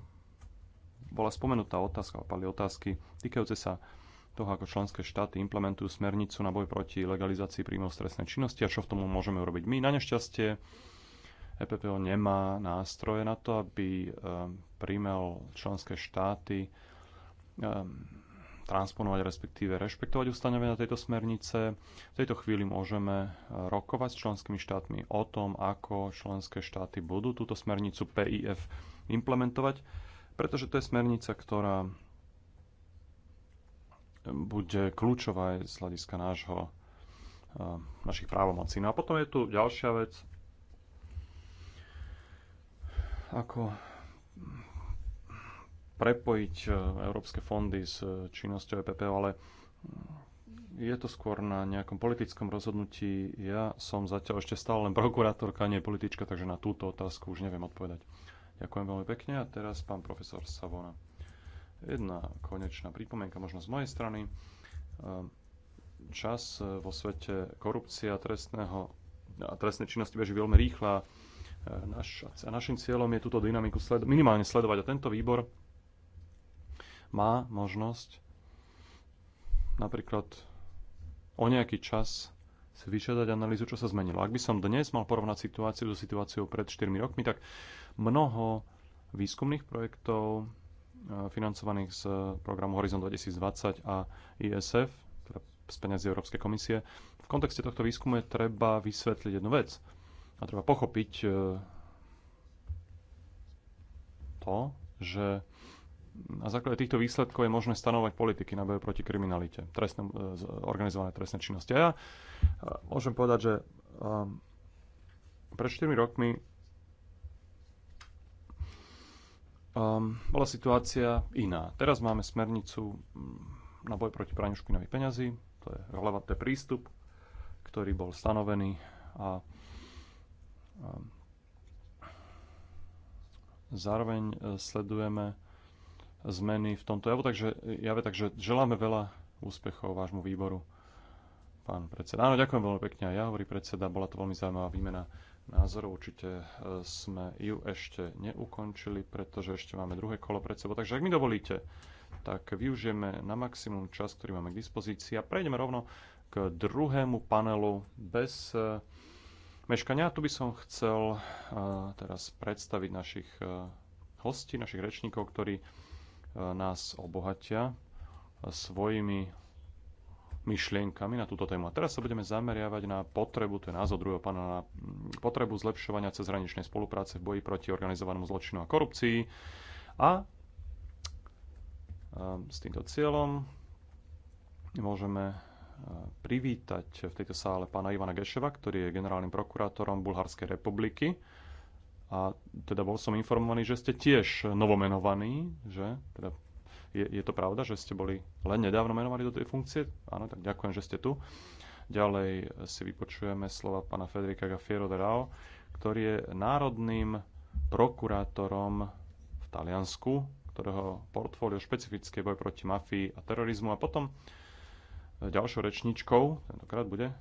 bola spomenutá otázka, pali otázky týkajúce sa toho, ako členské štáty implementujú smernicu na boj proti legalizácii príjmov stresnej činnosti a čo v tom môžeme urobiť my. Na nešťastie EPPO nemá nástroje na to, aby ehm, príjmel členské štáty ehm, transponovať, respektíve rešpektovať ustanovenia tejto smernice. V tejto chvíli môžeme ehm, rokovať s členskými štátmi o tom, ako členské štáty budú túto smernicu PIF implementovať, pretože to je smernica, ktorá bude kľúčová aj z hľadiska nášho, eh, našich právomocí. No a potom je tu ďalšia vec, ako prepojiť eh, európske fondy s eh, činnosťou EPP, ale je to skôr na nejakom politickom rozhodnutí. Ja som zatiaľ ešte stále len prokurátorka, nie politička, takže na túto otázku už neviem odpovedať. Ďakujem veľmi pekne a teraz pán profesor Savona. Jedna konečná pripomienka možno z mojej strany. Ehm, čas eh, vo svete korupcia trestného a trestnej činnosti beží veľmi rýchla. Eh, naš, a našim cieľom je túto dynamiku sled, minimálne sledovať. A tento výbor má možnosť napríklad o nejaký čas si vyžiadať analýzu, čo sa zmenilo. Ak by som dnes mal porovnať situáciu so situáciou pred 4 rokmi, tak mnoho výskumných projektov e, financovaných z programu Horizon 2020 a ISF, teda z peniazí Európskej komisie. V kontexte tohto výskumu je treba vysvetliť jednu vec a treba pochopiť e, to, že na základe týchto výsledkov je možné stanovať politiky na boj proti kriminalite, trestné, e, organizované trestné činnosti. A ja e, môžem povedať, že um, pred 4 rokmi um, bola situácia iná. Teraz máme smernicu mm, na boj proti praniu špinavých peňazí, to je relevantný prístup, ktorý bol stanovený a um, zároveň e, sledujeme zmeny v tomto javu. takže, e, jave, takže želáme veľa úspechov vášmu výboru, pán predseda. Áno, ďakujem veľmi pekne ja, hovorí predseda, bola to veľmi zaujímavá výmena názorov. Určite e, sme ju ešte neukončili, pretože ešte máme druhé kolo pred sebou. Takže ak mi dovolíte, tak využijeme na maximum čas, ktorý máme k dispozícii a prejdeme rovno k druhému panelu bez e, meškania. Tu by som chcel teraz predstaviť našich hostí, našich rečníkov, ktorí E, nás obohatia svojimi myšlienkami na túto tému. A teraz sa budeme zameriavať na potrebu, to je názov druhého pána, na mm, potrebu zlepšovania cezhraničnej spolupráce v boji proti organizovanému zločinu a korupcii. A e, s týmto cieľom môžeme e, privítať v tejto sále pána Ivana Geševa, ktorý je generálnym prokurátorom Bulharskej republiky a teda bol som informovaný, že ste tiež novomenovaní, že? Teda je, je to pravda, že ste boli len nedávno menovaní do tej funkcie? Áno, tak ďakujem, že ste tu. Ďalej si vypočujeme slova pána Federica Gaffiero de Rao, ktorý je národným prokurátorom v Taliansku, ktorého portfólio špecifické boj proti mafii a terorizmu. A potom ďalšou rečničkou, tentokrát bude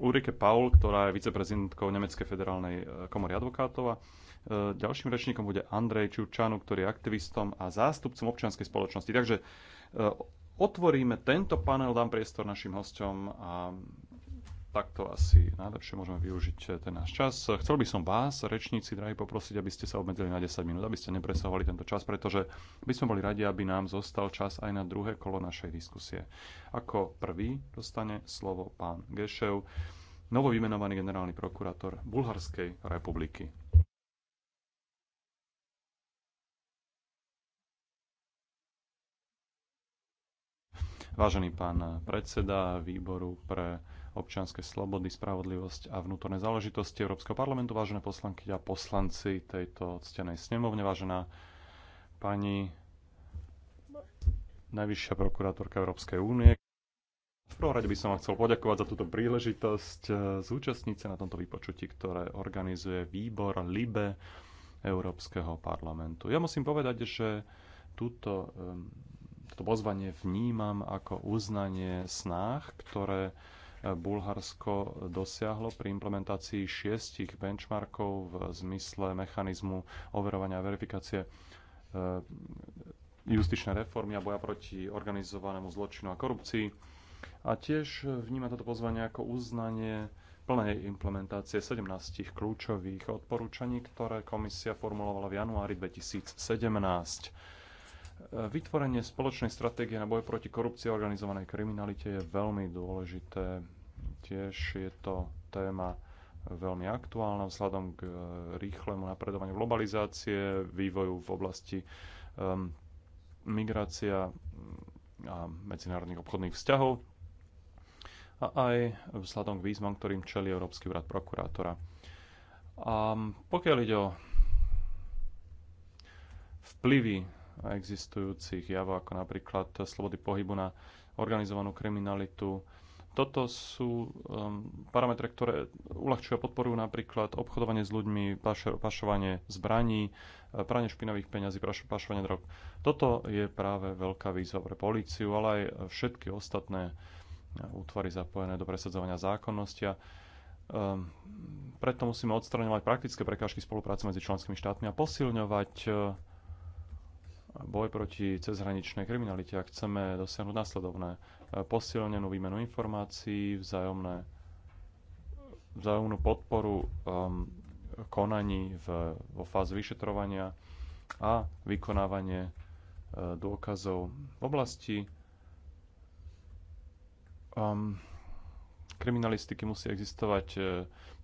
Ulrike Paul, ktorá je viceprezidentkou Nemeckej federálnej e, komory advokátov. A e, ďalším rečníkom bude Andrej Čurčanu, ktorý je aktivistom a zástupcom občianskej spoločnosti. Takže e, otvoríme tento panel, dám priestor našim hosťom a takto asi najlepšie môžeme využiť eh, ten náš čas. Chcel by som vás, rečníci, drahí, poprosiť, aby ste sa obmedzili na 10 minút, aby ste nepresahovali tento čas, pretože by sme boli radi, aby nám zostal čas aj na druhé kolo našej diskusie. Ako prvý dostane slovo pán Gešev, novovymenovaný generálny prokurátor Bulharskej republiky. Vážený pán predseda výboru pre občianske slobody, spravodlivosť a vnútorné záležitosti Európskeho parlamentu. Vážené poslanky a poslanci tejto ctenej snemovne, vážená pani najvyššia prokurátorka Európskej únie. V prvom rade by som vám chcel poďakovať za túto príležitosť eh, zúčastniť sa na tomto vypočutí, ktoré organizuje výbor LIBE Európskeho parlamentu. Ja musím povedať, že túto, eh, toto pozvanie vnímam ako uznanie snách, ktoré Bulharsko dosiahlo pri implementácii šiestich benchmarkov v zmysle mechanizmu overovania a verifikácie eh, justičnej reformy a boja proti organizovanému zločinu a korupcii. A tiež vníma toto pozvanie ako uznanie plnej implementácie 17 kľúčových odporúčaní, ktoré komisia formulovala v januári 2017 Vytvorenie spoločnej stratégie na boj proti korupcii a organizovanej kriminalite je veľmi dôležité. Tiež je to téma veľmi aktuálna vzhľadom k eh, rýchlemu napredovaniu globalizácie, vývoju v oblasti um, migrácia mm, a medzinárodných obchodných vzťahov a aj vzhľadom k výzvam, ktorým čelí Európsky úrad prokurátora. A pokiaľ ide o vplyvy existujúcich javov, ako napríklad slobody pohybu na organizovanú kriminalitu. Toto sú um, parametre, ktoré uľahčujú a podporujú napríklad obchodovanie s ľuďmi, pašo, pašovanie zbraní, eh, pranie špinavých peňazí, pašo, pašovanie drog. Toto je práve veľká výzva pre políciu, ale aj všetky ostatné eh, útvary zapojené do presadzovania zákonnosti. A, um, preto musíme odstraňovať praktické prekážky spolupráce medzi členskými štátmi a posilňovať uh, boj proti cezhraničnej kriminalite a chceme dosiahnuť následovné e, posilnenú výmenu informácií, vzájomné, vzájomnú podporu um, konaní v, vo fáze vyšetrovania a vykonávanie uh, dôkazov v oblasti um, kriminalistiky musí existovať uh,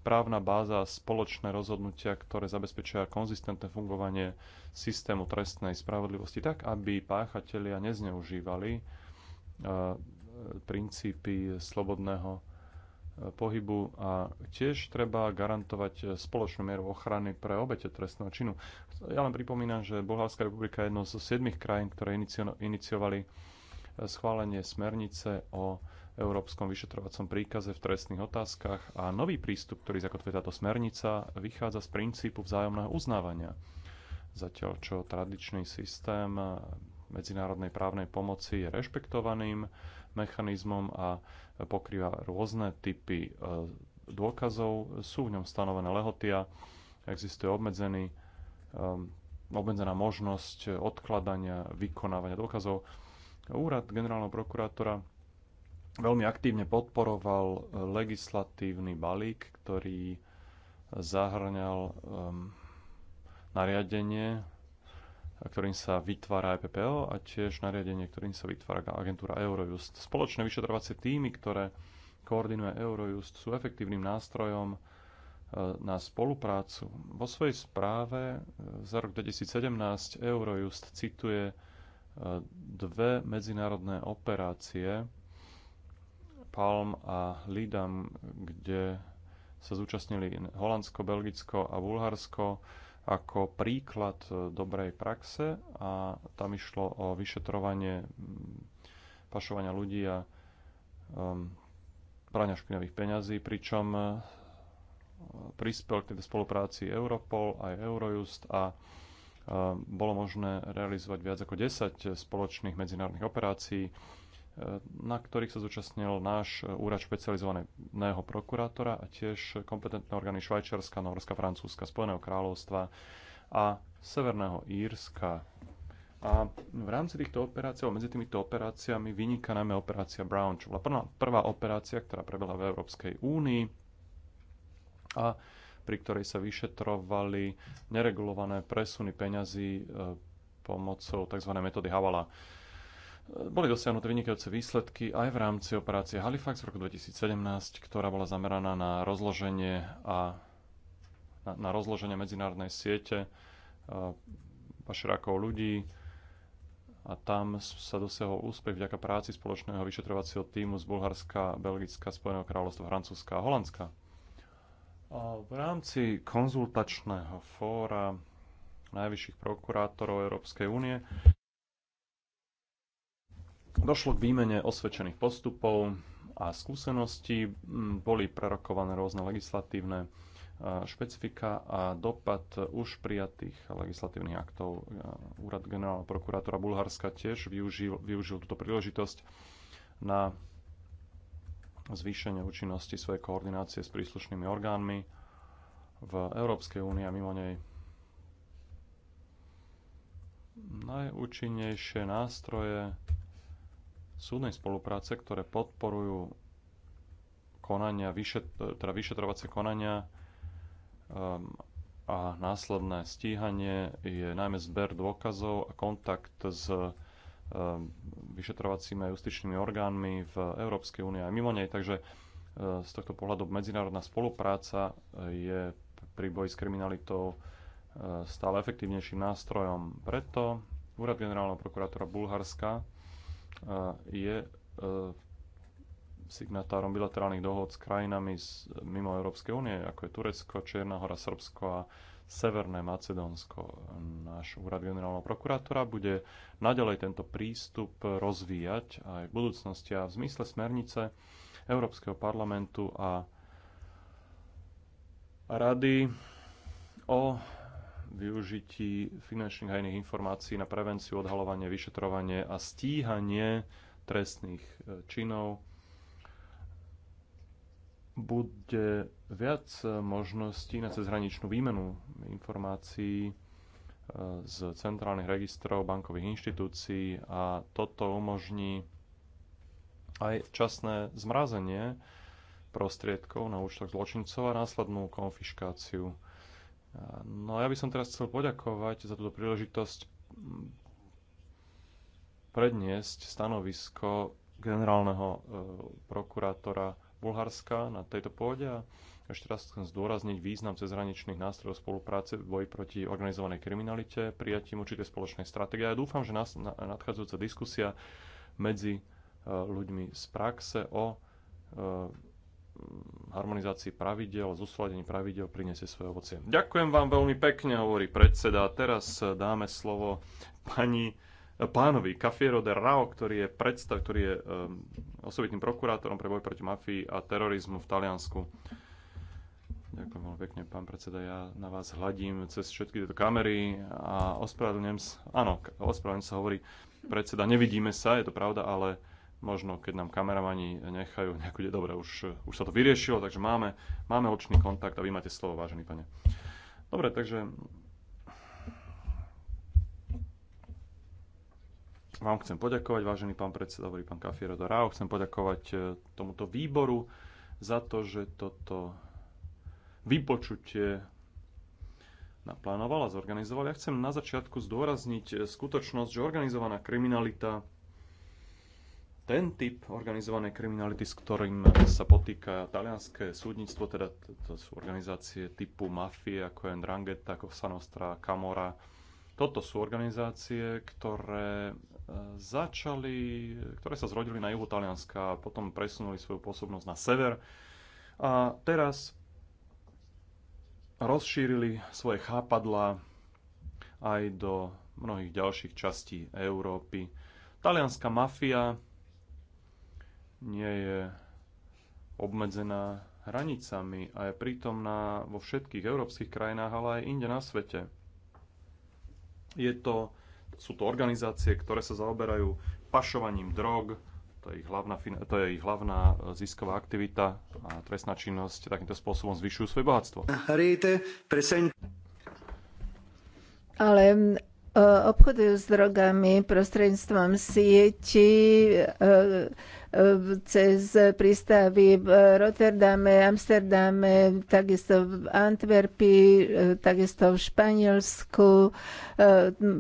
právna báza a spoločné rozhodnutia, ktoré zabezpečia konzistentné fungovanie systému trestnej spravodlivosti tak, aby páchatelia nezneužívali eh, princípy slobodného eh, pohybu a tiež treba garantovať eh, spoločnú mieru ochrany pre obete trestného činu. Ja len pripomínam, že Bulharská republika je jednou zo siedmých krajín, ktoré iniciovali schválenie smernice o Európskom vyšetrovacom príkaze v trestných otázkach a nový prístup, ktorý zakotvuje táto smernica, vychádza z princípu vzájomného uznávania. Zatiaľ čo tradičný systém medzinárodnej právnej pomoci je rešpektovaným mechanizmom a pokrýva rôzne typy e, dôkazov, sú v ňom stanovené lehoty a existuje obmedzený, e, obmedzená možnosť odkladania, vykonávania dôkazov. Úrad generálneho prokurátora veľmi aktívne podporoval eh, legislatívny balík, ktorý eh, zahrňal um, nariadenie, eh, ktorým sa vytvára EPPO a tiež nariadenie, ktorým sa vytvára agentúra Eurojust. Spoločné vyšetrovacie týmy, ktoré koordinuje Eurojust, sú efektívnym nástrojom na spoluprácu. Vo svojej správe za rok 2017 Eurojust cituje dve medzinárodné operácie, Palm a Lidam, kde sa zúčastnili Holandsko, Belgicko a Bulharsko ako príklad e, dobrej praxe a tam išlo o vyšetrovanie pašovania ľudí a um, prania špinavých peňazí, pričom uh, prispel k tejto spolupráci Europol aj Eurojust a uh, bolo možné realizovať viac ako 10 spoločných medzinárodných operácií na ktorých sa zúčastnil náš úrad špecializovaného prokurátora a tiež kompetentné orgány Švajčiarska, Norska, Francúzska, Spojeného kráľovstva a Severného Írska. A v rámci týchto operácií, medzi týmito operáciami vyniká najmä operácia Brown, čo bola prvá, prvá operácia, ktorá prebehla v Európskej únii a pri ktorej sa vyšetrovali neregulované presuny peňazí eh, pomocou tzv. metódy Havala. Boli dosiahnuté vynikajúce výsledky aj v rámci operácie Halifax v roku 2017, ktorá bola zameraná na rozloženie a na, na rozloženie medzinárodnej siete e, pašerákov ľudí a tam sa dosiahol úspech vďaka práci spoločného vyšetrovacieho týmu z Bulharska, Belgická, Spojeného kráľovstva, Francúzska a Holandska. A v rámci konzultačného fóra najvyšších prokurátorov Európskej únie Došlo k výmene osvedčených postupov a skúseností, mm, boli prerokované rôzne legislatívne e, špecifika a dopad už prijatých legislatívnych aktov. E, úrad generálneho prokurátora Bulharska tiež využil, využil túto príležitosť na zvýšenie účinnosti svojej koordinácie s príslušnými orgánmi v Európskej únii a mimo nej. Najúčinnejšie nástroje súdnej spolupráce, ktoré podporujú konania, teda vyšetrovacie konania um, a následné stíhanie je najmä zber dôkazov a kontakt s um, vyšetrovacími a justičnými orgánmi v Európskej únii aj mimo nej. Takže uh, z tohto pohľadu medzinárodná spolupráca je pri boji s kriminalitou uh, stále efektívnejším nástrojom. Preto Úrad generálneho prokurátora Bulharska je e, signatárom bilaterálnych dohod s krajinami z, mimo Európskej únie, ako je Turecko, Čierna hora, Srbsko a Severné Macedónsko. Náš úrad generálneho prokurátora bude naďalej tento prístup rozvíjať aj v budúcnosti a v zmysle smernice Európskeho parlamentu a rady o využití finančných a iných informácií na prevenciu, odhalovanie, vyšetrovanie a stíhanie trestných e, činov bude viac e, možností na cezhraničnú výmenu informácií e, z centrálnych registrov bankových inštitúcií a toto umožní aj časné zmrazenie prostriedkov na účtoch zločincov a následnú konfiškáciu No ja by som teraz chcel poďakovať za túto príležitosť mm, predniesť stanovisko generálneho e, prokurátora Bulharska na tejto pôde a ešte raz chcem zdôrazniť význam cezhraničných nástrojov spolupráce v boji proti organizovanej kriminalite, prijatím určitej spoločnej stratégie. Ja dúfam, že nadchádzajúca diskusia medzi e, ľuďmi z praxe o e, harmonizácii pravidel, zosúladení pravidel priniesie svoje ovocie. Ďakujem vám veľmi pekne, hovorí predseda. Teraz dáme slovo pani pánovi Cafiero de Rao, ktorý je, predstav, ktorý je um, osobitným prokurátorom pre boj proti mafii a terorizmu v Taliansku. Ďakujem veľmi pekne, pán predseda. Ja na vás hladím cez všetky tieto kamery a ospravedlňujem sa. Áno, ospravedlňujem sa, hovorí predseda. Nevidíme sa, je to pravda, ale možno keď nám kameramani nechajú nejakú... Dobre, už, už sa to vyriešilo, takže máme, máme očný kontakt a vy máte slovo, vážený pane. Dobre, takže vám chcem poďakovať, vážený pán predseda, hovorí pán Kafiero Rao, chcem poďakovať e, tomuto výboru za to, že toto vypočutie naplánoval a zorganizoval. Ja chcem na začiatku zdôrazniť e, skutočnosť, že organizovaná kriminalita ten typ organizovanej kriminality, s ktorým sa potýka talianské súdnictvo, teda to sú organizácie typu mafie, ako je Ndrangheta, ako Sanostra Camora, toto sú organizácie, ktoré e, začali, ktoré sa zrodili na juhu Talianska a potom presunuli svoju pôsobnosť na sever a teraz rozšírili svoje chápadla aj do mnohých ďalších častí Európy. Talianská mafia nie je obmedzená hranicami a je prítomná vo všetkých európskych krajinách, ale aj inde na svete. Je to, sú to organizácie, ktoré sa zaoberajú pašovaním drog, to je ich hlavná, to je ich hlavná e, zisková aktivita a trestná činnosť takýmto spôsobom zvyšujú svoje bohatstvo. Ale obchodujú s drogami prostredníctvom sieti cez prístavy v Rotterdame, Amsterdame, takisto v Antwerpy, takisto v Španielsku.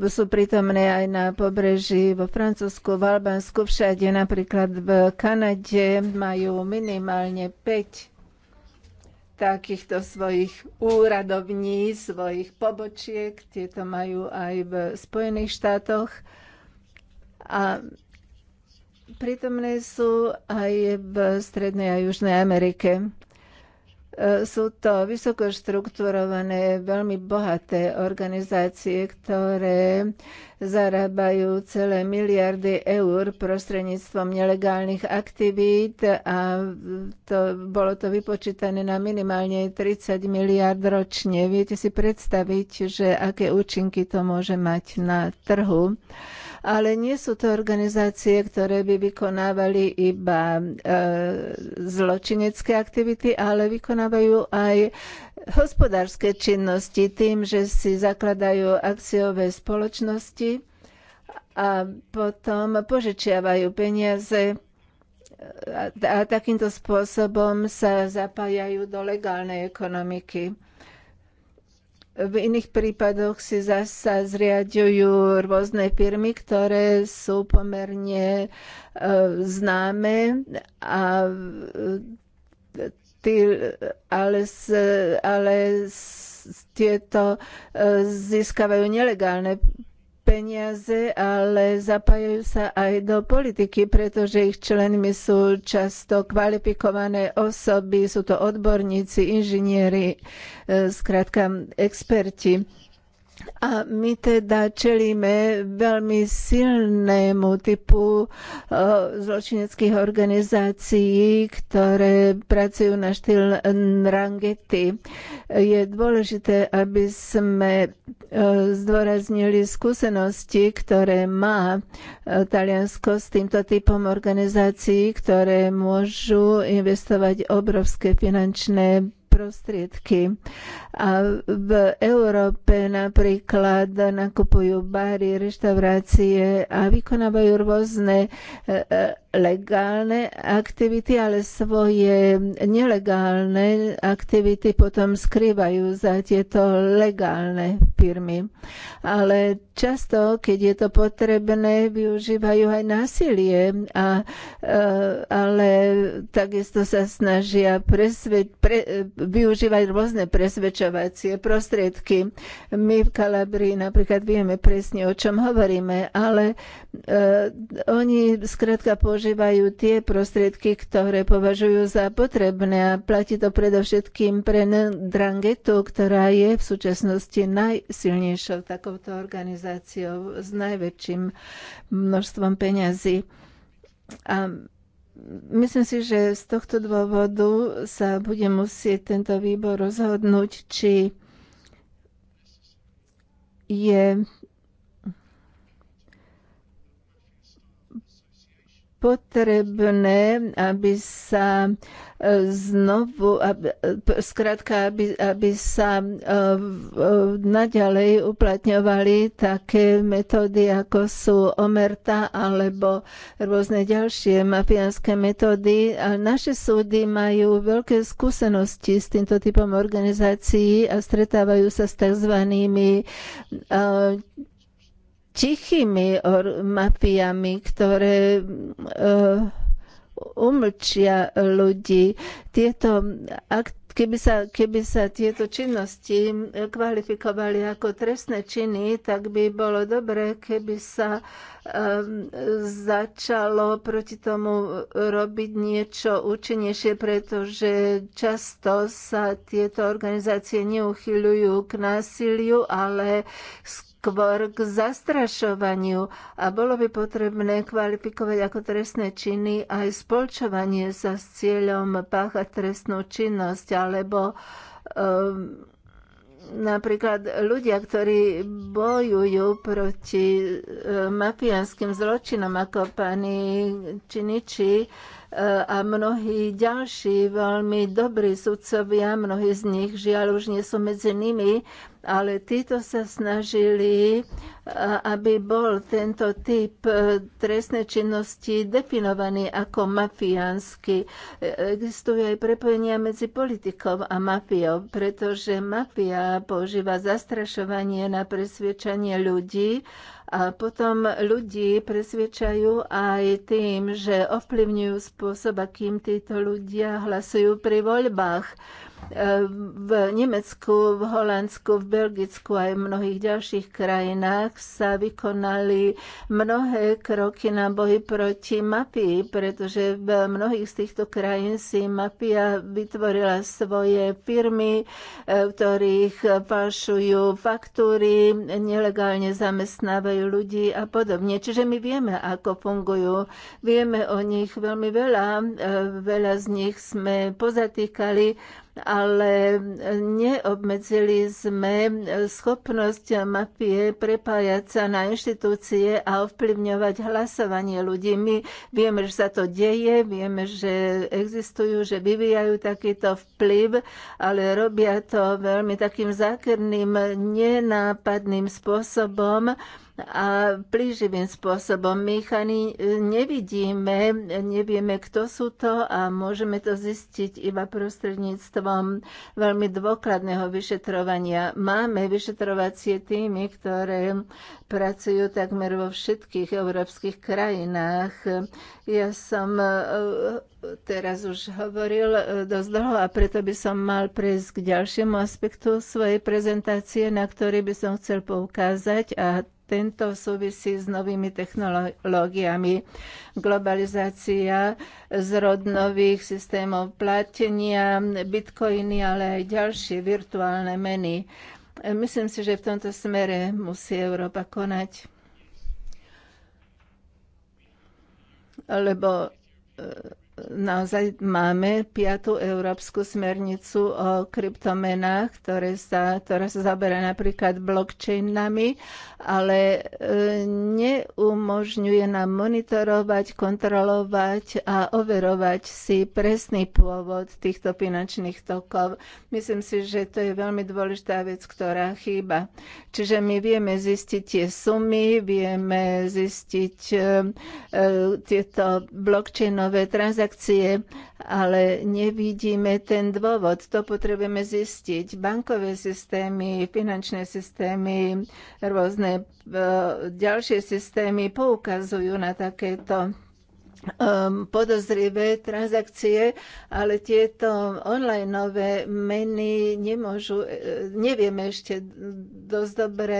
Sú prítomné aj na pobreží vo Francúzsku, v Albánsku, všade, napríklad v Kanade majú minimálne 5 takýchto svojich úradovní, svojich pobočiek. Tieto majú aj v Spojených štátoch. A prítomné sú aj v Strednej a Južnej Amerike. E, sú to vysoko štruktúrované, veľmi bohaté organizácie, ktoré zarábajú celé miliardy eur prostredníctvom nelegálnych aktivít a to, bolo to vypočítané na minimálne 30 miliard ročne. Viete si predstaviť, že aké účinky to môže mať na trhu ale nie sú to organizácie, ktoré by vykonávali iba e, zločinecké aktivity, ale vykonávajú aj hospodárske činnosti tým, že si zakladajú akciové spoločnosti a potom požičiavajú peniaze a takýmto spôsobom sa zapájajú do legálnej ekonomiky. V iných prípadoch si zasa zriadujú rôzne firmy, ktoré sú pomerne e, známe a e, tí, ale, ale tieto e, získavajú nelegálne peniaze, ale zapájajú sa aj do politiky, pretože ich členmi sú často kvalifikované osoby, sú to odborníci, inžinieri, zkrátka eh, experti. A my teda čelíme veľmi silnému typu eh, zločineckých organizácií, ktoré pracujú na štýl rangety. Je dôležité, aby sme eh, zdôraznili skúsenosti, ktoré má eh, Taliansko s týmto typom organizácií, ktoré môžu investovať obrovské finančné prostriedky. A v Európe napríklad nakupujú bary, reštaurácie a vykonávajú rôzne e, e, legálne aktivity, ale svoje nelegálne aktivity potom skrývajú za tieto legálne firmy. Ale často, keď je to potrebné, využívajú aj násilie, a, e, ale takisto sa snažia presved, pre, využívať rôzne presvedčovacie prostriedky. My v Kalabrii napríklad vieme presne, o čom hovoríme, ale e, oni skrátka používajú používajú tie prostriedky, ktoré považujú za potrebné a platí to predovšetkým pre Drangetu, ktorá je v súčasnosti najsilnejšou takouto organizáciou s najväčším množstvom peňazí. A myslím si, že z tohto dôvodu sa bude musieť tento výbor rozhodnúť, či je potrebné, aby sa e, znovu, aby, e, skrátka, aby, aby sa e, naďalej uplatňovali také metódy, ako sú omerta alebo rôzne ďalšie mafiánske metódy. A naše súdy majú veľké skúsenosti s týmto typom organizácií a stretávajú sa s tzv tichými mafiami, ktoré eh, umlčia ľudí. Tieto ak, keby, sa, keby sa tieto činnosti kvalifikovali ako trestné činy, tak by bolo dobré, keby sa um, začalo proti tomu robiť niečo účinnejšie, pretože často sa tieto organizácie neuchyľujú k násiliu, ale skôr skôr k zastrašovaniu a bolo by potrebné kvalifikovať ako trestné činy aj spolčovanie sa s cieľom páchať trestnú činnosť alebo um, napríklad ľudia, ktorí bojujú proti ehm, mafiánskym zločinom, ako pani Činiči, Eh, a mnohí ďalší veľmi dobrí sudcovia, mnohí z nich žiaľ už nie sú medzi nimi, ale títo sa snažili, eh, aby bol tento typ eh, trestnej činnosti definovaný ako mafiánsky. Existujú aj prepojenia medzi politikou a mafiou, pretože mafia používa zastrašovanie na presvedčanie ľudí, a potom ľudí presvedčajú aj tým, že ovplyvňujú spôsob, akým títo ľudia hlasujú pri voľbách v Nemecku, v Holandsku, v Belgicku aj v mnohých ďalších krajinách sa vykonali mnohé kroky na boji proti mapii, pretože v mnohých z týchto krajín si mapia vytvorila svoje firmy, e, v ktorých falšujú faktúry, nelegálne zamestnávajú ľudí a podobne. Čiže my vieme, ako fungujú. Vieme o nich veľmi veľa. E, veľa z nich sme pozatýkali ale neobmedzili sme schopnosť mafie prepájať sa na inštitúcie a ovplyvňovať hlasovanie ľudí. My vieme, že sa to deje, vieme, že existujú, že vyvíjajú takýto vplyv, ale robia to veľmi takým zákerným, nenápadným spôsobom a plíživým spôsobom. My ich ani nevidíme, nevieme, kto sú to a môžeme to zistiť iba prostredníctvom veľmi dôkladného vyšetrovania. Máme vyšetrovacie týmy, ktoré pracujú takmer vo všetkých európskych krajinách. Ja som e, teraz už hovoril e, dosť dlho a preto by som mal prejsť k ďalšiemu aspektu svojej prezentácie, na ktorý by som chcel poukázať a tento súvisí s novými technológiami. Globalizácia z nových systémov platenia, bitcoiny, ale aj ďalšie virtuálne meny. Myslím si, že v tomto smere musí Európa konať. Lebo e, naozaj máme piatú európsku smernicu o kryptomenách, ktoré sa, ktorá sa zabera napríklad blockchainami, ale e, neumožňuje nám monitorovať, kontrolovať a overovať si presný pôvod týchto finančných tokov. Myslím si, že to je veľmi dôležitá vec, ktorá chýba. Čiže my vieme zistiť tie sumy, vieme zistiť e, e tieto blockchainové transakcie, transakcie, ale nevidíme ten dôvod. To potrebujeme zistiť. Bankové systémy, finančné systémy, rôzne e, ďalšie systémy poukazujú na takéto um, podozrivé transakcie, ale tieto online meny nemôžu, e, nevieme ešte dosť dobre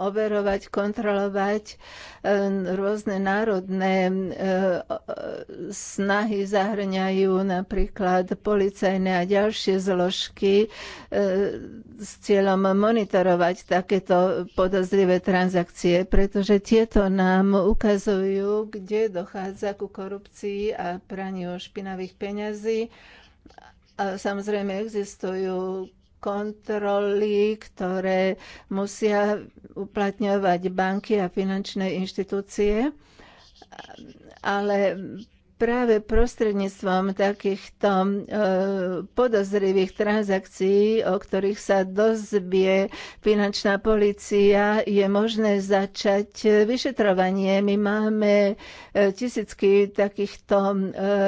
overovať, kontrolovať um, rôzne národné um, snahy zahrňajú napríklad policajné a ďalšie zložky um, s cieľom monitorovať takéto podozrivé transakcie, pretože tieto nám ukazujú, kde dochádza ku korupcii a praniu špinavých peňazí. A samozrejme existujú kontroly, ktoré musia uplatňovať banky a finančné inštitúcie ale práve prostredníctvom takýchto e, podozrivých transakcií, o ktorých sa dozbie finančná policia, je možné začať e, vyšetrovanie. My máme e, tisícky takýchto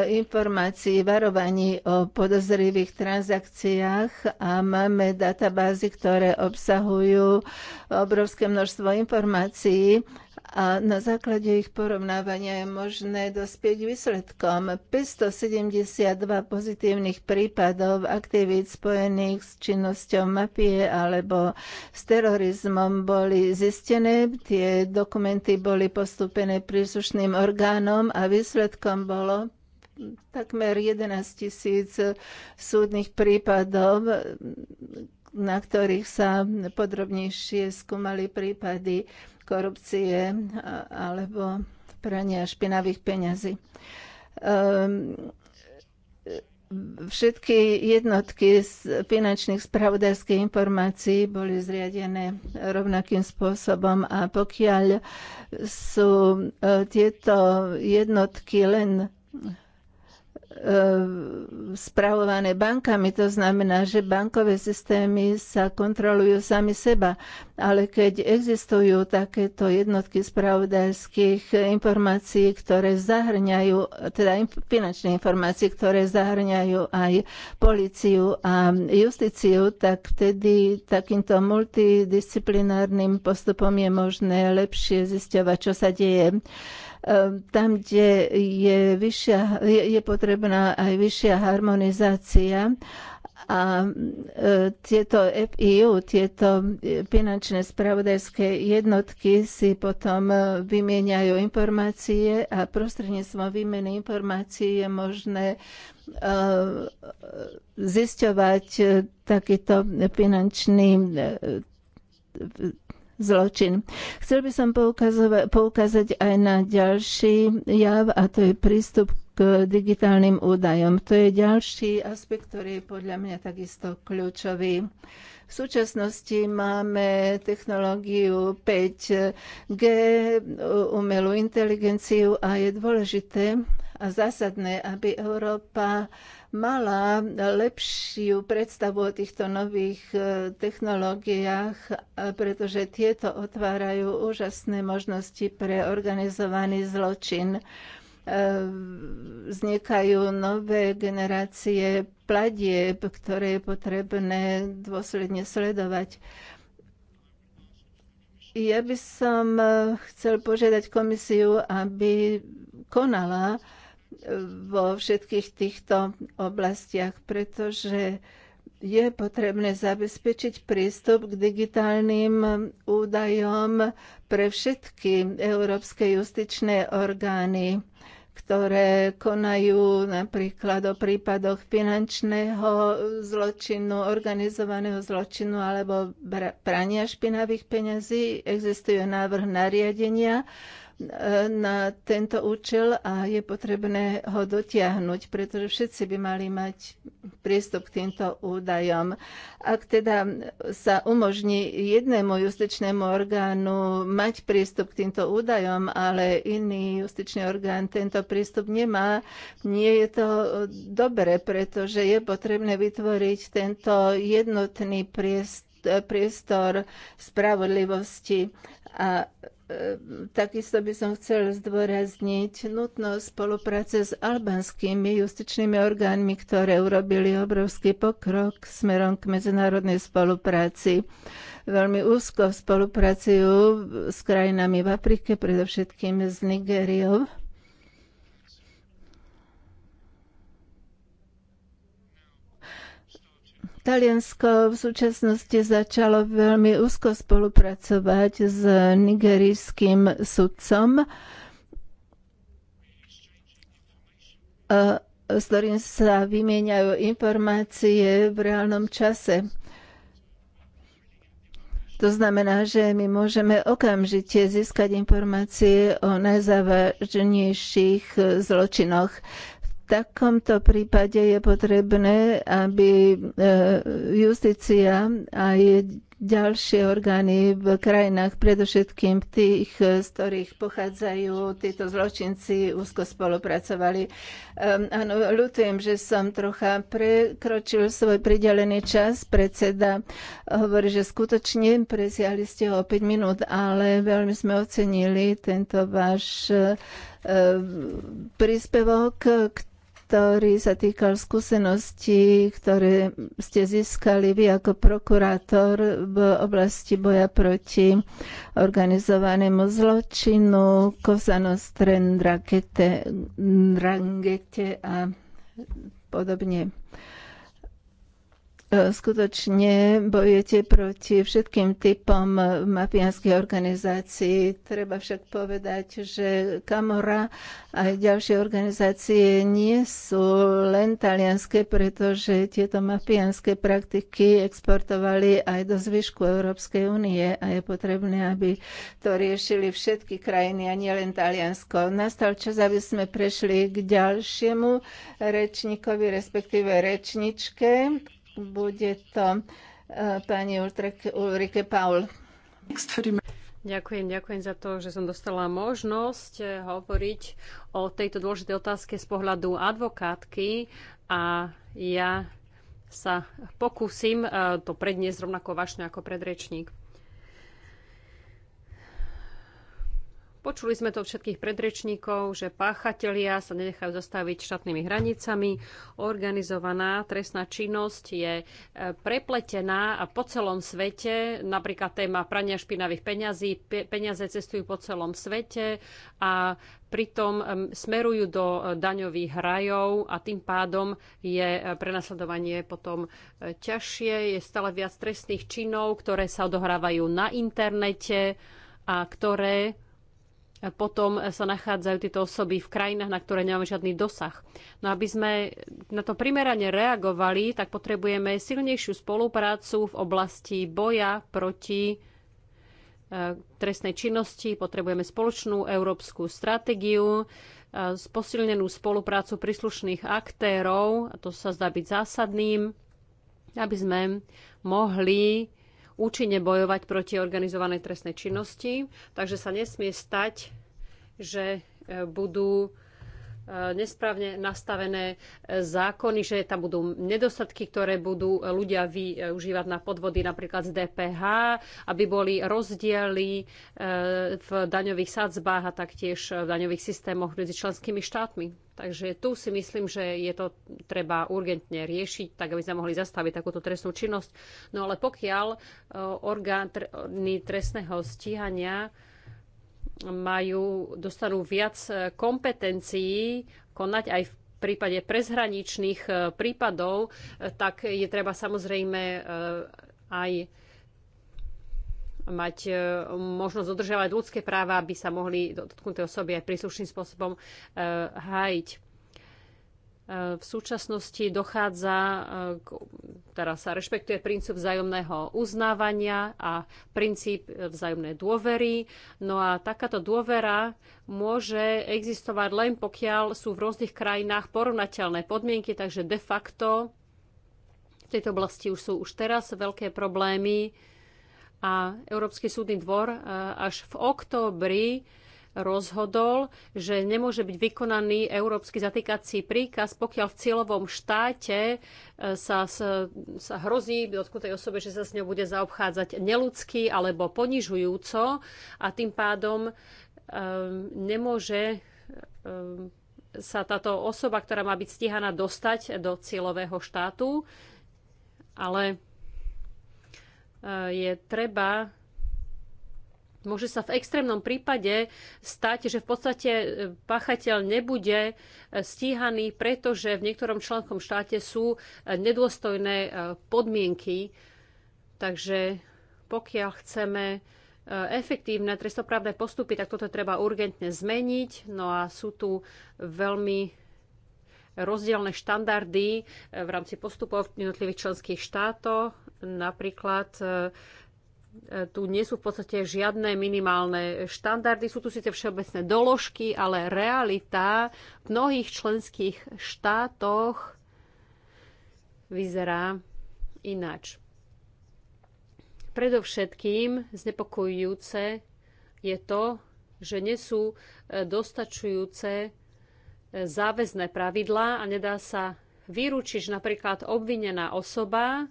informácií, varovaní o podozrivých transakciách a máme databázy, ktoré obsahujú obrovské množstvo informácií a na základe ich porovnávania je možné dospieť výsledkom. 572 pozitívnych prípadov aktivít spojených s činnosťou mafie alebo s terorizmom boli zistené. Tie dokumenty boli postúpené príslušným orgánom a výsledkom bolo takmer 11 tisíc súdnych prípadov, na ktorých sa podrobnejšie skúmali prípady korupcie alebo prania špinavých peňazí. Ehm, všetky jednotky z finančných spravodajských informácií boli zriadené rovnakým spôsobom a pokiaľ sú e, tieto jednotky len E, spravované bankami. To znamená, že bankové systémy sa kontrolujú sami seba. Ale keď existujú takéto jednotky spravodajských informácií, ktoré zahrňajú, teda finančné informácie, ktoré zahrňajú aj policiu a justíciu, tak vtedy takýmto multidisciplinárnym postupom je možné lepšie zisťovať, čo sa deje Ehm, tam, kde je, vyššia, je, potrebná aj vyššia harmonizácia a ehm, tieto FIU, tieto e, finančné spravodajské jednotky si potom e, vymieňajú informácie a prostredníctvom výmeny informácií je možné ehm, zisťovať e, takýto finančný zločin. Chcel by som poukázať aj na ďalší jav a to je prístup k digitálnym údajom. To je ďalší aspekt, ktorý je podľa mňa takisto kľúčový. V súčasnosti máme technológiu 5G, umelú inteligenciu a je dôležité a zásadné, aby Európa mala lepšiu predstavu o týchto nových e, technológiách, e, pretože tieto otvárajú úžasné možnosti pre organizovaný zločin e, vznikajú nové generácie platieb, ktoré je potrebné dôsledne sledovať. Ja by som chcel požiadať komisiu, aby konala vo všetkých týchto oblastiach, pretože je potrebné zabezpečiť prístup k digitálnym údajom pre všetky európske justičné orgány, ktoré konajú napríklad o prípadoch finančného zločinu, organizovaného zločinu alebo prania špinavých peňazí. Existuje návrh nariadenia, na tento účel a je potrebné ho dotiahnuť, pretože všetci by mali mať prístup k týmto údajom. Ak teda sa umožní jednému justičnému orgánu mať prístup k týmto údajom, ale iný justičný orgán tento prístup nemá, nie je to dobre, pretože je potrebné vytvoriť tento jednotný priestor priestor spravodlivosti. A e, takisto by som chcel zdôrazniť nutnosť spolupráce s albanskými justičnými orgánmi, ktoré urobili obrovský pokrok smerom k medzinárodnej spolupráci. Veľmi úzko spolupracujú s krajinami v Afrike, predovšetkým s Nigériou. Taliansko v súčasnosti začalo veľmi úzko spolupracovať s nigerijským sudcom, s ktorým sa vymieňajú informácie v reálnom čase. To znamená, že my môžeme okamžite získať informácie o najzávažnejších zločinoch takomto prípade je potrebné, aby e, justícia a ďalšie orgány v krajinách, predovšetkým tých, e, z ktorých pochádzajú títo zločinci, úzko spolupracovali. Ehm, áno, ľutujem, že som trocha prekročil svoj pridelený čas. Predseda hovorí, že skutočne presiahli ste ho o 5 minút, ale veľmi sme ocenili tento váš e, príspevok, ktorý sa týkal skúseností, ktoré ste získali vy ako prokurátor v oblasti boja proti organizovanému zločinu Kozanostre, drangete a podobne. E, skutočne bojujete proti všetkým typom mafiánskych organizácií. Treba však povedať, že Kamora a ďalšie organizácie nie sú len talianské, pretože tieto mafiánske praktiky exportovali aj do zvyšku Európskej únie a je potrebné, aby to riešili všetky krajiny a nielen Taliansko. Nastal čas, aby sme prešli k ďalšiemu rečníkovi, respektíve rečničke. Bude to eh, pani Ulrike Paul. Ďakujem, ďakujem za to, že som dostala možnosť eh, hovoriť o tejto dôležitej otázke z pohľadu advokátky a ja sa pokúsim eh, to predniesť rovnako vašne ako predrečník. Počuli sme to všetkých predrečníkov, že páchatelia sa nenechajú zastaviť štátnymi hranicami. Organizovaná trestná činnosť je e, prepletená a po celom svete. Napríklad téma prania špinavých peňazí. Pe peniaze cestujú po celom svete a pritom smerujú do e, daňových rajov a tým pádom je e, prenasledovanie potom ťažšie. Je stále viac trestných činov, ktoré sa odohrávajú na internete a ktoré potom sa nachádzajú tieto osoby v krajinách, na ktoré nemáme žiadny dosah. No aby sme na to primerane reagovali, tak potrebujeme silnejšiu spoluprácu v oblasti boja proti e, trestnej činnosti, potrebujeme spoločnú európsku stratégiu, e, posilnenú spoluprácu príslušných aktérov, a to sa zdá byť zásadným, aby sme mohli účinne bojovať proti organizovanej trestnej činnosti, takže sa nesmie stať, že e, budú E, nesprávne nastavené e, zákony, že tam budú nedostatky, ktoré budú ľudia využívať na podvody napríklad z DPH, aby boli rozdiely e, v daňových sadzbách a taktiež v daňových systémoch medzi členskými štátmi. Takže tu si myslím, že je to treba urgentne riešiť, tak aby sme mohli zastaviť takúto trestnú činnosť. No ale pokiaľ orgány trestného stíhania majú, dostanú viac e, kompetencií konať aj v prípade prezhraničných e, prípadov, e, tak je treba samozrejme aj mať možnosť dodržiavať ľudské práva, aby sa mohli dotknuté osoby aj príslušným spôsobom hájiť. Eh, v súčasnosti dochádza, eh, teraz sa rešpektuje princíp vzájomného uznávania a princíp eh, vzájomnej dôvery. No a takáto dôvera môže existovať len pokiaľ sú v rôznych krajinách porovnateľné podmienky, takže de facto v tejto oblasti už sú už teraz veľké problémy a Európsky súdny dvor až v októbri rozhodol, že nemôže byť vykonaný európsky zatýkací príkaz, pokiaľ v cieľovom štáte e, sa, sa hrozí dotknutej osobe, že sa s ňou bude zaobchádzať neludsky alebo ponižujúco a tým pádom um, nemôže um, sa táto osoba, ktorá má byť stíhaná, dostať do cieľového štátu, ale je treba Môže sa v extrémnom prípade stať, že v podstate e, páchateľ nebude e, stíhaný, pretože v niektorom členskom štáte sú e, nedôstojné podmienky. Takže pokiaľ chceme efektívne trestoprávne postupy, tak toto treba urgentne zmeniť. No a sú tu veľmi rozdielne štandardy v rámci postupov v jednotlivých členských štátoch. Napríklad E, tu nie sú v podstate žiadne minimálne štandardy. Sú tu síce všeobecné doložky, ale realita v mnohých členských štátoch vyzerá ináč. Predovšetkým znepokojujúce je to, že nie sú e, dostačujúce e, záväzné pravidlá a nedá sa vyručiť že napríklad obvinená osoba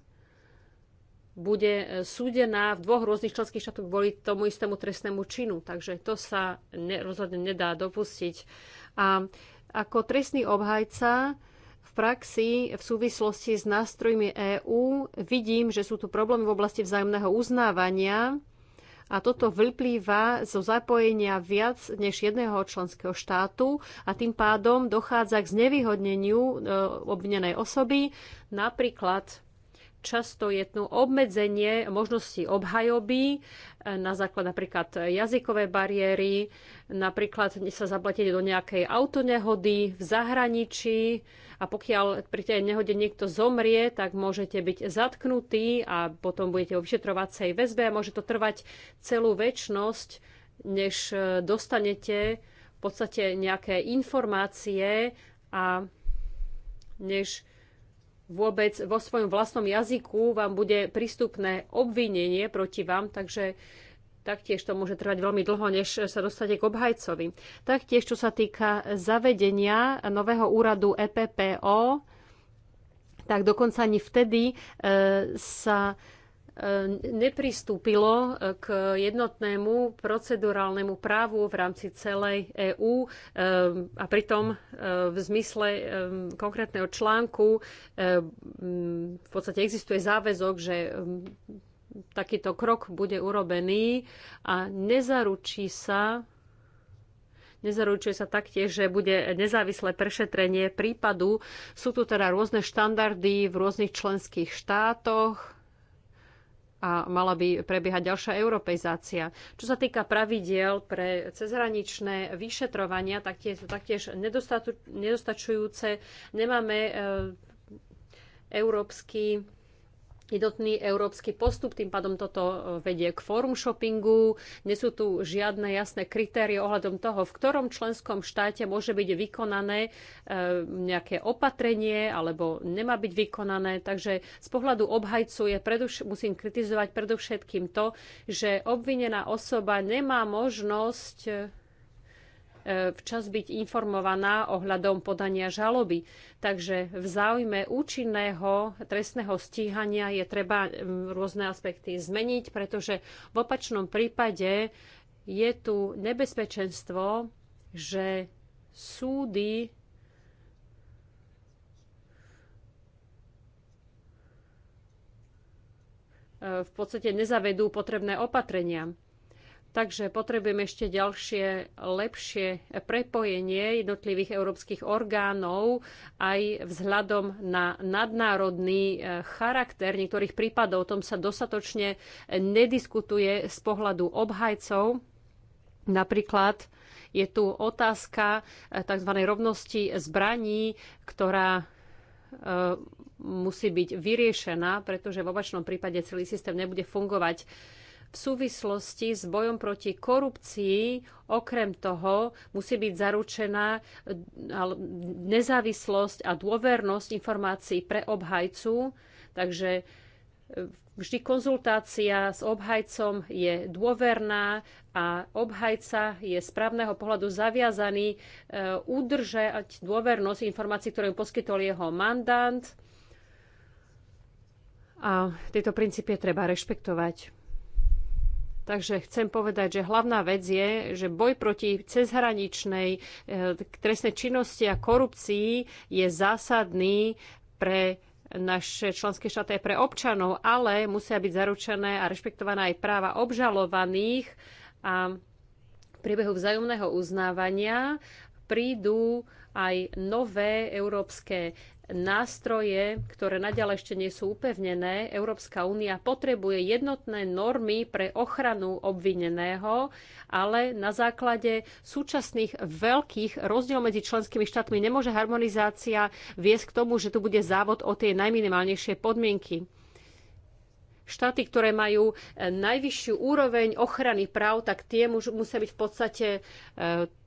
bude e, súdená v dvoch rôznych členských štátoch kvôli tomu istému trestnému činu. Takže to sa ne, rozhodne nedá dopustiť. A ako trestný obhajca v praxi v súvislosti s nástrojmi EÚ vidím, že sú tu problémy v oblasti vzájomného uznávania a toto vyplýva zo zapojenia viac než jedného členského štátu a tým pádom dochádza k znevýhodneniu e, obvinenej osoby, napríklad často je tu obmedzenie možnosti obhajoby e, na základ napríklad jazykové bariéry, napríklad sa zaplatiť do nejakej autonehody v zahraničí a pokiaľ pri tej nehode niekto zomrie, tak môžete byť zatknutí a potom budete vo vyšetrovacej väzbe a môže to trvať celú väčnosť, než e, dostanete v podstate nejaké informácie a než vôbec vo svojom vlastnom jazyku vám bude prístupné obvinenie proti vám, takže taktiež to môže trvať veľmi dlho, než sa dostate k obhajcovi. Taktiež, čo sa týka zavedenia nového úradu EPPO, tak dokonca ani vtedy e, sa nepristúpilo e, k jednotnému procedurálnemu právu v rámci celej EÚ e, a pritom e, v zmysle konkrétneho článku v podstate existuje záväzok, že takýto krok bude urobený a nezaručí sa Nezaručuje sa taktiež, že bude nezávislé prešetrenie prípadu. Sú tu teda rôzne štandardy v rôznych členských štátoch, a mala by prebiehať ďalšia europeizácia. Čo sa týka pravidiel pre cezhraničné vyšetrovania, tak tie sú taktiež nedostačujúce. Nemáme eh, európsky jednotný európsky postup, tým pádom toto e, vedie k forum shoppingu. Nie sú tu žiadne jasné kritérie ohľadom toho, v ktorom členskom štáte môže byť vykonané e, nejaké opatrenie alebo nemá byť vykonané. Takže z pohľadu obhajcu je predovš- musím kritizovať predovšetkým to, že obvinená osoba nemá možnosť e, E, včas byť informovaná ohľadom podania žaloby. Takže v záujme účinného trestného stíhania je treba e, rôzne aspekty zmeniť, pretože v opačnom prípade je tu nebezpečenstvo, že súdy e, v podstate nezavedú potrebné opatrenia. Takže potrebujem ešte ďalšie, lepšie prepojenie jednotlivých európskych orgánov aj vzhľadom na nadnárodný e, charakter niektorých prípadov. O tom sa dostatočne nediskutuje z pohľadu obhajcov. Napríklad je tu otázka e, tzv. rovnosti zbraní, ktorá e, musí byť vyriešená, pretože v obačnom prípade celý systém nebude fungovať v súvislosti s bojom proti korupcii. Okrem toho musí byť zaručená eh, nezávislosť a dôvernosť informácií pre obhajcu. Takže eh, vždy konzultácia s obhajcom je dôverná a obhajca je z právneho pohľadu zaviazaný eh, udržať dôvernosť informácií, ktoré mu poskytol jeho mandant. A tieto princípy treba rešpektovať. Takže chcem povedať, že hlavná vec je, že boj proti cezhraničnej e, trestnej činnosti a korupcii je zásadný pre naše členské štáty pre občanov, ale musia byť zaručené a rešpektované aj práva obžalovaných a v priebehu vzájomného uznávania prídu aj nové európske nástroje, ktoré naďalej ešte nie sú upevnené. Európska únia potrebuje jednotné normy pre ochranu obvineného, ale na základe súčasných veľkých rozdielov medzi členskými štátmi nemôže harmonizácia viesť k tomu, že tu bude závod o tie najminimálnejšie podmienky štáty, ktoré majú e, najvyššiu úroveň ochrany práv, tak tie musia byť v podstate e,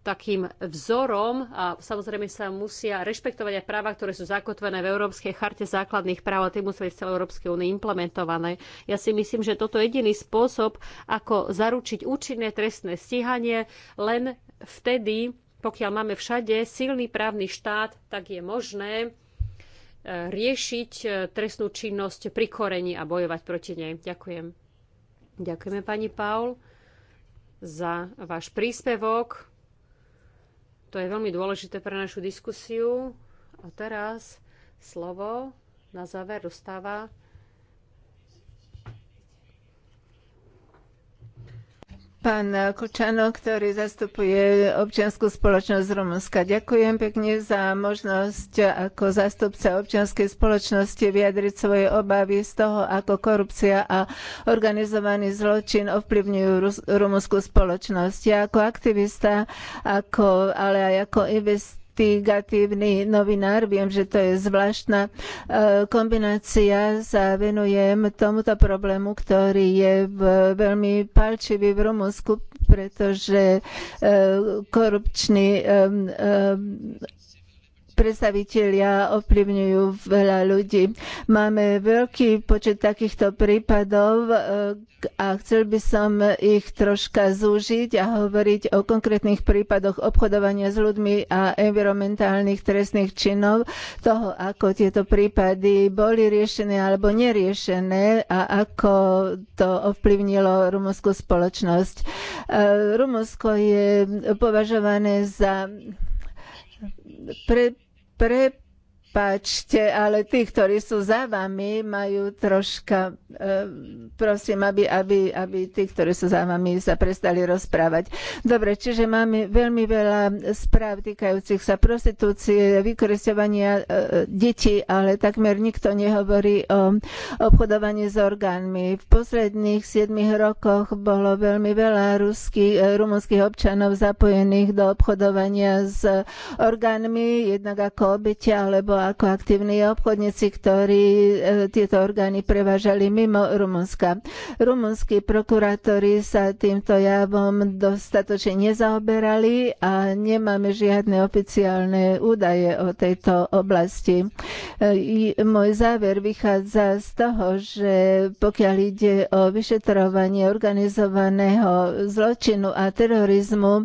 takým vzorom a samozrejme sa musia rešpektovať aj práva, ktoré sú zakotvené v Európskej charte základných práv a tie musia byť v celej Európskej únii implementované. Ja si myslím, že toto je jediný spôsob, ako zaručiť účinné trestné stíhanie len vtedy, pokiaľ máme všade silný právny štát, tak je možné riešiť e, trestnú činnosť pri korení a bojovať proti nej. Ďakujem. Ďakujeme pani Paul za váš príspevok. To je veľmi dôležité pre našu diskusiu. A teraz slovo na záver dostáva Pán Kučano, ktorý zastupuje občianskú spoločnosť Rumunska. Ďakujem pekne za možnosť ako zástupca občianskej spoločnosti vyjadriť svoje obavy z toho, ako korupcia a organizovaný zločin ovplyvňujú rumunskú spoločnosť. Ja ako aktivista, ako, ale aj ako investor investigatívny novinár. Viem, že to je zvláštna e, kombinácia. Zavenujem venujem tomuto problému, ktorý je veľmi palčivý v Rumunsku, pretože e, korupčný e, predstavitelia ovplyvňujú veľa ľudí. Máme veľký počet takýchto prípadov e, a chcel by som ich troška zúžiť a hovoriť o konkrétnych prípadoch obchodovania s ľuďmi a environmentálnych trestných činov, toho, ako tieto prípady boli riešené alebo neriešené a ako to ovplyvnilo rumúnsku spoločnosť. E, Rumúnsko je považované za pre pre Prepačte, ale tí, ktorí sú za vami, majú troška... E, prosím, aby, aby, aby tí, ktorí sú za vami, sa prestali rozprávať. Dobre, čiže máme veľmi veľa správ týkajúcich sa prostitúcie, vykoristovania e, detí, ale takmer nikto nehovorí o obchodovaní s orgánmi. V posledných 7 rokoch bolo veľmi veľa ruských, e, rumunských občanov zapojených do obchodovania s orgánmi, jednak ako obete alebo ako aktívni obchodníci, ktorí e, tieto orgány prevážali mimo Rumunska. Rumunskí prokurátori sa týmto javom dostatočne nezaoberali a nemáme žiadne oficiálne údaje o tejto oblasti. E, môj záver vychádza z toho, že pokiaľ ide o vyšetrovanie organizovaného zločinu a terorizmu, e,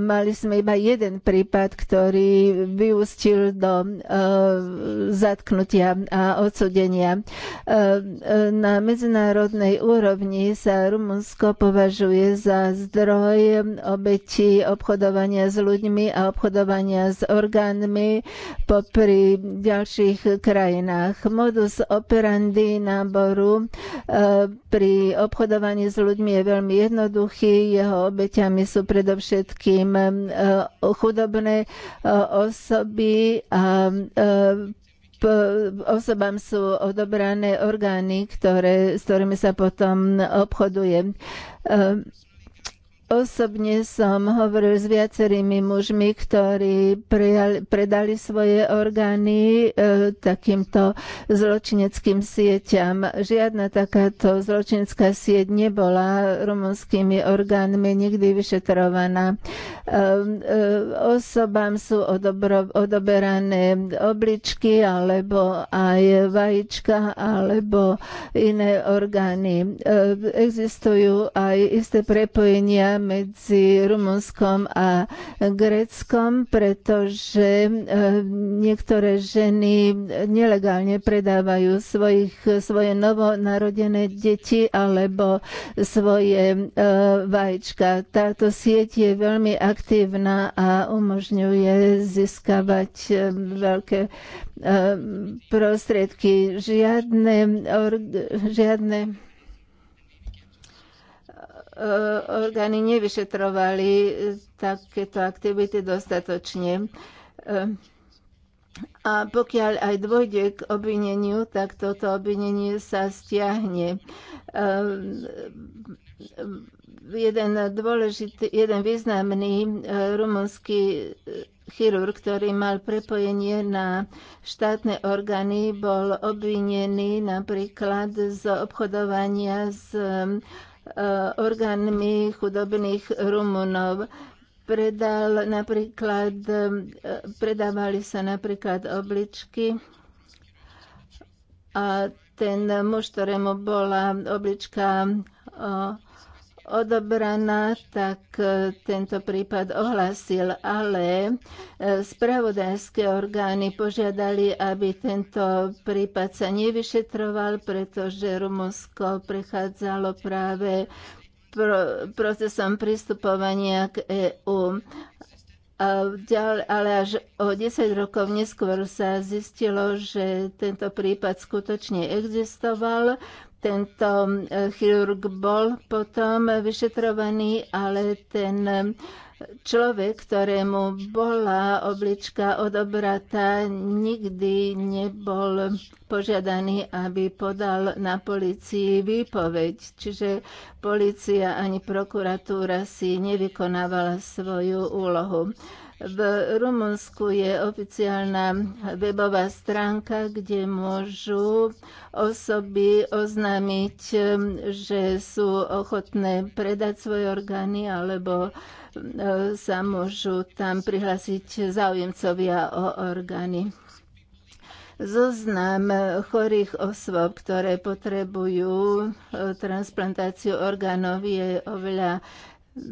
mali sme iba jeden prípad, ktorý vyústil do zatknutia a odsudenia. E, e, na medzinárodnej úrovni sa Rumunsko považuje za zdroj obetí obchodovania s ľuďmi a obchodovania s orgánmi popri ďalších krajinách. Modus operandi náboru e, pri obchodovaní s ľuďmi je veľmi jednoduchý. Jeho obeťami sú predovšetkým chudobné osoby a osobám sú odobrané orgány, ktoré, s ktorými sa potom obchoduje. Ehm, osobne som hovoril s viacerými mužmi, ktorí prejali, predali svoje orgány e, takýmto zločineckým sieťam. Žiadna takáto zločinecká sieť nebola rumunskými orgánmi nikdy vyšetrovaná. E, Ehm, e, osobám sú odobro, odoberané obličky alebo aj vajíčka alebo iné orgány. Ehm, existujú aj isté prepojenia medzi Rumunskom a Greckom, pretože ehm, niektoré ženy nelegálne predávajú svojich, svoje novonarodené deti alebo svoje vajíčka. Táto sieť je veľmi aktívna aktívna a umožňuje získavať eh, veľké eh, prostriedky. Žiadne, žiadne eh, orgány nevyšetrovali takéto aktivity dostatočne. A pokiaľ aj dôjde k obvineniu, tak toto obvinenie sa stiahne jeden dôležitý, jeden významný e, rumunský e, chirurg, ktorý mal prepojenie na štátne orgány, bol obvinený napríklad z obchodovania s e, orgánmi chudobných Rumunov predal napríklad, predávali sa napríklad obličky a ten muž, ktorému bola oblička odobraná, tak e, tento prípad ohlásil, ale e, spravodajské orgány požiadali, aby tento prípad sa nevyšetroval, pretože Rumunsko prechádzalo práve procesom pristupovania k EÚ. Ale až o 10 rokov neskôr sa zistilo, že tento prípad skutočne existoval. Tento e, chirurg bol potom vyšetrovaný, ale ten e, človek, ktorému bola oblička odobratá, nikdy nebol požiadaný, aby podal na policii výpoveď. Čiže policia ani prokuratúra si nevykonávala svoju úlohu. V Rumunsku je oficiálna webová stránka, kde môžu osoby oznámiť, um, že sú ochotné predať svoje orgány alebo um, sa môžu tam prihlásiť záujemcovia o orgány zoznam chorých osôb, ktoré potrebujú uh, transplantáciu orgánov, je oveľa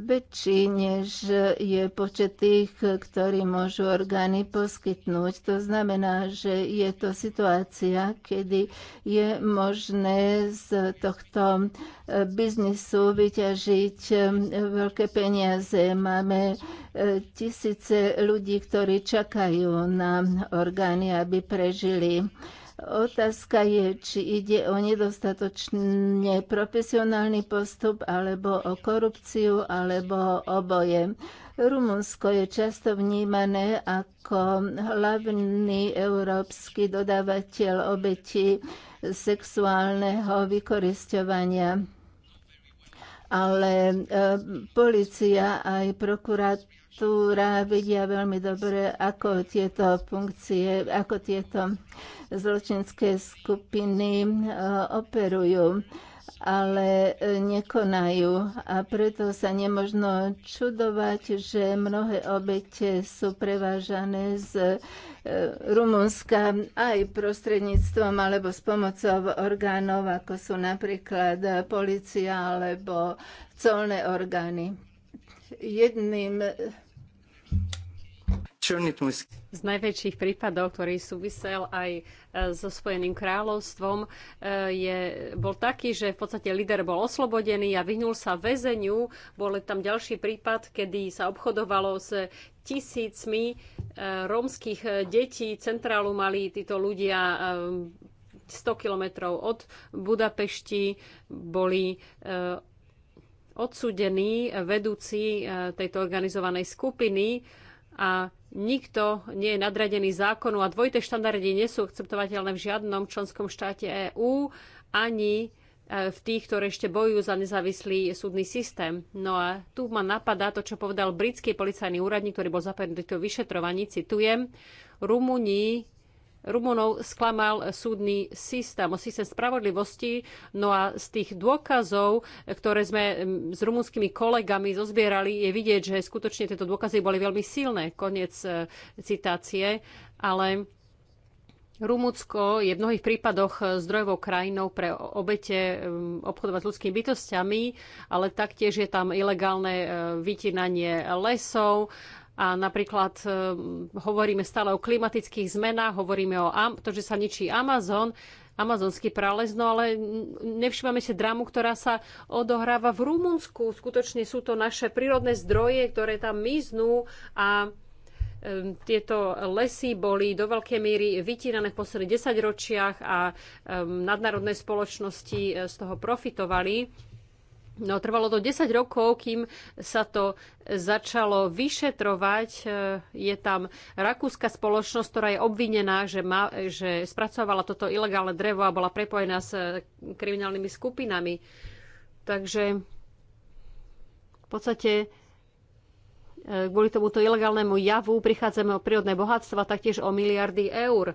väčší, než je počet tých, ktorí môžu orgány poskytnúť. To znamená, že je to situácia, kedy je možné z tohto eh, biznisu vyťažiť eh, veľké peniaze. Máme eh, tisíce ľudí, ktorí čakajú na orgány, aby prežili. Otázka je, či ide o nedostatočne profesionálny postup, alebo o korupciu, alebo oboje. Rumunsko je často vnímané ako hlavný európsky dodávateľ obeti sexuálneho vykorisťovania ale e, policia aj prokurátor prokuratúra vedia veľmi dobre, ako tieto funkcie, ako tieto zločinské skupiny e, operujú ale e, nekonajú. A preto sa nemožno čudovať, že mnohé obete sú prevážané z e, Rumunska aj prostredníctvom alebo s pomocou orgánov, ako sú napríklad policia alebo colné orgány. Jedným z najväčších prípadov, ktorý súvisel aj e, so Spojeným kráľovstvom, e, je, bol taký, že v podstate líder bol oslobodený a vyhnul sa väzeniu. Bol tam ďalší prípad, kedy sa obchodovalo s tisícmi e, rómskych detí. Centrálu mali títo ľudia 100 kilometrov od Budapešti, boli odsudení vedúci tejto organizovanej skupiny a nikto nie je nadradený zákonu a dvojité štandardy nie sú akceptovateľné v žiadnom členskom štáte EÚ ani e, v tých, ktoré ešte bojujú za nezávislý súdny systém. No a tu ma napadá to, čo povedal britský policajný úradník, ktorý bol zapadnutý do vyšetrovaní, citujem, Rumúni Rumunov sklamal súdny systém, o systém spravodlivosti. No a z tých dôkazov, ktoré sme s rumunskými kolegami zozbierali, je vidieť, že skutočne tieto dôkazy boli veľmi silné. Koniec e, citácie. Ale Rumunsko je v mnohých prípadoch e, zdrojovou krajinou pre obete obchodovať s ľudskými bytostiami, ale taktiež je tam ilegálne e, vytínanie lesov a napríklad e, hovoríme stále o klimatických zmenách, hovoríme o to, že sa ničí Amazon, amazonský prales, no ale nevšimame si drámu, ktorá sa odohráva v Rumunsku. Skutočne sú to naše prírodné zdroje, ktoré tam miznú a tieto lesy boli do veľkej míry vytírané v posledných desaťročiach a nadnárodné spoločnosti e, z toho profitovali No, trvalo to 10 rokov, kým sa to začalo vyšetrovať. E, je tam rakúska spoločnosť, ktorá je obvinená, že, ma, že spracovala toto ilegálne drevo a bola prepojená s e, kriminálnymi skupinami. Takže v podstate e, kvôli tomuto ilegálnemu javu prichádzame o prírodné bohatstva taktiež o miliardy eur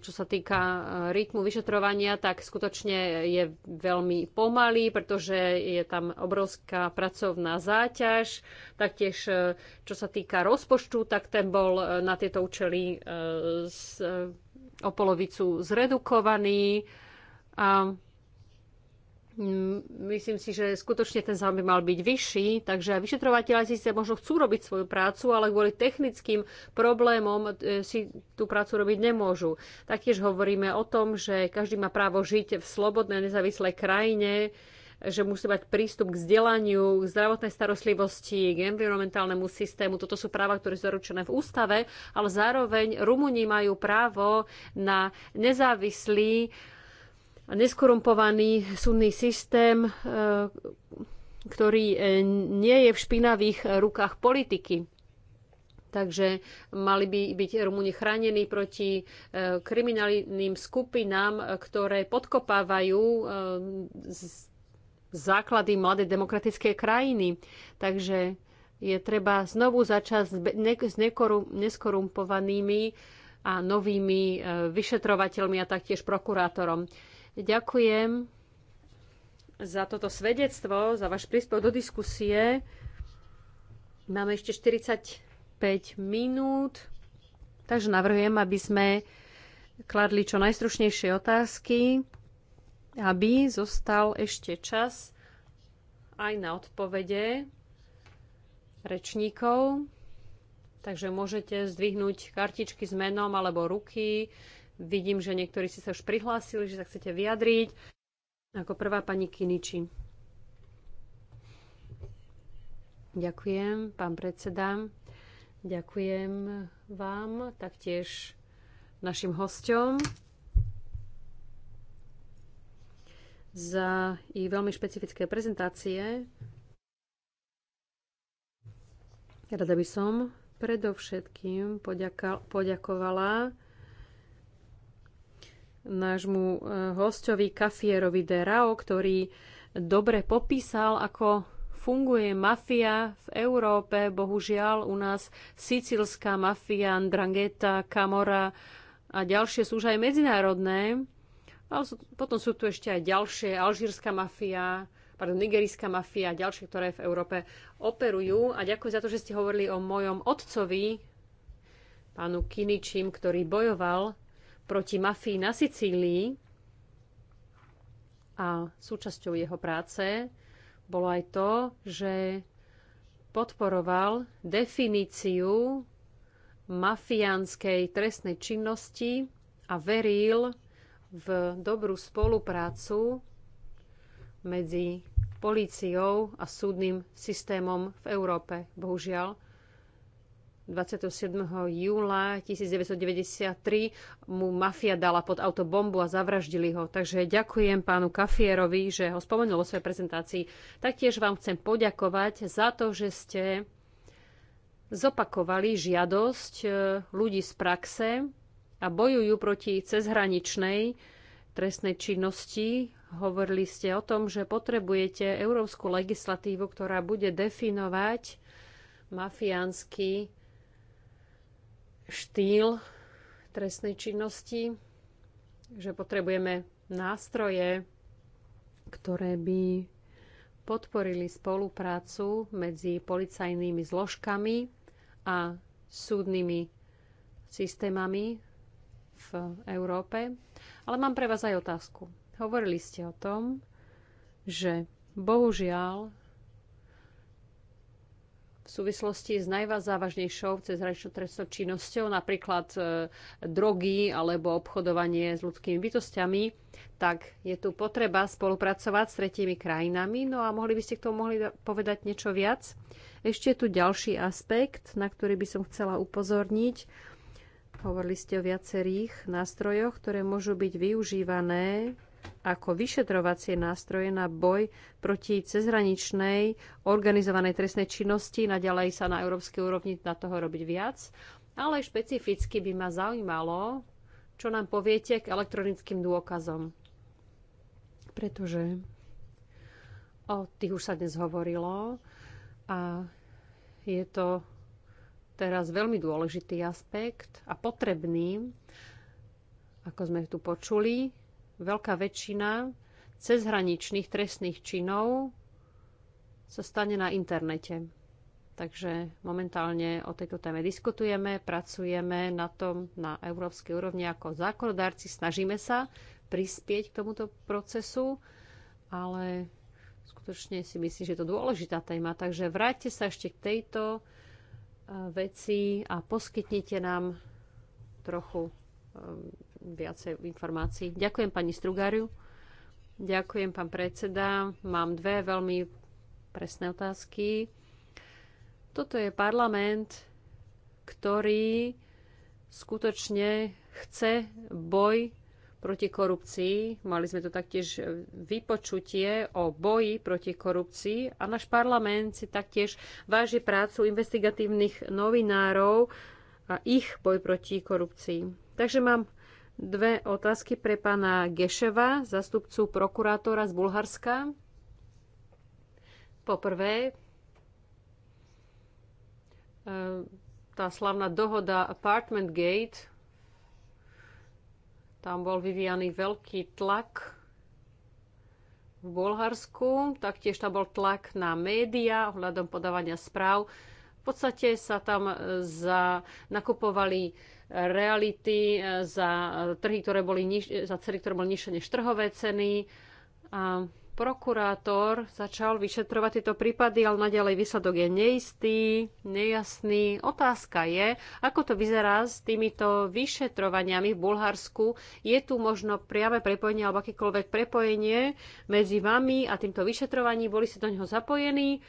čo sa týka eh, rytmu vyšetrovania, tak skutočne je veľmi pomalý, pretože je tam obrovská pracovná záťaž. Taktiež, eh, čo sa týka rozpočtu, tak ten bol eh, na tieto účely o polovicu zredukovaný. A Mm, myslím si, že skutočne ten záujem by mal byť vyšší, takže vyšetrovateľe sa možno chcú robiť svoju prácu, ale kvôli technickým problémom e, si tú prácu robiť nemôžu. Taktiež hovoríme o tom, že každý má právo žiť v slobodnej, nezávislej krajine, že musí mať prístup k vzdelaniu, k zdravotnej starostlivosti, k environmentálnemu systému. Toto sú práva, ktoré sú zaručené v ústave, ale zároveň Rumúni majú právo na nezávislý neskorumpovaný súdny systém, e, ktorý e, nie je v špinavých rukách politiky. Takže mali by byť Rumúni chránení proti e, kriminálnym skupinám, ktoré podkopávajú základy mladej demokratické krajiny. Takže je treba znovu začať s neskorumpovanými a novými vyšetrovateľmi a taktiež prokurátorom. Ďakujem za toto svedectvo, za váš príspevok do diskusie. Máme ešte 45 minút, takže navrhujem, aby sme kladli čo najstrušnejšie otázky, aby zostal ešte čas aj na odpovede rečníkov. Takže môžete zdvihnúť kartičky s menom alebo ruky, Vidím, že niektorí ste sa už prihlásili, že sa chcete vyjadriť. Ako prvá pani Kiniči. Ďakujem, pán predseda. Ďakujem vám, taktiež našim hosťom za ich veľmi špecifické prezentácie. Rada by som predovšetkým poďakovala nášmu e, hostovi Kafierovi de Rao, ktorý dobre popísal, ako funguje mafia v Európe. Bohužiaľ u nás sicilská mafia, Andrangheta, Camora a ďalšie sú už aj medzinárodné. sú, potom sú tu ešte aj ďalšie, alžírska mafia, pardon, nigerijská mafia a ďalšie, ktoré v Európe operujú. A ďakujem za to, že ste hovorili o mojom otcovi, pánu Kiničim, ktorý bojoval proti mafii na Sicílii a súčasťou jeho práce bolo aj to, že podporoval definíciu mafiánskej trestnej činnosti a veril v dobrú spoluprácu medzi políciou a súdnym systémom v Európe. Bohužiaľ, 27. júla 1993 mu mafia dala pod auto bombu a zavraždili ho. Takže ďakujem pánu Kafierovi, že ho spomenul vo svojej prezentácii. Taktiež vám chcem poďakovať za to, že ste zopakovali žiadosť e, ľudí z praxe a bojujú proti cezhraničnej trestnej činnosti. Hovorili ste o tom, že potrebujete európsku legislatívu, ktorá bude definovať mafiánsky štýl trestnej činnosti, že potrebujeme nástroje, ktoré by podporili spoluprácu medzi policajnými zložkami a súdnymi systémami v Európe. Ale mám pre vás aj otázku. Hovorili ste o tom, že bohužiaľ v súvislosti s najvás závažnejšou cezhraničnou trestnou činnosťou, napríklad e, drogy alebo obchodovanie s ľudskými bytostiami, tak je tu potreba spolupracovať s tretími krajinami. No a mohli by ste k tomu mohli povedať niečo viac? Ešte je tu ďalší aspekt, na ktorý by som chcela upozorniť. Hovorili ste o viacerých nástrojoch, ktoré môžu byť využívané ako vyšetrovacie nástroje na boj proti cezhraničnej organizovanej trestnej činnosti. Naďalej sa na európskej úrovni na toho robiť viac. Ale špecificky by ma zaujímalo, čo nám poviete k elektronickým dôkazom. Pretože o tých už sa dnes hovorilo a je to teraz veľmi dôležitý aspekt a potrebný, ako sme tu počuli, veľká väčšina cezhraničných trestných činov sa stane na internete. Takže momentálne o tejto téme diskutujeme, pracujeme na tom na európskej úrovni ako zákonodárci, snažíme sa prispieť k tomuto procesu, ale skutočne si myslím, že je to dôležitá téma. Takže vráťte sa ešte k tejto e, veci a poskytnite nám trochu e, viacej informácií. Ďakujem pani Strugariu. Ďakujem, pán predseda. Mám dve veľmi presné otázky. Toto je parlament, ktorý skutočne chce boj proti korupcii. Mali sme tu taktiež vypočutie o boji proti korupcii a náš parlament si taktiež váži prácu investigatívnych novinárov a ich boj proti korupcii. Takže mám Dve otázky pre pána Geševa, zastupcu prokurátora z Bulharska. Poprvé, e, tá slavná dohoda Apartment Gate, tam bol vyvíjaný veľký tlak v Bulharsku, taktiež tam bol tlak na médiá ohľadom podávania správ. V podstate sa tam e, za, nakupovali reality, e, za e, trhy, ktoré boli niž, e, za ceny, ktoré boli nižšie než trhové ceny. A prokurátor začal vyšetrovať tieto prípady, ale naďalej výsledok je neistý, nejasný. Otázka je, ako to vyzerá s týmito vyšetrovaniami v Bulharsku. Je tu možno priame prepojenie alebo akékoľvek prepojenie medzi vami a týmto vyšetrovaním? Boli ste do neho zapojení?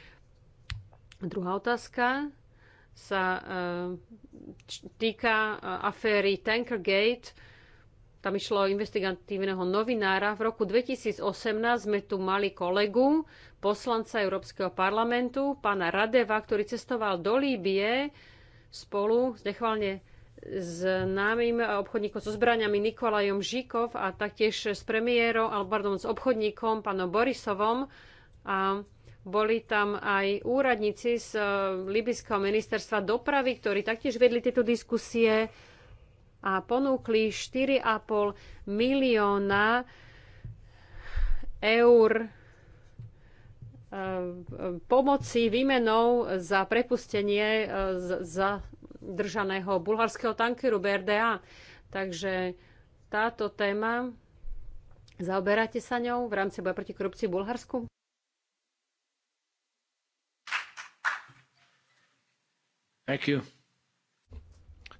Druhá otázka sa eh, týka eh, aféry Tankergate. Tam išlo o investigatívneho novinára. V roku 2018 sme tu mali kolegu, poslanca Európskeho parlamentu, pána Radeva, ktorý cestoval do Líbie spolu s nechvalne známym obchodníkom so zbraniami Nikolajom Žikov a taktiež s premiérom, alebo pardon, s obchodníkom pánom Borisovom. A boli tam aj úradníci z e, Libyského ministerstva dopravy, ktorí taktiež vedli tieto diskusie a ponúkli 4,5 milióna eur e, pomoci výmenou za prepustenie e, zadržaného bulharského tankeru BRDA. Takže táto téma, zaoberáte sa ňou v rámci boja proti korupcii v Bulharsku? Thank you.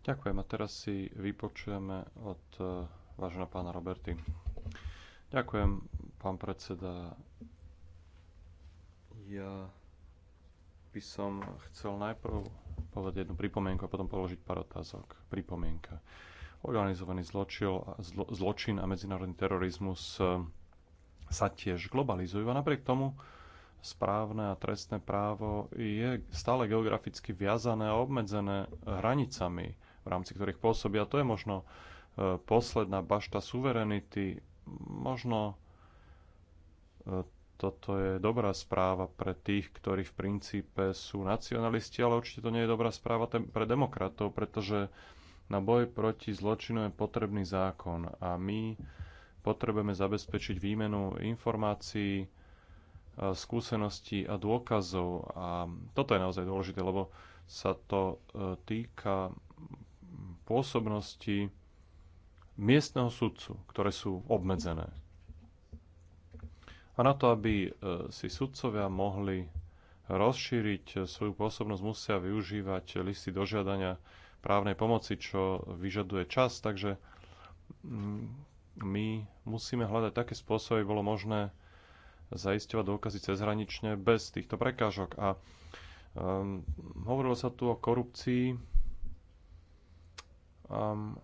Ďakujem a teraz si vypočujeme od eh, vážna pána Roberty. Ďakujem, pán predseda. Ja by som chcel najprv povedať jednu pripomienku a potom položiť pár otázok. Pripomienka. Organizovaný zločil, zlo, zločin a medzinárodný terorizmus eh, sa tiež globalizujú a napriek tomu správne a trestné právo je stále geograficky viazané a obmedzené hranicami, v rámci ktorých pôsobia. To je možno e, posledná bašta suverenity. Možno e, toto je dobrá správa pre tých, ktorí v princípe sú nacionalisti, ale určite to nie je dobrá správa pre demokratov, pretože na boj proti zločinu je potrebný zákon a my potrebujeme zabezpečiť výmenu informácií, skúseností a dôkazov. A toto je naozaj dôležité, lebo sa to e, týka pôsobnosti miestneho sudcu, ktoré sú obmedzené. A na to, aby e, si sudcovia mohli rozšíriť svoju pôsobnosť, musia využívať listy dožiadania právnej pomoci, čo vyžaduje čas. Takže mm, my musíme hľadať také spôsoby, bolo možné zaisťovať dôkazy cezhranične bez týchto prekážok. A um, hovorilo sa tu o korupcii, um,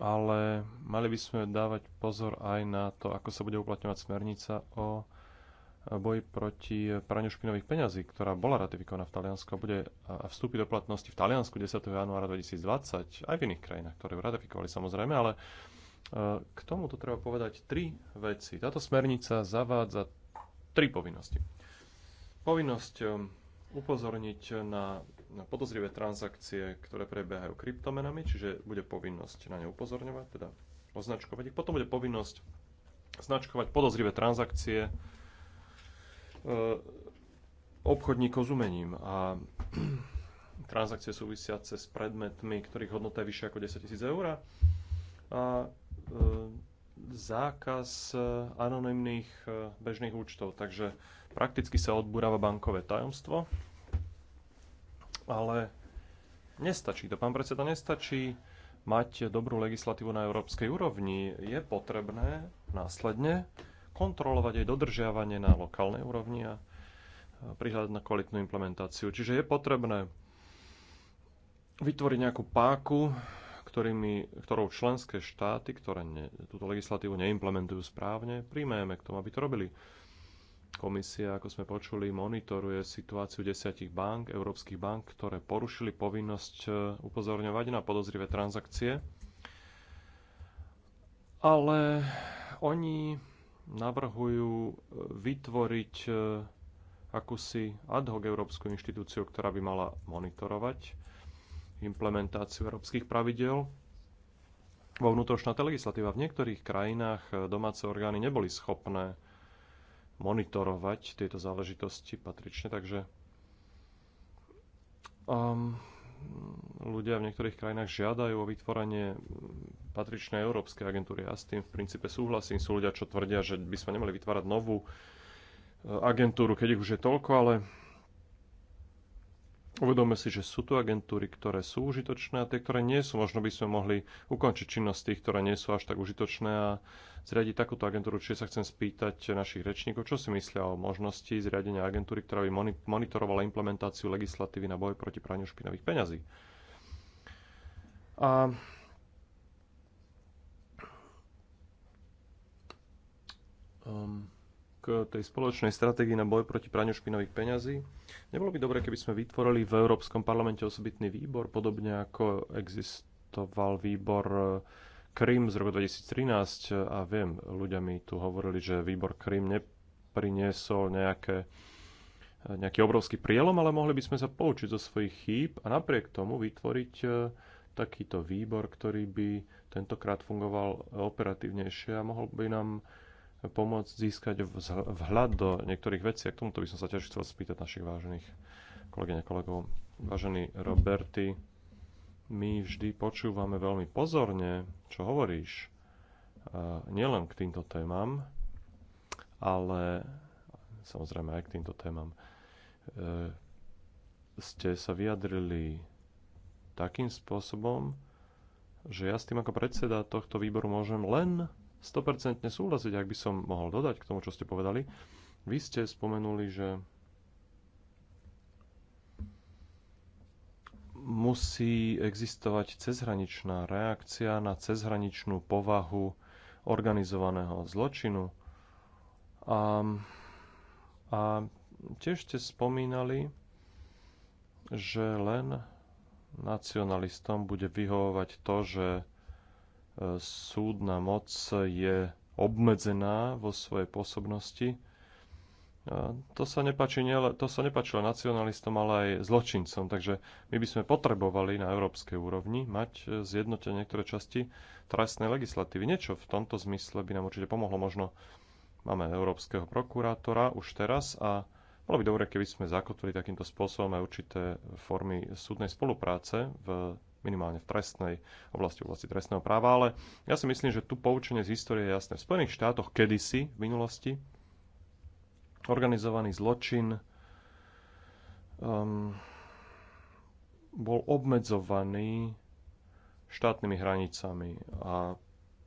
ale mali by sme dávať pozor aj na to, ako sa bude uplatňovať smernica o boji proti praniu špinových peňazí, ktorá bola ratifikovaná v Taliansku a, bude, a do platnosti v Taliansku 10. januára 2020, aj v iných krajinách, ktoré ju ratifikovali samozrejme, ale e, k tomuto treba povedať tri veci. Táto smernica zavádza tri povinnosti. Povinnosť um, upozorniť na, na podozrivé transakcie, ktoré prebiehajú kryptomenami, čiže bude povinnosť na ne upozorňovať, teda označkovať ich. Potom bude povinnosť značkovať podozrivé transakcie e, obchodníkov s umením a transakcie súvisiace s predmetmi, ktorých hodnota je vyššia ako 10 000 eur. A uh, zákaz eh, anonymných eh, bežných účtov. Takže prakticky sa odburáva bankové tajomstvo. Ale nestačí to, pán predseda, nestačí mať dobrú legislatívu na európskej úrovni. Je potrebné následne kontrolovať aj dodržiavanie na lokálnej úrovni a prihľadať na kvalitnú implementáciu. Čiže je potrebné vytvoriť nejakú páku ktorými, ktorou členské štáty, ktoré ne, túto legislatívu neimplementujú správne, príjmeme k tomu, aby to robili. Komisia, ako sme počuli, monitoruje situáciu desiatich bank, európskych bank, ktoré porušili povinnosť e, upozorňovať na podozrivé transakcie. Ale oni navrhujú e, vytvoriť e, akúsi ad hoc európsku inštitúciu, ktorá by mala monitorovať implementáciu európskych pravidel vo vnútroštátnej legislatíva. V niektorých krajinách eh, domáce orgány neboli schopné monitorovať tieto záležitosti patrične, takže um, ľudia v niektorých krajinách žiadajú o vytvorenie patričnej európskej agentúry. Ja s tým v princípe súhlasím. Sú ľudia, čo tvrdia, že by sme nemali vytvárať novú eh, agentúru, keď ich už je toľko, ale Uvedome si, že sú tu agentúry, ktoré sú užitočné a tie, ktoré nie sú. Možno by sme mohli ukončiť činnosť tých, ktoré nie sú až tak užitočné a zriadiť takúto agentúru. Čiže sa chcem spýtať našich rečníkov, čo si myslia o možnosti zriadenia agentúry, ktorá by monitorovala implementáciu legislatívy na boj proti praniu špinavých peňazí. A um, tej spoločnej stratégii na boj proti praniu špinových peňazí. Nebolo by dobre, keby sme vytvorili v Európskom parlamente osobitný výbor, podobne ako existoval výbor e, Krym z roku 2013 a viem, ľudia mi tu hovorili, že výbor Krym nepriniesol nejaké, e, nejaký obrovský prielom, ale mohli by sme sa poučiť zo svojich chýb a napriek tomu vytvoriť e, takýto výbor, ktorý by tentokrát fungoval operatívnejšie a mohol by nám pomôcť získať vhľad do niektorých vecí. A k tomuto by som sa tiež chcel spýtať našich vážených kolegyň a kolegov. Vážený Roberty, my vždy počúvame veľmi pozorne, čo hovoríš, nielen k týmto témam, ale samozrejme aj k týmto témam. E, ste sa vyjadrili takým spôsobom, že ja s tým ako predseda tohto výboru môžem len 100% súhlasiť, ak by som mohol dodať k tomu, čo ste povedali. Vy ste spomenuli, že musí existovať cezhraničná reakcia na cezhraničnú povahu organizovaného zločinu. A, a tiež ste spomínali, že len nacionalistom bude vyhovovať to, že súdna moc je obmedzená vo svojej pôsobnosti. To sa, nepáči, to sa nepáčilo nacionalistom, ale aj zločincom. Takže my by sme potrebovali na európskej úrovni mať e, zjednotené niektoré časti trestnej legislatívy. Niečo v tomto zmysle by nám určite pomohlo. Možno máme európskeho prokurátora už teraz a bolo by dobre, keby sme zakotvili takýmto spôsobom aj určité formy súdnej spolupráce v minimálne v trestnej oblasti, v oblasti trestného práva, ale ja si myslím, že tu poučenie z histórie je jasné. V Spojených štátoch kedysi, v minulosti, organizovaný zločin um, bol obmedzovaný štátnymi hranicami a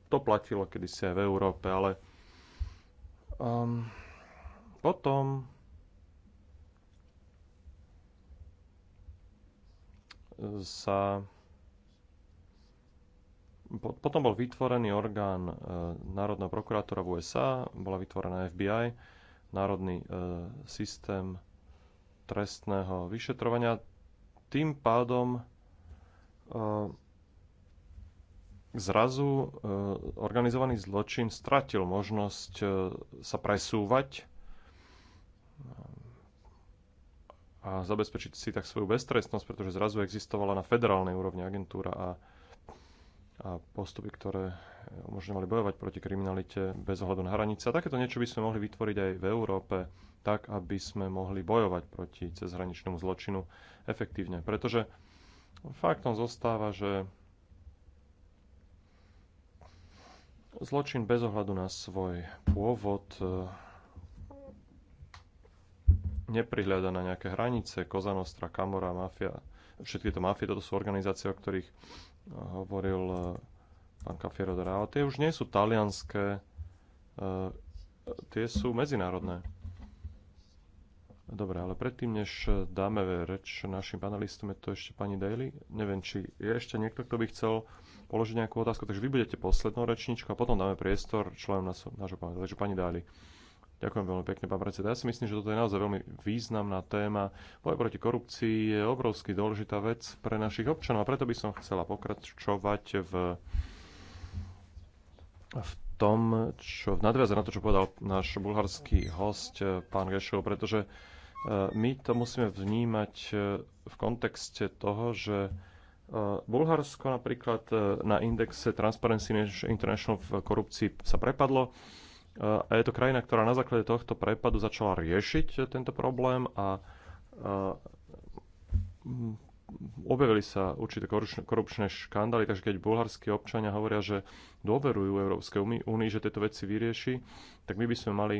to platilo kedysi aj v Európe, ale um, potom sa potom bol vytvorený orgán e, Národného prokurátora v USA, bola vytvorená FBI, Národný e, systém trestného vyšetrovania. Tým pádom e, zrazu organizovaný zločin stratil možnosť sa presúvať a zabezpečiť si tak svoju beztrestnosť, pretože zrazu existovala na federálnej úrovni agentúra a a postupy, ktoré umožňovali bojovať proti kriminalite bez ohľadu na hranice. A takéto niečo by sme mohli vytvoriť aj v Európe, tak aby sme mohli bojovať proti cezhraničnému zločinu efektívne. Pretože faktom zostáva, že zločin bez ohľadu na svoj pôvod e, neprihľada na nejaké hranice. Kozanostra, Kamora, Mafia, všetky to mafie, toto sú organizácie, o ktorých hovoril eh, pán Cafiero Dorao, tie už nie sú talianské, eh, tie sú medzinárodné. Dobre, ale predtým, než dáme reč našim panelistom, je to ešte pani Daly. Neviem, či je ešte niekto, kto by chcel položiť nejakú otázku, takže vy budete poslednou rečničkou a potom dáme priestor členom nášho panela. Takže pani Daly. Ďakujem veľmi pekne, pán predseda. Ja si myslím, že toto je naozaj veľmi významná téma. Boj proti korupcii je obrovsky dôležitá vec pre našich občanov a preto by som chcela pokračovať v, v tom, čo v nadviaze na to, čo povedal náš bulharský host, eh, pán Gešov, pretože eh, my to musíme vnímať eh, v kontexte toho, že Bulharsko napríklad na indexe Transparency International v korupcii sa prepadlo a je to krajina, ktorá na základe tohto prepadu začala riešiť e, tento problém a, mm, objavili sa určité korupčné škandály, takže keď bulharskí občania hovoria, že dôverujú Európskej únii, že tieto veci vyrieši, tak my by sme mali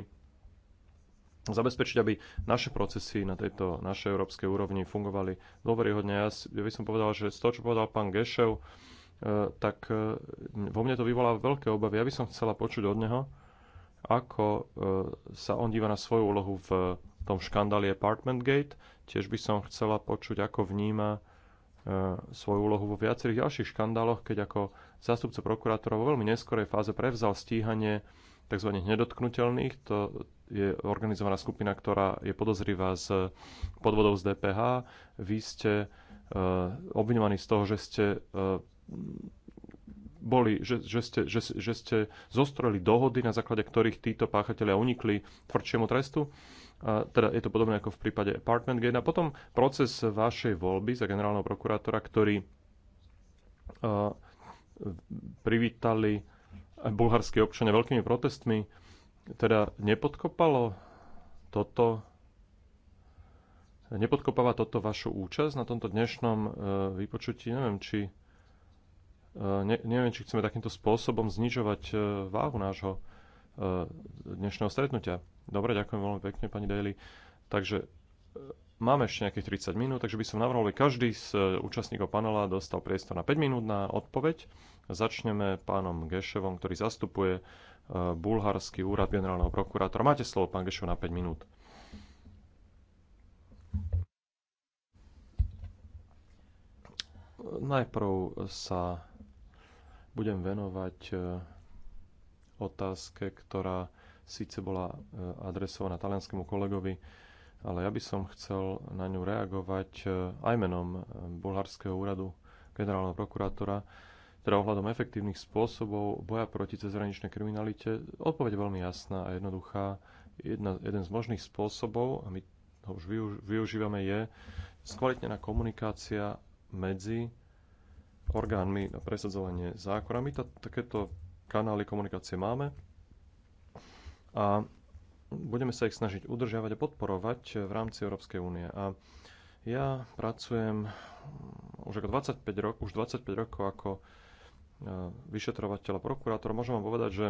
zabezpečiť, aby naše procesy na tejto našej európskej úrovni fungovali dôveryhodne. Ja, ja by som povedal, že z toho, čo povedal pán Gešev, e, tak e, vo mne to vyvolá veľké obavy. Ja by som chcela počuť od neho, ako e, sa on díva na svoju úlohu v tom škandáli Apartment Gate. Tiež by som chcela počuť, ako vníma e, svoju úlohu vo viacerých ďalších škandáloch, keď ako zástupca prokurátora vo veľmi neskorej fáze prevzal stíhanie tzv. nedotknutelných. To je organizovaná skupina, ktorá je podozrivá z podvodov z DPH. Vy ste e, obviňovaní z toho, že ste boli, že, že, ste, že, že ste zostrojili dohody, na základe ktorých títo páchatelia unikli tvrdšiemu trestu. A teda je to podobné ako v prípade Apartment Gate. A potom proces vašej voľby za generálneho prokurátora, ktorý e, privítali bulharskí občania veľkými protestmi, teda nepodkopalo toto nepodkopáva toto vašu účasť na tomto dnešnom e, vypočutí? Neviem, či Eh, ne, neviem, či chceme takýmto spôsobom znižovať eh, váhu nášho eh, dnešného stretnutia. Dobre, ďakujem veľmi pekne, pani Daly. Takže máme ešte nejakých 30 minút, takže by som navrhol, že každý z účastníkov panela dostal priestor na 5 minút na odpoveď. Začneme pánom Geševom, ktorý zastupuje bulharský úrad generálneho prokurátora. Máte slovo, pán Gešov, na 5 minút. Najprv sa budem venovať e, otázke, ktorá síce bola e, adresovaná talianskému kolegovi, ale ja by som chcel na ňu reagovať e, aj menom Bulharského úradu generálneho prokurátora, teda ohľadom efektívnych spôsobov boja proti cezhraničnej kriminalite. Odpoveď je veľmi jasná a jednoduchá. Jedna, jeden z možných spôsobov, a my ho už využívame, je skvalitnená komunikácia medzi orgánmi na presadzovanie zákona. My to, takéto kanály komunikácie máme a budeme sa ich snažiť udržiavať a podporovať v rámci Európskej únie. A ja pracujem už, ako 25 rok, už 25 rokov ako e, vyšetrovateľ a prokurátor. Môžem vám povedať, že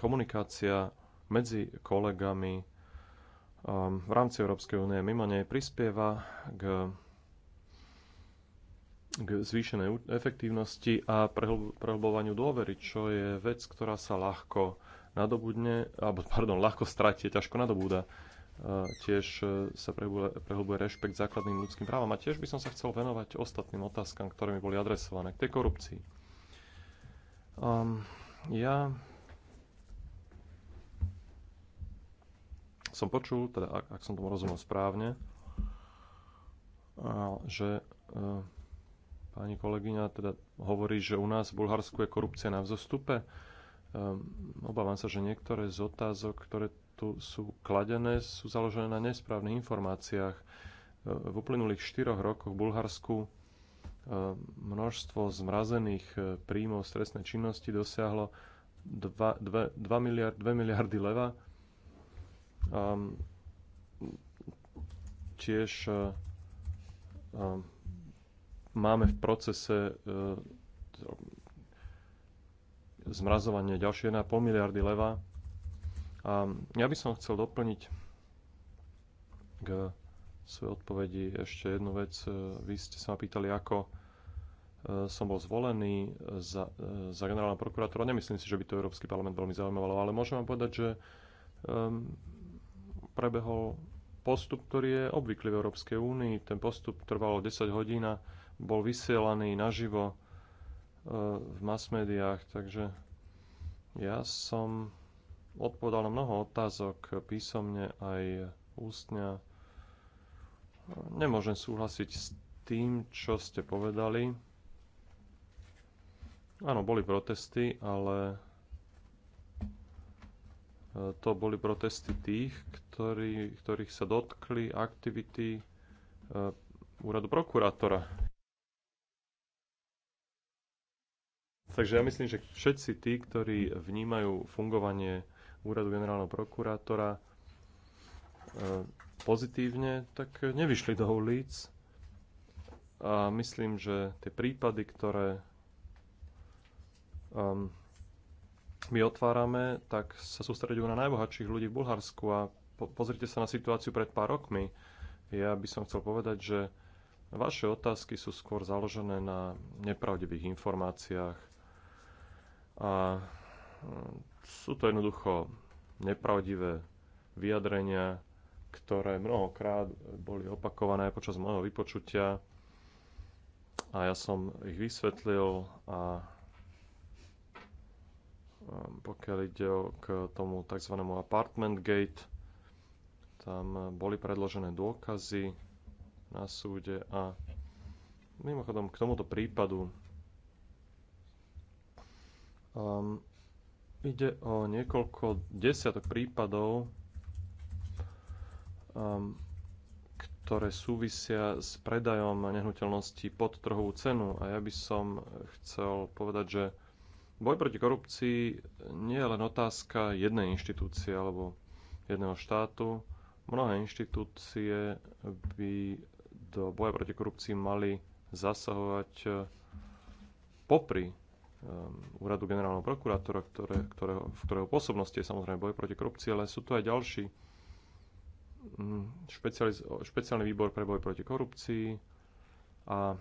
komunikácia medzi kolegami e, v rámci Európskej únie mimo nej prispieva k k zvýšenej efektívnosti a prehlbovaniu dôvery, čo je vec, ktorá sa ľahko nadobudne, alebo pardon, ľahko stratie, ťažko nadobúda. E, tiež e, sa prehlbuje rešpekt základným ľudským právam. A tiež by som sa chcel venovať ostatným otázkam, ktoré mi boli adresované k tej korupcii. Um, ja som počul, teda ak, ak som tomu rozumel správne, že uh, Pani kolegyňa teda hovorí, že u nás v Bulharsku je korupcia na vzostupe. Ehm, obávam sa, že niektoré z otázok, ktoré tu sú kladené, sú založené na nesprávnych informáciách. Ehm, v uplynulých štyroch rokoch v Bulharsku ehm, množstvo zmrazených príjmov z trestnej činnosti dosiahlo 2, 2, 2, miliard, 2 miliardy leva. Um, tiež um, máme v procese e, zmrazovanie ďalšie 1,5 miliardy leva. A ja by som chcel doplniť k svojej odpovedi ešte jednu vec. E, vy ste sa ma pýtali, ako e, som bol zvolený za, za generálna prokurátora. Nemyslím si, že by to Európsky parlament veľmi zaujímavalo, ale môžem vám povedať, že um, prebehol postup, ktorý je obvyklý v Európskej únii. Ten postup trval 10 hodín a bol vysielaný naživo e, v mass médiách, takže ja som odpovedal na mnoho otázok písomne aj ústne. Nemôžem súhlasiť s tým, čo ste povedali. Áno, boli protesty, ale e, to boli protesty tých, ktorí ktorých sa dotkli aktivity e, úradu prokurátora Takže ja myslím, že všetci tí, ktorí vnímajú fungovanie úradu generálneho prokurátora e, pozitívne, tak nevyšli do ulic. A myslím, že tie prípady, ktoré um, my otvárame, tak sa sústredujú na najbohatších ľudí v Bulharsku a po- pozrite sa na situáciu pred pár rokmi. Ja by som chcel povedať, že vaše otázky sú skôr založené na nepravdivých informáciách a e, sú to jednoducho nepravdivé vyjadrenia, ktoré mnohokrát boli opakované počas môjho vypočutia a ja som ich vysvetlil a e, pokiaľ ide k tomu tzv. apartment gate, tam boli predložené dôkazy na súde a mimochodom k tomuto prípadu Um, ide o niekoľko desiatok prípadov, um, ktoré súvisia s predajom nehnuteľnosti pod trhovú cenu. A ja by som chcel povedať, že boj proti korupcii nie je len otázka jednej inštitúcie alebo jedného štátu. Mnohé inštitúcie by do boja proti korupcii mali zasahovať uh, popri Um, úradu generálneho prokurátora, ktoré, ktorého, v ktorého pôsobnosti je samozrejme boj proti korupcii, ale sú tu aj ďalší mm, špecializ, špeciálny výbor pre boj proti korupcii a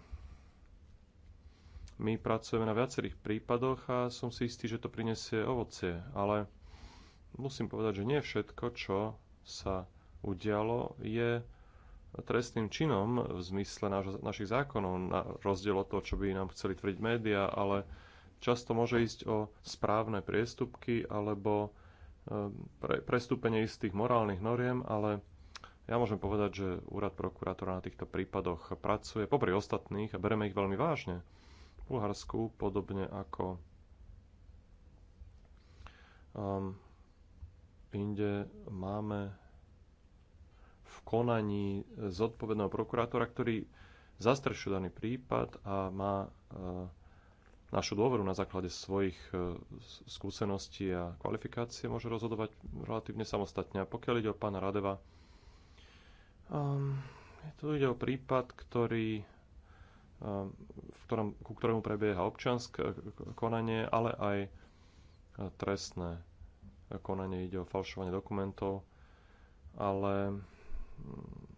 my pracujeme na viacerých prípadoch a som si istý, že to prinesie ovocie, ale musím povedať, že nie všetko, čo sa udialo, je trestným činom v zmysle naš, našich zákonov, na rozdiel od toho, čo by nám chceli tvrdiť médiá, ale Často môže ísť o správne priestupky alebo e, pre, prestúpenie istých morálnych noriem, ale ja môžem povedať, že úrad prokurátora na týchto prípadoch pracuje popri ostatných a bereme ich veľmi vážne. V Bulharsku podobne ako um, inde máme v konaní zodpovedného prokurátora, ktorý zastrešuje daný prípad a má uh, našu dôveru na základe svojich e, skúseností a kvalifikácie môže rozhodovať relatívne samostatne. A pokiaľ ide o pána Radeva, um, tu ide o prípad, ktorý, um, v ktorom, ku ktorému prebieha občanské e, konanie, ale aj e, trestné konanie. Ide o falšovanie dokumentov, ale mm,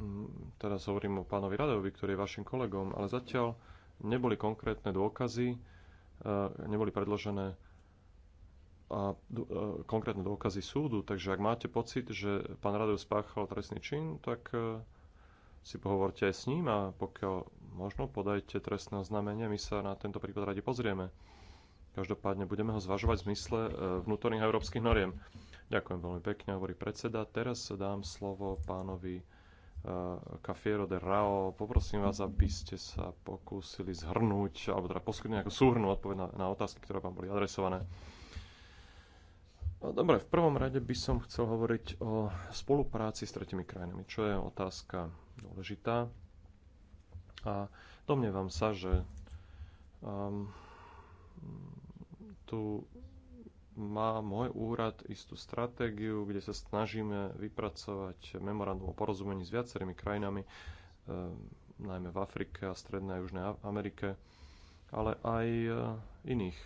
Mm, teraz hovorím o pánovi Radovi, ktorý je vašim kolegom, ale zatiaľ neboli konkrétne dôkazy, e, neboli predložené a e, konkrétne dôkazy súdu, takže ak máte pocit, že pán Radov spáchal trestný čin, tak e, si pohovorte aj s ním a pokiaľ možno podajte trestné oznámenie, my sa na tento prípad radi pozrieme. Každopádne budeme ho zvažovať v zmysle vnútorných európskych noriem. Ďakujem veľmi pekne, hovorí predseda. Teraz dám slovo pánovi Eh, Cafiero de Rao. Poprosím vás, aby ste sa pokúsili zhrnúť, alebo teda poskytnúť nejakú súhrnú odpoveď na, na otázky, ktoré vám boli adresované. No, dobre, v prvom rade by som chcel hovoriť o spolupráci s tretimi krajinami, čo je otázka dôležitá. A domnievam sa, že um, tu má môj úrad istú stratégiu, kde sa snažíme vypracovať memorandum o porozumení s viacerými krajinami, eh, najmä v Afrike a Strednej a Južnej Amerike, ale aj eh, iných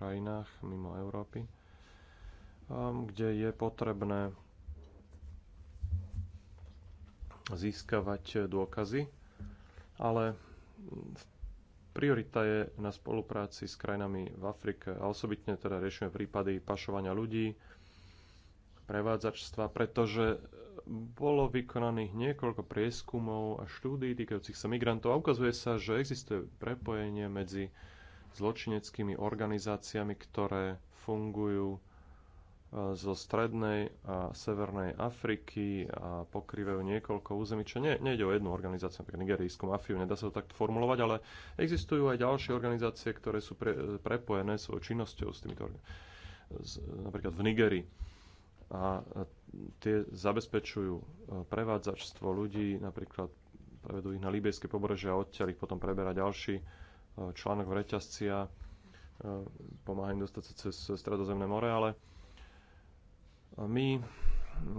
krajinách mimo Európy, ehm, kde je potrebné získavať eh, dôkazy, ale v Priorita je na spolupráci s krajinami v Afrike a osobitne teda riešime prípady pašovania ľudí, prevádzačstva, pretože bolo vykonaných niekoľko prieskumov a štúdí týkajúcich sa migrantov a ukazuje sa, že existuje prepojenie medzi zločineckými organizáciami, ktoré fungujú E, zo strednej a severnej Afriky a pokrývajú niekoľko území, čo nie, nejde o jednu organizáciu, napríklad nigerijskú mafiu, nedá sa to takto formulovať, ale existujú aj ďalšie organizácie, ktoré sú pre, e, prepojené svojou činnosťou s týmito, e, napríklad v Nigerii. A tie zabezpečujú prevádzačstvo ľudí, napríklad prevedú ich na líbejské pobrežie a odtiaľ ich potom preberá ďalší článok v reťazci a pomáha im dostať sa cez Stredozemné more, ale my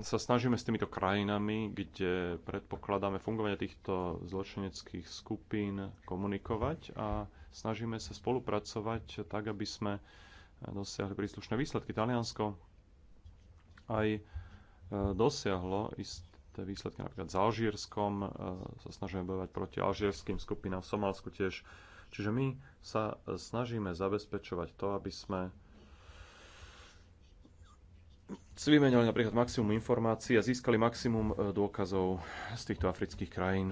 sa snažíme s týmito krajinami, kde predpokladáme fungovanie týchto zločineckých skupín, komunikovať a snažíme sa spolupracovať tak, aby sme dosiahli príslušné výsledky. Taliansko aj e, dosiahlo isté výsledky, napríklad s Alžírskom, e, sa snažíme bojovať proti alžírským skupinám v Somálsku tiež. Čiže my sa e, snažíme zabezpečovať to, aby sme si vymenili napríklad maximum informácií a získali maximum e, dôkazov z týchto afrických krajín.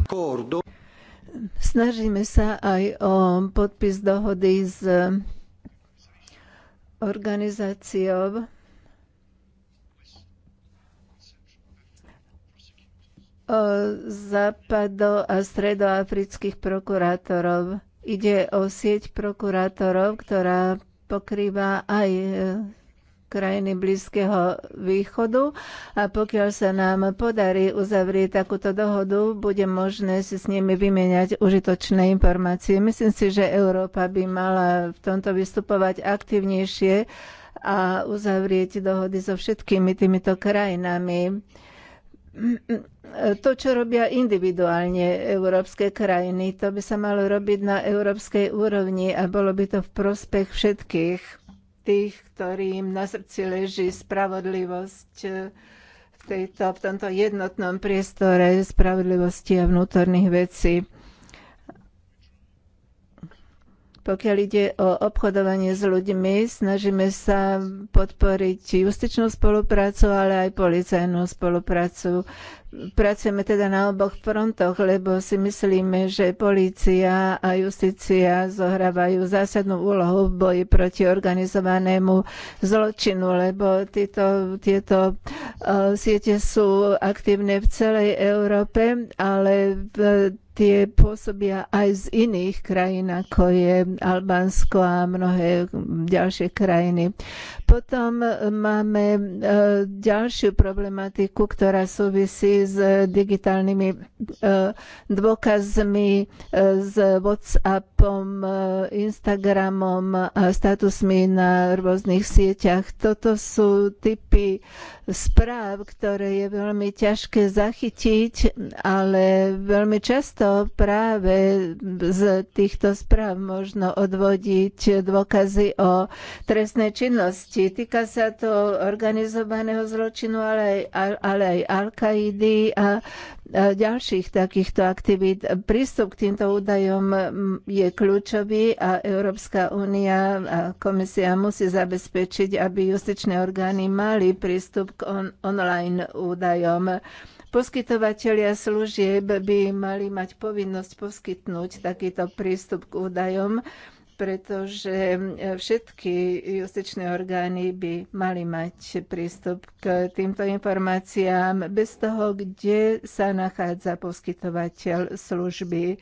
Snažíme sa aj o podpis dohody s organizáciou o západo- a stredoafrických prokurátorov. Ide o sieť prokurátorov, ktorá pokrýva aj krajiny Blízkeho východu a pokiaľ sa nám podarí uzavrieť takúto dohodu, bude možné si s nimi vymieňať užitočné informácie. Myslím si, že Európa by mala v tomto vystupovať aktivnejšie a uzavrieť dohody so všetkými týmito krajinami to, čo robia individuálne európske krajiny, to by sa malo robiť na európskej úrovni a bolo by to v prospech všetkých tých, ktorým na srdci leží spravodlivosť eh, v, tejto, v tomto jednotnom priestore spravodlivosti a vnútorných vecí. Pokiaľ ide o obchodovanie s ľuďmi, snažíme sa podporiť justičnú spoluprácu, ale aj policajnú spoluprácu. Pracujeme teda na oboch frontoch, lebo si myslíme, že polícia a justícia zohrávajú zásadnú úlohu v boji proti organizovanému zločinu, lebo tieto, tieto eh, siete sú aktívne v celej Európe, ale v tie pôsobia aj z iných krajín, ako je Albánsko a mnohé ďalšie krajiny. Potom e, máme e, ďalšiu problematiku, ktorá súvisí s digitálnymi e, dôkazmi, s WhatsAppom, Instagramom a statusmi na rôznych sieťach. Toto sú typy správ, ktoré je veľmi ťažké zachytiť, ale veľmi často to práve z týchto správ možno odvodiť dôkazy o trestnej činnosti. Týka sa to organizovaného zločinu, ale aj, ale aj Al-Kaidy a ďalších takýchto aktivít. Prístup k týmto údajom mm, je kľúčový a Európska únia a komisia musí zabezpečiť, aby justičné orgány mali prístup k on- online údajom. Poskytovateľia služieb by mali mať povinnosť poskytnúť takýto prístup k údajom, pretože e, všetky justičné orgány by mali mať prístup k týmto informáciám bez toho, kde sa nachádza poskytovateľ služby.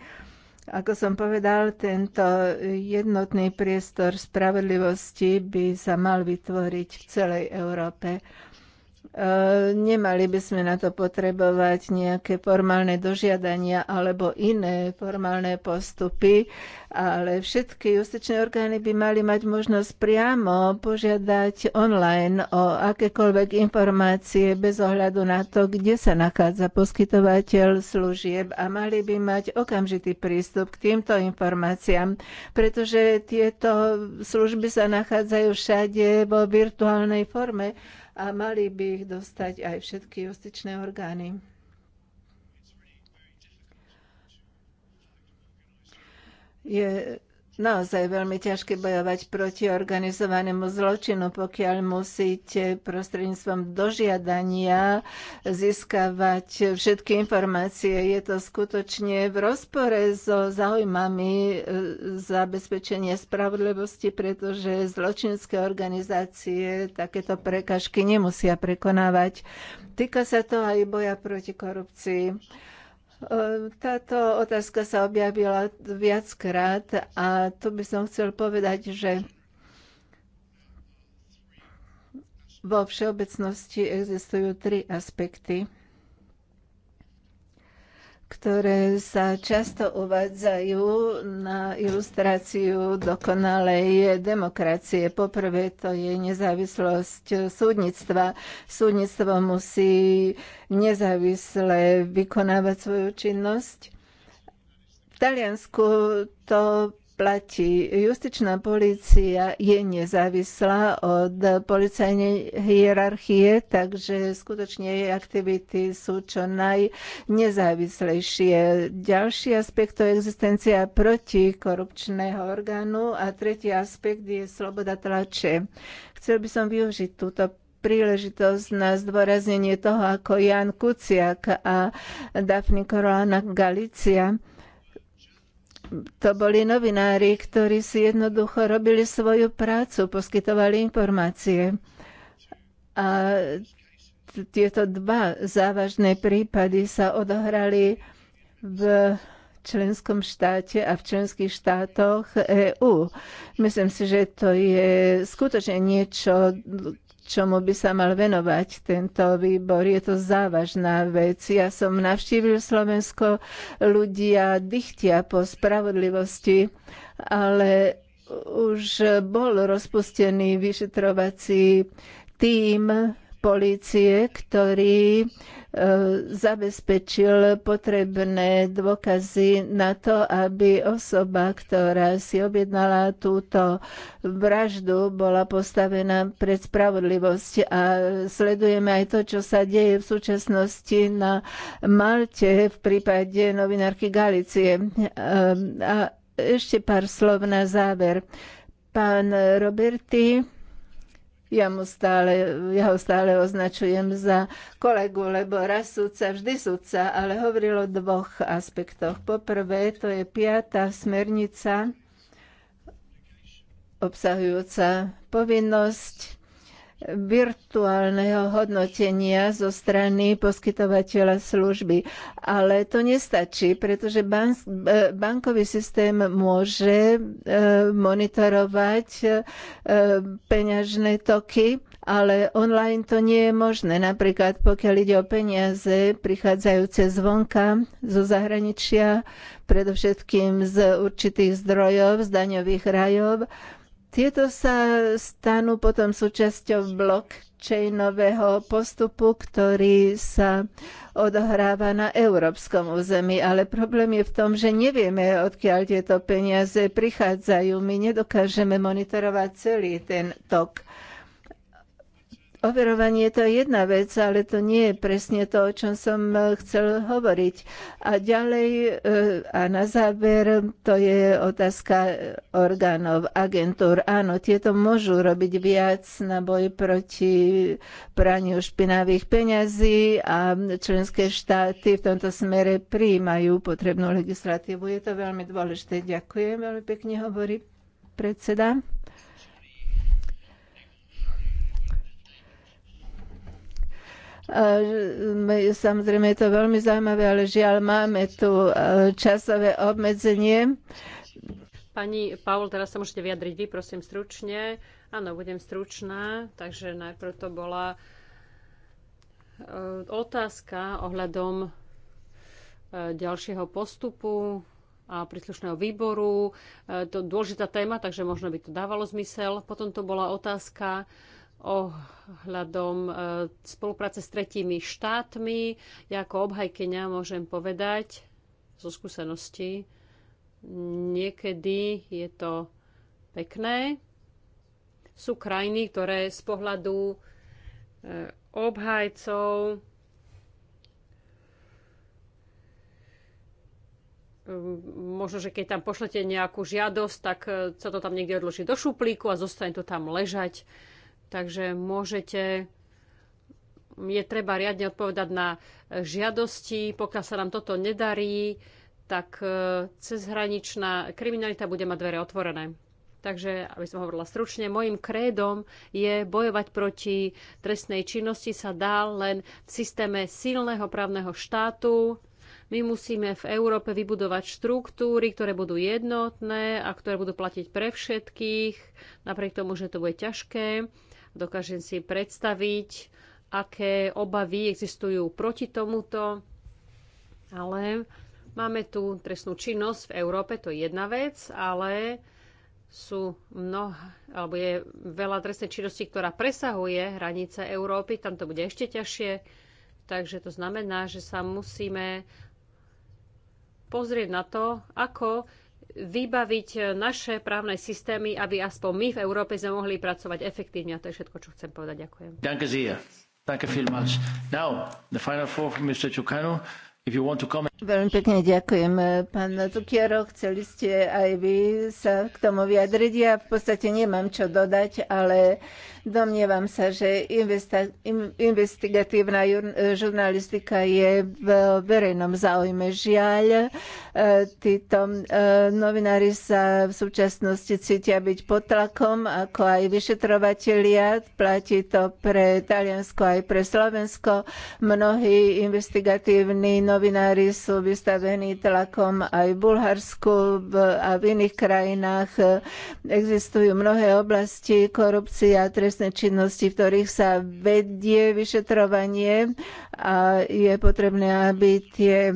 Ako som povedal, tento jednotný priestor spravodlivosti by sa mal vytvoriť v celej Európe. E, nemali by sme na to potrebovať nejaké formálne dožiadania alebo iné formálne postupy, ale všetky justičné orgány by mali mať možnosť priamo požiadať online o akékoľvek informácie bez ohľadu na to, kde sa nachádza poskytovateľ služieb a mali by mať okamžitý prístup k týmto informáciám, pretože tieto služby sa nachádzajú všade vo virtuálnej forme a mali by ich dostať aj všetky justičné orgány. Je naozaj veľmi ťažké bojovať proti organizovanému zločinu, pokiaľ musíte prostredníctvom dožiadania získavať všetky informácie. Je to skutočne v rozpore so záujmami e, zabezpečenia spravodlivosti, pretože zločinské organizácie takéto prekažky nemusia prekonávať. Týka sa to aj boja proti korupcii. Táto otázka sa objavila viackrát a tu by som chcel povedať, že vo všeobecnosti existujú tri aspekty ktoré sa často uvádzajú na ilustráciu dokonalej demokracie. Poprvé to je nezávislosť súdnictva. Súdnictvo musí nezávisle vykonávať svoju činnosť. V Taliansku to platí. Justičná polícia je nezávislá od policajnej hierarchie, takže skutočne jej aktivity sú čo najnezávislejšie. Ďalší aspekt to je existencia protikorupčného orgánu a tretí aspekt je sloboda tlače. Chcel by som využiť túto príležitosť na zdôraznenie toho, ako Jan Kuciak a Daphne Caruana Galicia to boli novinári, ktorí si jednoducho robili svoju prácu, poskytovali informácie. A tieto dva závažné prípady sa odohrali v členskom štáte a v členských štátoch EÚ. Myslím si, že to je skutočne niečo, čomu by sa mal venovať tento výbor. Je to závažná vec. Ja som navštívil Slovensko, ľudia dychtia po spravodlivosti, ale už bol rozpustený vyšetrovací tým policie ktorý e, zabezpečil potrebné dôkazy na to, aby osoba, ktorá si objednala túto vraždu, bola postavená pred spravodlivosť. A sledujeme aj to, čo sa deje v súčasnosti na Malte v prípade novinárky Galicie. E, a ešte pár slov na záver. Pán Roberti, ja, mu stále, ja ho stále označujem za kolegu, lebo raz súdca, vždy súdca, ale hovoril o dvoch aspektoch. Poprvé, to je piata smernica obsahujúca povinnosť virtuálneho hodnotenia zo strany poskytovateľa služby. Ale to nestačí, pretože e, bankový systém môže e, monitorovať e, peňažné toky, ale online to nie je možné. Napríklad pokiaľ ide o peniaze prichádzajúce zvonka, zo zahraničia, predovšetkým z určitých zdrojov, z daňových rajov, tieto sa stanú potom súčasťou blockchainového postupu, ktorý sa odohráva na európskom území. Ale problém je v tom, že nevieme, odkiaľ tieto peniaze prichádzajú. My nedokážeme monitorovať celý ten tok overovanie to je jedna vec, ale to nie je presne to, o čom som e, chcel hovoriť. A ďalej e, a na záver to je otázka e, orgánov, agentúr. Áno, tieto môžu robiť viac na boj proti praniu špinavých peňazí a členské štáty v tomto smere prijímajú potrebnú legislatívu. Je to veľmi dôležité. Ďakujem, veľmi pekne hovorí predseda. Samozrejme je to veľmi zaujímavé, ale žiaľ máme tu e, časové obmedzenie. Pani Paul, teraz sa môžete vyjadriť vy, prosím, stručne. Áno, budem stručná, takže najprv to bola e, otázka ohľadom e, ďalšieho postupu a príslušného výboru. To je dôležitá téma, takže možno by to dávalo zmysel. Potom to bola otázka ohľadom e, spolupráce s tretími štátmi. Ja ako obhajkenia môžem povedať zo skúsenosti, niekedy je to pekné. Sú krajiny, ktoré z pohľadu e, obhajcov možno, že keď tam pošlete nejakú žiadosť, tak e, sa to tam niekde odloží do šuplíku a zostane to tam ležať Takže môžete, je treba riadne odpovedať na žiadosti. Pokiaľ sa nám toto nedarí, tak e, cezhraničná kriminalita bude mať dvere otvorené. Takže, aby som hovorila stručne, mojim krédom je bojovať proti trestnej činnosti sa dá len v systéme silného právneho štátu. My musíme v Európe vybudovať štruktúry, ktoré budú jednotné a ktoré budú platiť pre všetkých, napriek tomu, že to bude ťažké. Dokážem si predstaviť, aké obavy existujú proti tomuto, ale máme tu trestnú činnosť v Európe, to je jedna vec, ale sú mnoh, alebo je veľa trestnej činnosti, ktorá presahuje hranice Európy, tam to bude ešte ťažšie, takže to znamená, že sa musíme pozrieť na to, ako vybaviť naše právne systémy, aby aspoň my v Európe sme mohli pracovať efektívne. A to je všetko, čo chcem povedať. Ďakujem. Ďakujem. Ďakujem. Now, the final floor from Mr. Chukano. If you want to comment. Veľmi pekne ďakujem, eh, pán Cukiero. Chceli ste aj vy sa k tomu vyjadriť. Ja v podstate nemám čo dodať, ale domnievam sa, že investigatívna eh, žurnalistika je v verejnom záujme. Žiaľ, eh, títo novinári sa v súčasnosti cítia byť pod tlakom, ako aj vyšetrovatelia. Platí to pre Taliansko aj pre Slovensko. Mnohí investigatívni novinári sú sú vystavení tlakom aj v Bulharsku a v iných krajinách. Existujú mnohé oblasti korupcie a trestné činnosti, v ktorých sa vedie vyšetrovanie a je potrebné, aby tie e,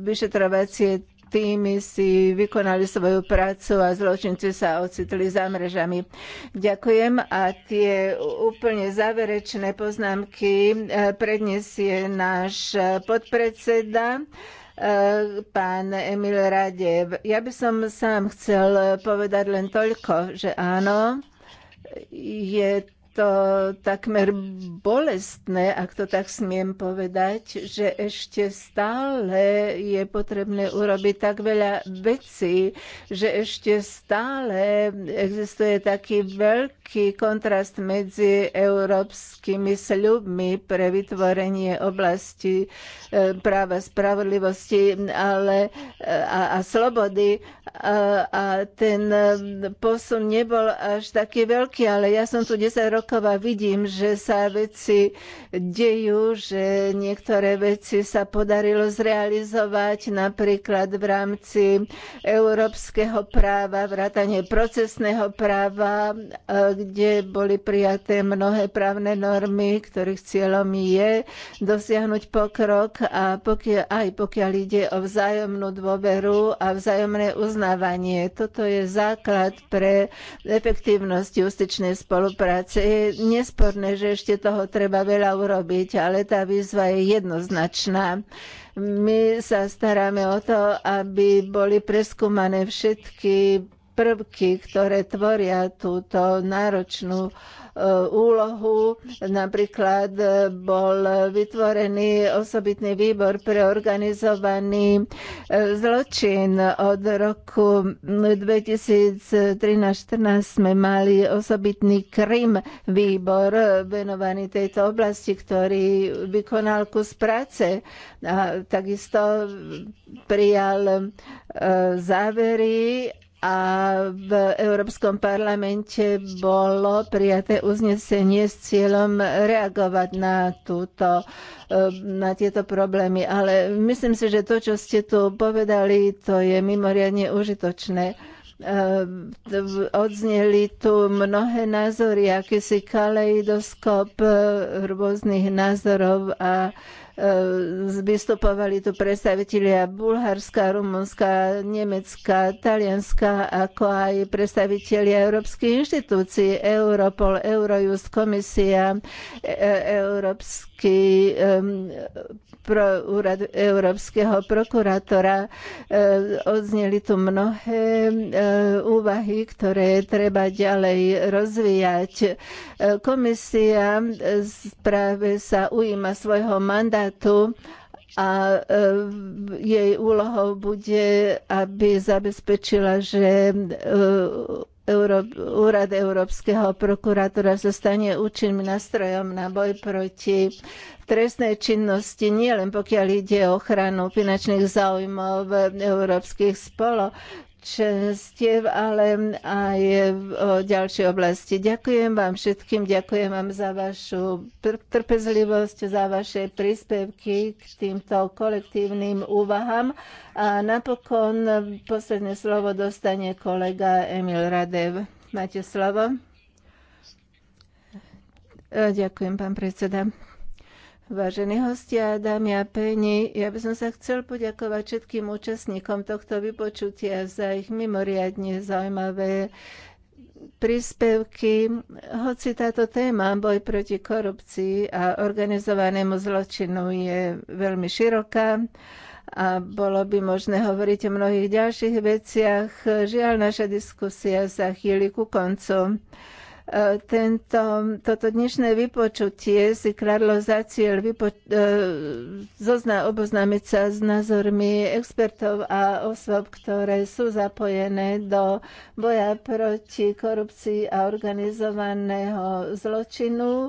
vyšetrovacie týmy si vykonali svoju prácu a zločinci sa ocitli za mrežami. Ďakujem a tie úplne záverečné poznámky e, predniesie náš podpredseda e, pán Emil Radev. Ja by som sám chcel povedať len toľko, že áno, je to takmer bolestné, ak to tak smiem povedať, že ešte stále je potrebné urobiť tak veľa vecí, že ešte stále existuje taký veľký kontrast medzi európskymi sľubmi pre vytvorenie oblasti e, práva spravodlivosti ale, e, a, a slobody a, a ten posun nebol až taký veľký, ale ja som tu 10 rokov rokov vidím, že sa veci dejú, že niektoré veci sa podarilo zrealizovať, napríklad v rámci európskeho práva, vrátanie procesného práva, e, kde boli prijaté mnohé právne normy, ktorých cieľom je dosiahnuť pokrok a pokiaľ, aj pokiaľ ide o vzájomnú dôveru a vzájomné uznávanie. Toto je základ pre efektívnosť justičnej spolupráce je nesporné, že ešte toho treba veľa urobiť, ale tá výzva je jednoznačná. My sa staráme o to, aby boli preskúmané všetky prvky, ktoré tvoria túto náročnú úlohu. Napríklad bol vytvorený osobitný výbor pre organizovaný e, zločin. Od roku 2013-2014 sme mali osobitný Krym výbor venovaný tejto oblasti, ktorý vykonal kus práce a takisto prijal e, závery a v Európskom parlamente bolo prijaté uznesenie s cieľom reagovať na, túto, e, na tieto problémy. Ale myslím si, že to, čo ste tu povedali, to je mimoriadne užitočné e, odzneli tu mnohé názory, akýsi kaleidoskop e, rôznych názorov a E, vystupovali tu predstavitelia Bulharska, Rumunska, Nemecka, Talianska, ako aj predstavitelia Európskej inštitúcii, Europol, Eurojust, Komisia, e, e, Európsky pro, úrad Európskeho prokurátora. Odzneli tu mnohé úvahy, ktoré treba ďalej rozvíjať. Komisia práve sa ujíma svojho mandátu štátu a e, jej úlohou bude, aby zabezpečila, že e, Euró- Úrad Európskeho prokurátora sa stane účinným nástrojom na boj proti trestnej činnosti, nielen pokiaľ ide o ochranu finančných záujmov európskych spolo, čestiev, ale aj o ďalšej oblasti. Ďakujem vám všetkým, ďakujem vám za vašu trpezlivosť, za vaše príspevky k týmto kolektívnym úvahám. A napokon posledné slovo dostane kolega Emil Radev. Máte slovo? Ďakujem, pán predseda. Vážení hostia, dámy a páni, ja by som sa chcel poďakovať všetkým účastníkom tohto vypočutia za ich mimoriadne zaujímavé príspevky, hoci táto téma boj proti korupcii a organizovanému zločinu je veľmi široká a bolo by možné hovoriť o mnohých ďalších veciach. Žiaľ, naša diskusia sa chýli ku koncu. E, tento, toto dnešné vypočutie si kladlo za cieľ vypo, e, zozna, oboznámiť sa s názormi expertov a osôb, ktoré sú zapojené do boja proti korupcii a organizovaného zločinu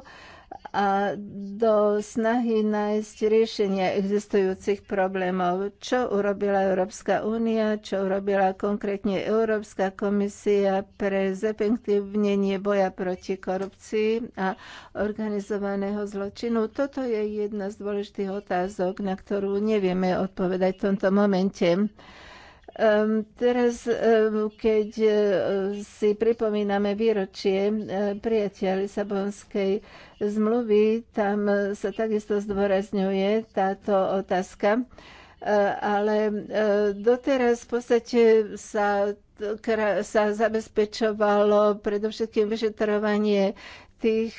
a do snahy nájsť riešenia existujúcich problémov. Čo urobila Európska únia, čo urobila konkrétne Európska komisia pre zefektívnenie boja proti korupcii a organizovaného zločinu. Toto je jedna z dôležitých otázok, na ktorú nevieme odpovedať v tomto momente. Teraz, keď e, si pripomíname výročie e, prijatia Lisabonskej zmluvy, tam sa takisto zdôrazňuje táto otázka, e, ale doteraz v podstate sa sa zabezpečovalo predovšetkým vyšetrovanie tých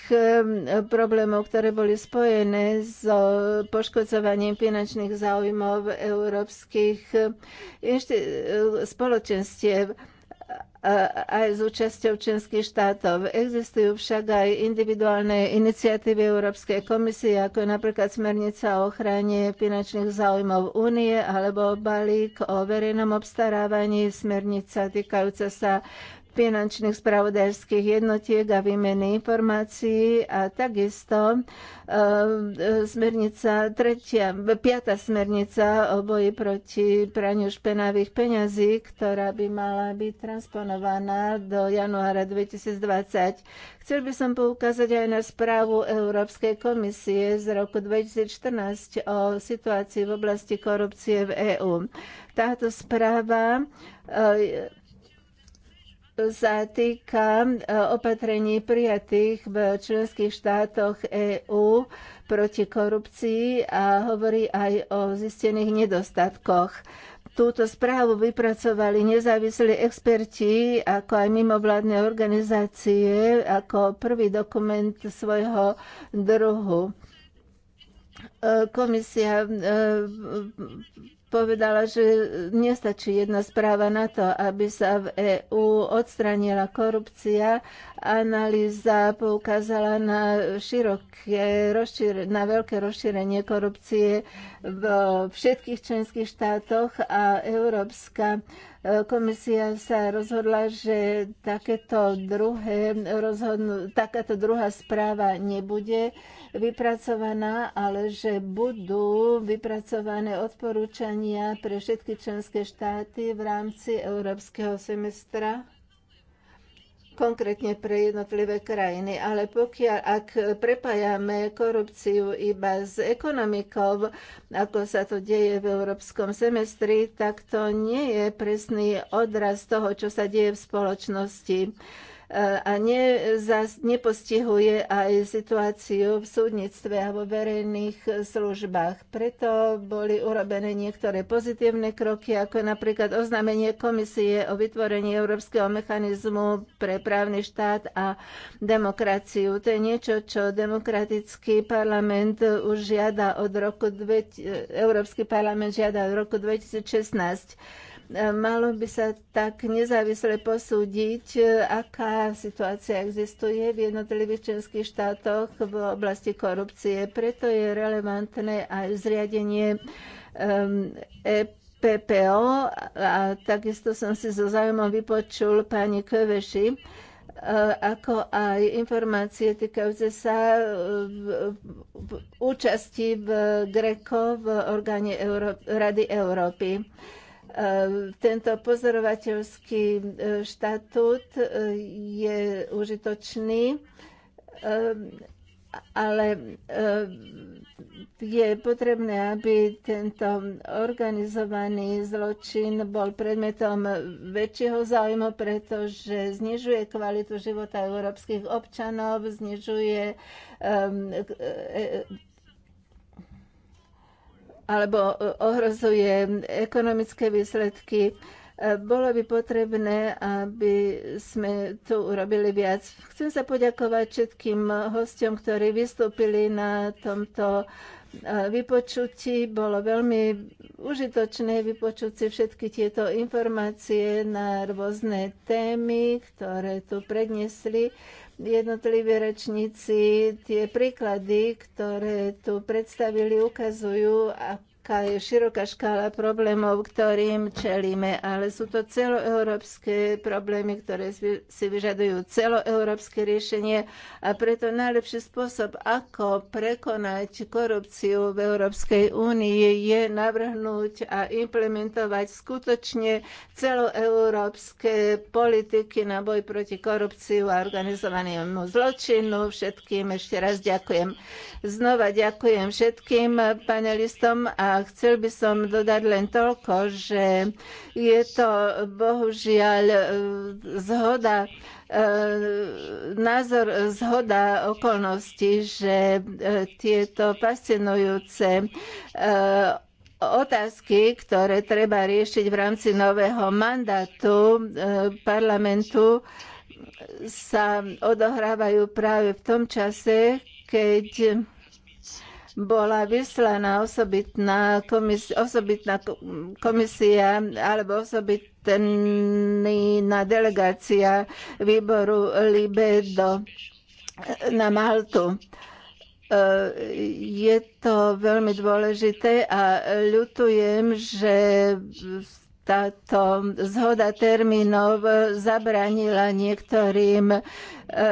problémov, ktoré boli spojené s eh, poškodzovaním finančných záujmov európskych eh, eh, spoločenstiev aj s účasťou členských štátov. Existujú však aj individuálne iniciatívy Európskej komisie, ako je napríklad Smernica o ochrane finančných záujmov únie alebo balík o verejnom obstarávaní, smernica týkajúca sa finančných spravodajských jednotiek a výmeny informácií a takisto e, e, smernica tretia, piata smernica o boji proti praniu špenavých peňazí, ktorá by mala byť transponovaná do januára 2020. Chcel by som poukázať aj na správu Európskej komisie z roku 2014 o situácii v oblasti korupcie v EÚ. Táto správa e, sa týka e, opatrení prijatých v členských štátoch EÚ proti korupcii a hovorí aj o zistených nedostatkoch. Túto správu vypracovali nezávislí experti, ako aj mimovládne organizácie, ako prvý dokument svojho druhu. E, komisia e, povedala, že nestačí jedna správa na to, aby sa v EÚ odstranila korupcia. Analýza poukázala na, široké, na veľké rozšírenie korupcie v všetkých členských štátoch a Európska Komisia sa rozhodla, že takéto druhé rozhodnú, takáto druhá správa nebude vypracovaná, ale že budú vypracované odporúčania pre všetky členské štáty v rámci európskeho semestra konkrétne pre jednotlivé krajiny. Ale pokiaľ, ak prepájame korupciu iba s ekonomikou, ako sa to deje v európskom semestri, tak to nie je presný odraz toho, čo sa deje v spoločnosti a ne, zas, nepostihuje aj situáciu v súdnictve a vo verejných službách. Preto boli urobené niektoré pozitívne kroky, ako napríklad oznámenie komisie o vytvorení Európskeho mechanizmu pre právny štát a demokraciu. To je niečo, čo demokratický parlament už žiada od roku, Európsky parlament žiada od roku 2016 Malo by sa tak nezávisle posúdiť, e, aká situácia existuje v jednotlivých členských štátoch v oblasti korupcie. Preto je relevantné aj zriadenie EPPO, e a takisto som si so záujmom vypočul pani Köveši, e, ako aj informácie týkajúce sa v, účasti v GRECO v orgáne Euró- Rady Európy. Ehm, tento pozorovateľský ehm, štatút ehm, je užitočný, ale je potrebné, aby tento organizovaný zločin bol predmetom väčšieho záujmu, pretože znižuje kvalitu života európskych občanov, znižuje e, e, alebo e, ohrozuje ekonomické výsledky. E, bolo by potrebné, aby sme tu urobili viac. Chcem sa poďakovať všetkým hostom, ktorí vystúpili na tomto e, vypočutí. Bolo veľmi užitočné vypočuť si všetky tieto informácie na rôzne témy, ktoré tu predniesli jednotliví rečníci tie príklady, ktoré tu predstavili, ukazujú, ako široká, široká škála problémov, ktorým čelíme, ale sú to celoeurópske problémy, ktoré si vyžadujú celoeurópske riešenie a preto najlepší spôsob, ako prekonať korupciu v Európskej únii je navrhnúť a implementovať skutočne celoeurópske politiky na boj proti korupciu a organizovanému zločinu. Všetkým ešte raz ďakujem. Znova ďakujem všetkým panelistom a chcel by som dodať len toľko, že je to bohužiaľ e, zhoda e, názor zhoda okolností, že e, tieto fascinujúce otázky, ktoré treba riešiť v rámci nového mandátu parlamentu, sa odohrávajú práve v tom čase, keď bola vyslaná osobitná, komis- osobitná komisia alebo osobitná delegácia výboru Libe do, na Maltu e, je to veľmi dôležité a ľutujem, že táto zhoda termínov zabranila niektorým e,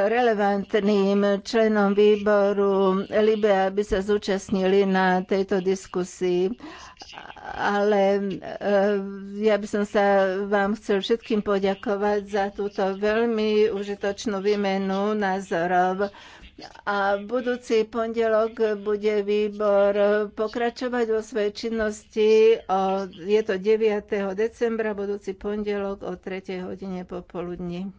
relevantným členom výboru LIBE, aby sa zúčastnili na tejto diskusii. Ale e, ja by som sa vám chcel všetkým poďakovať za túto veľmi užitočnú výmenu názorov. A budúci pondelok bude výbor pokračovať vo svojej činnosti. O, je to 9. decembra, budúci pondelok o 3. hodine popoludní.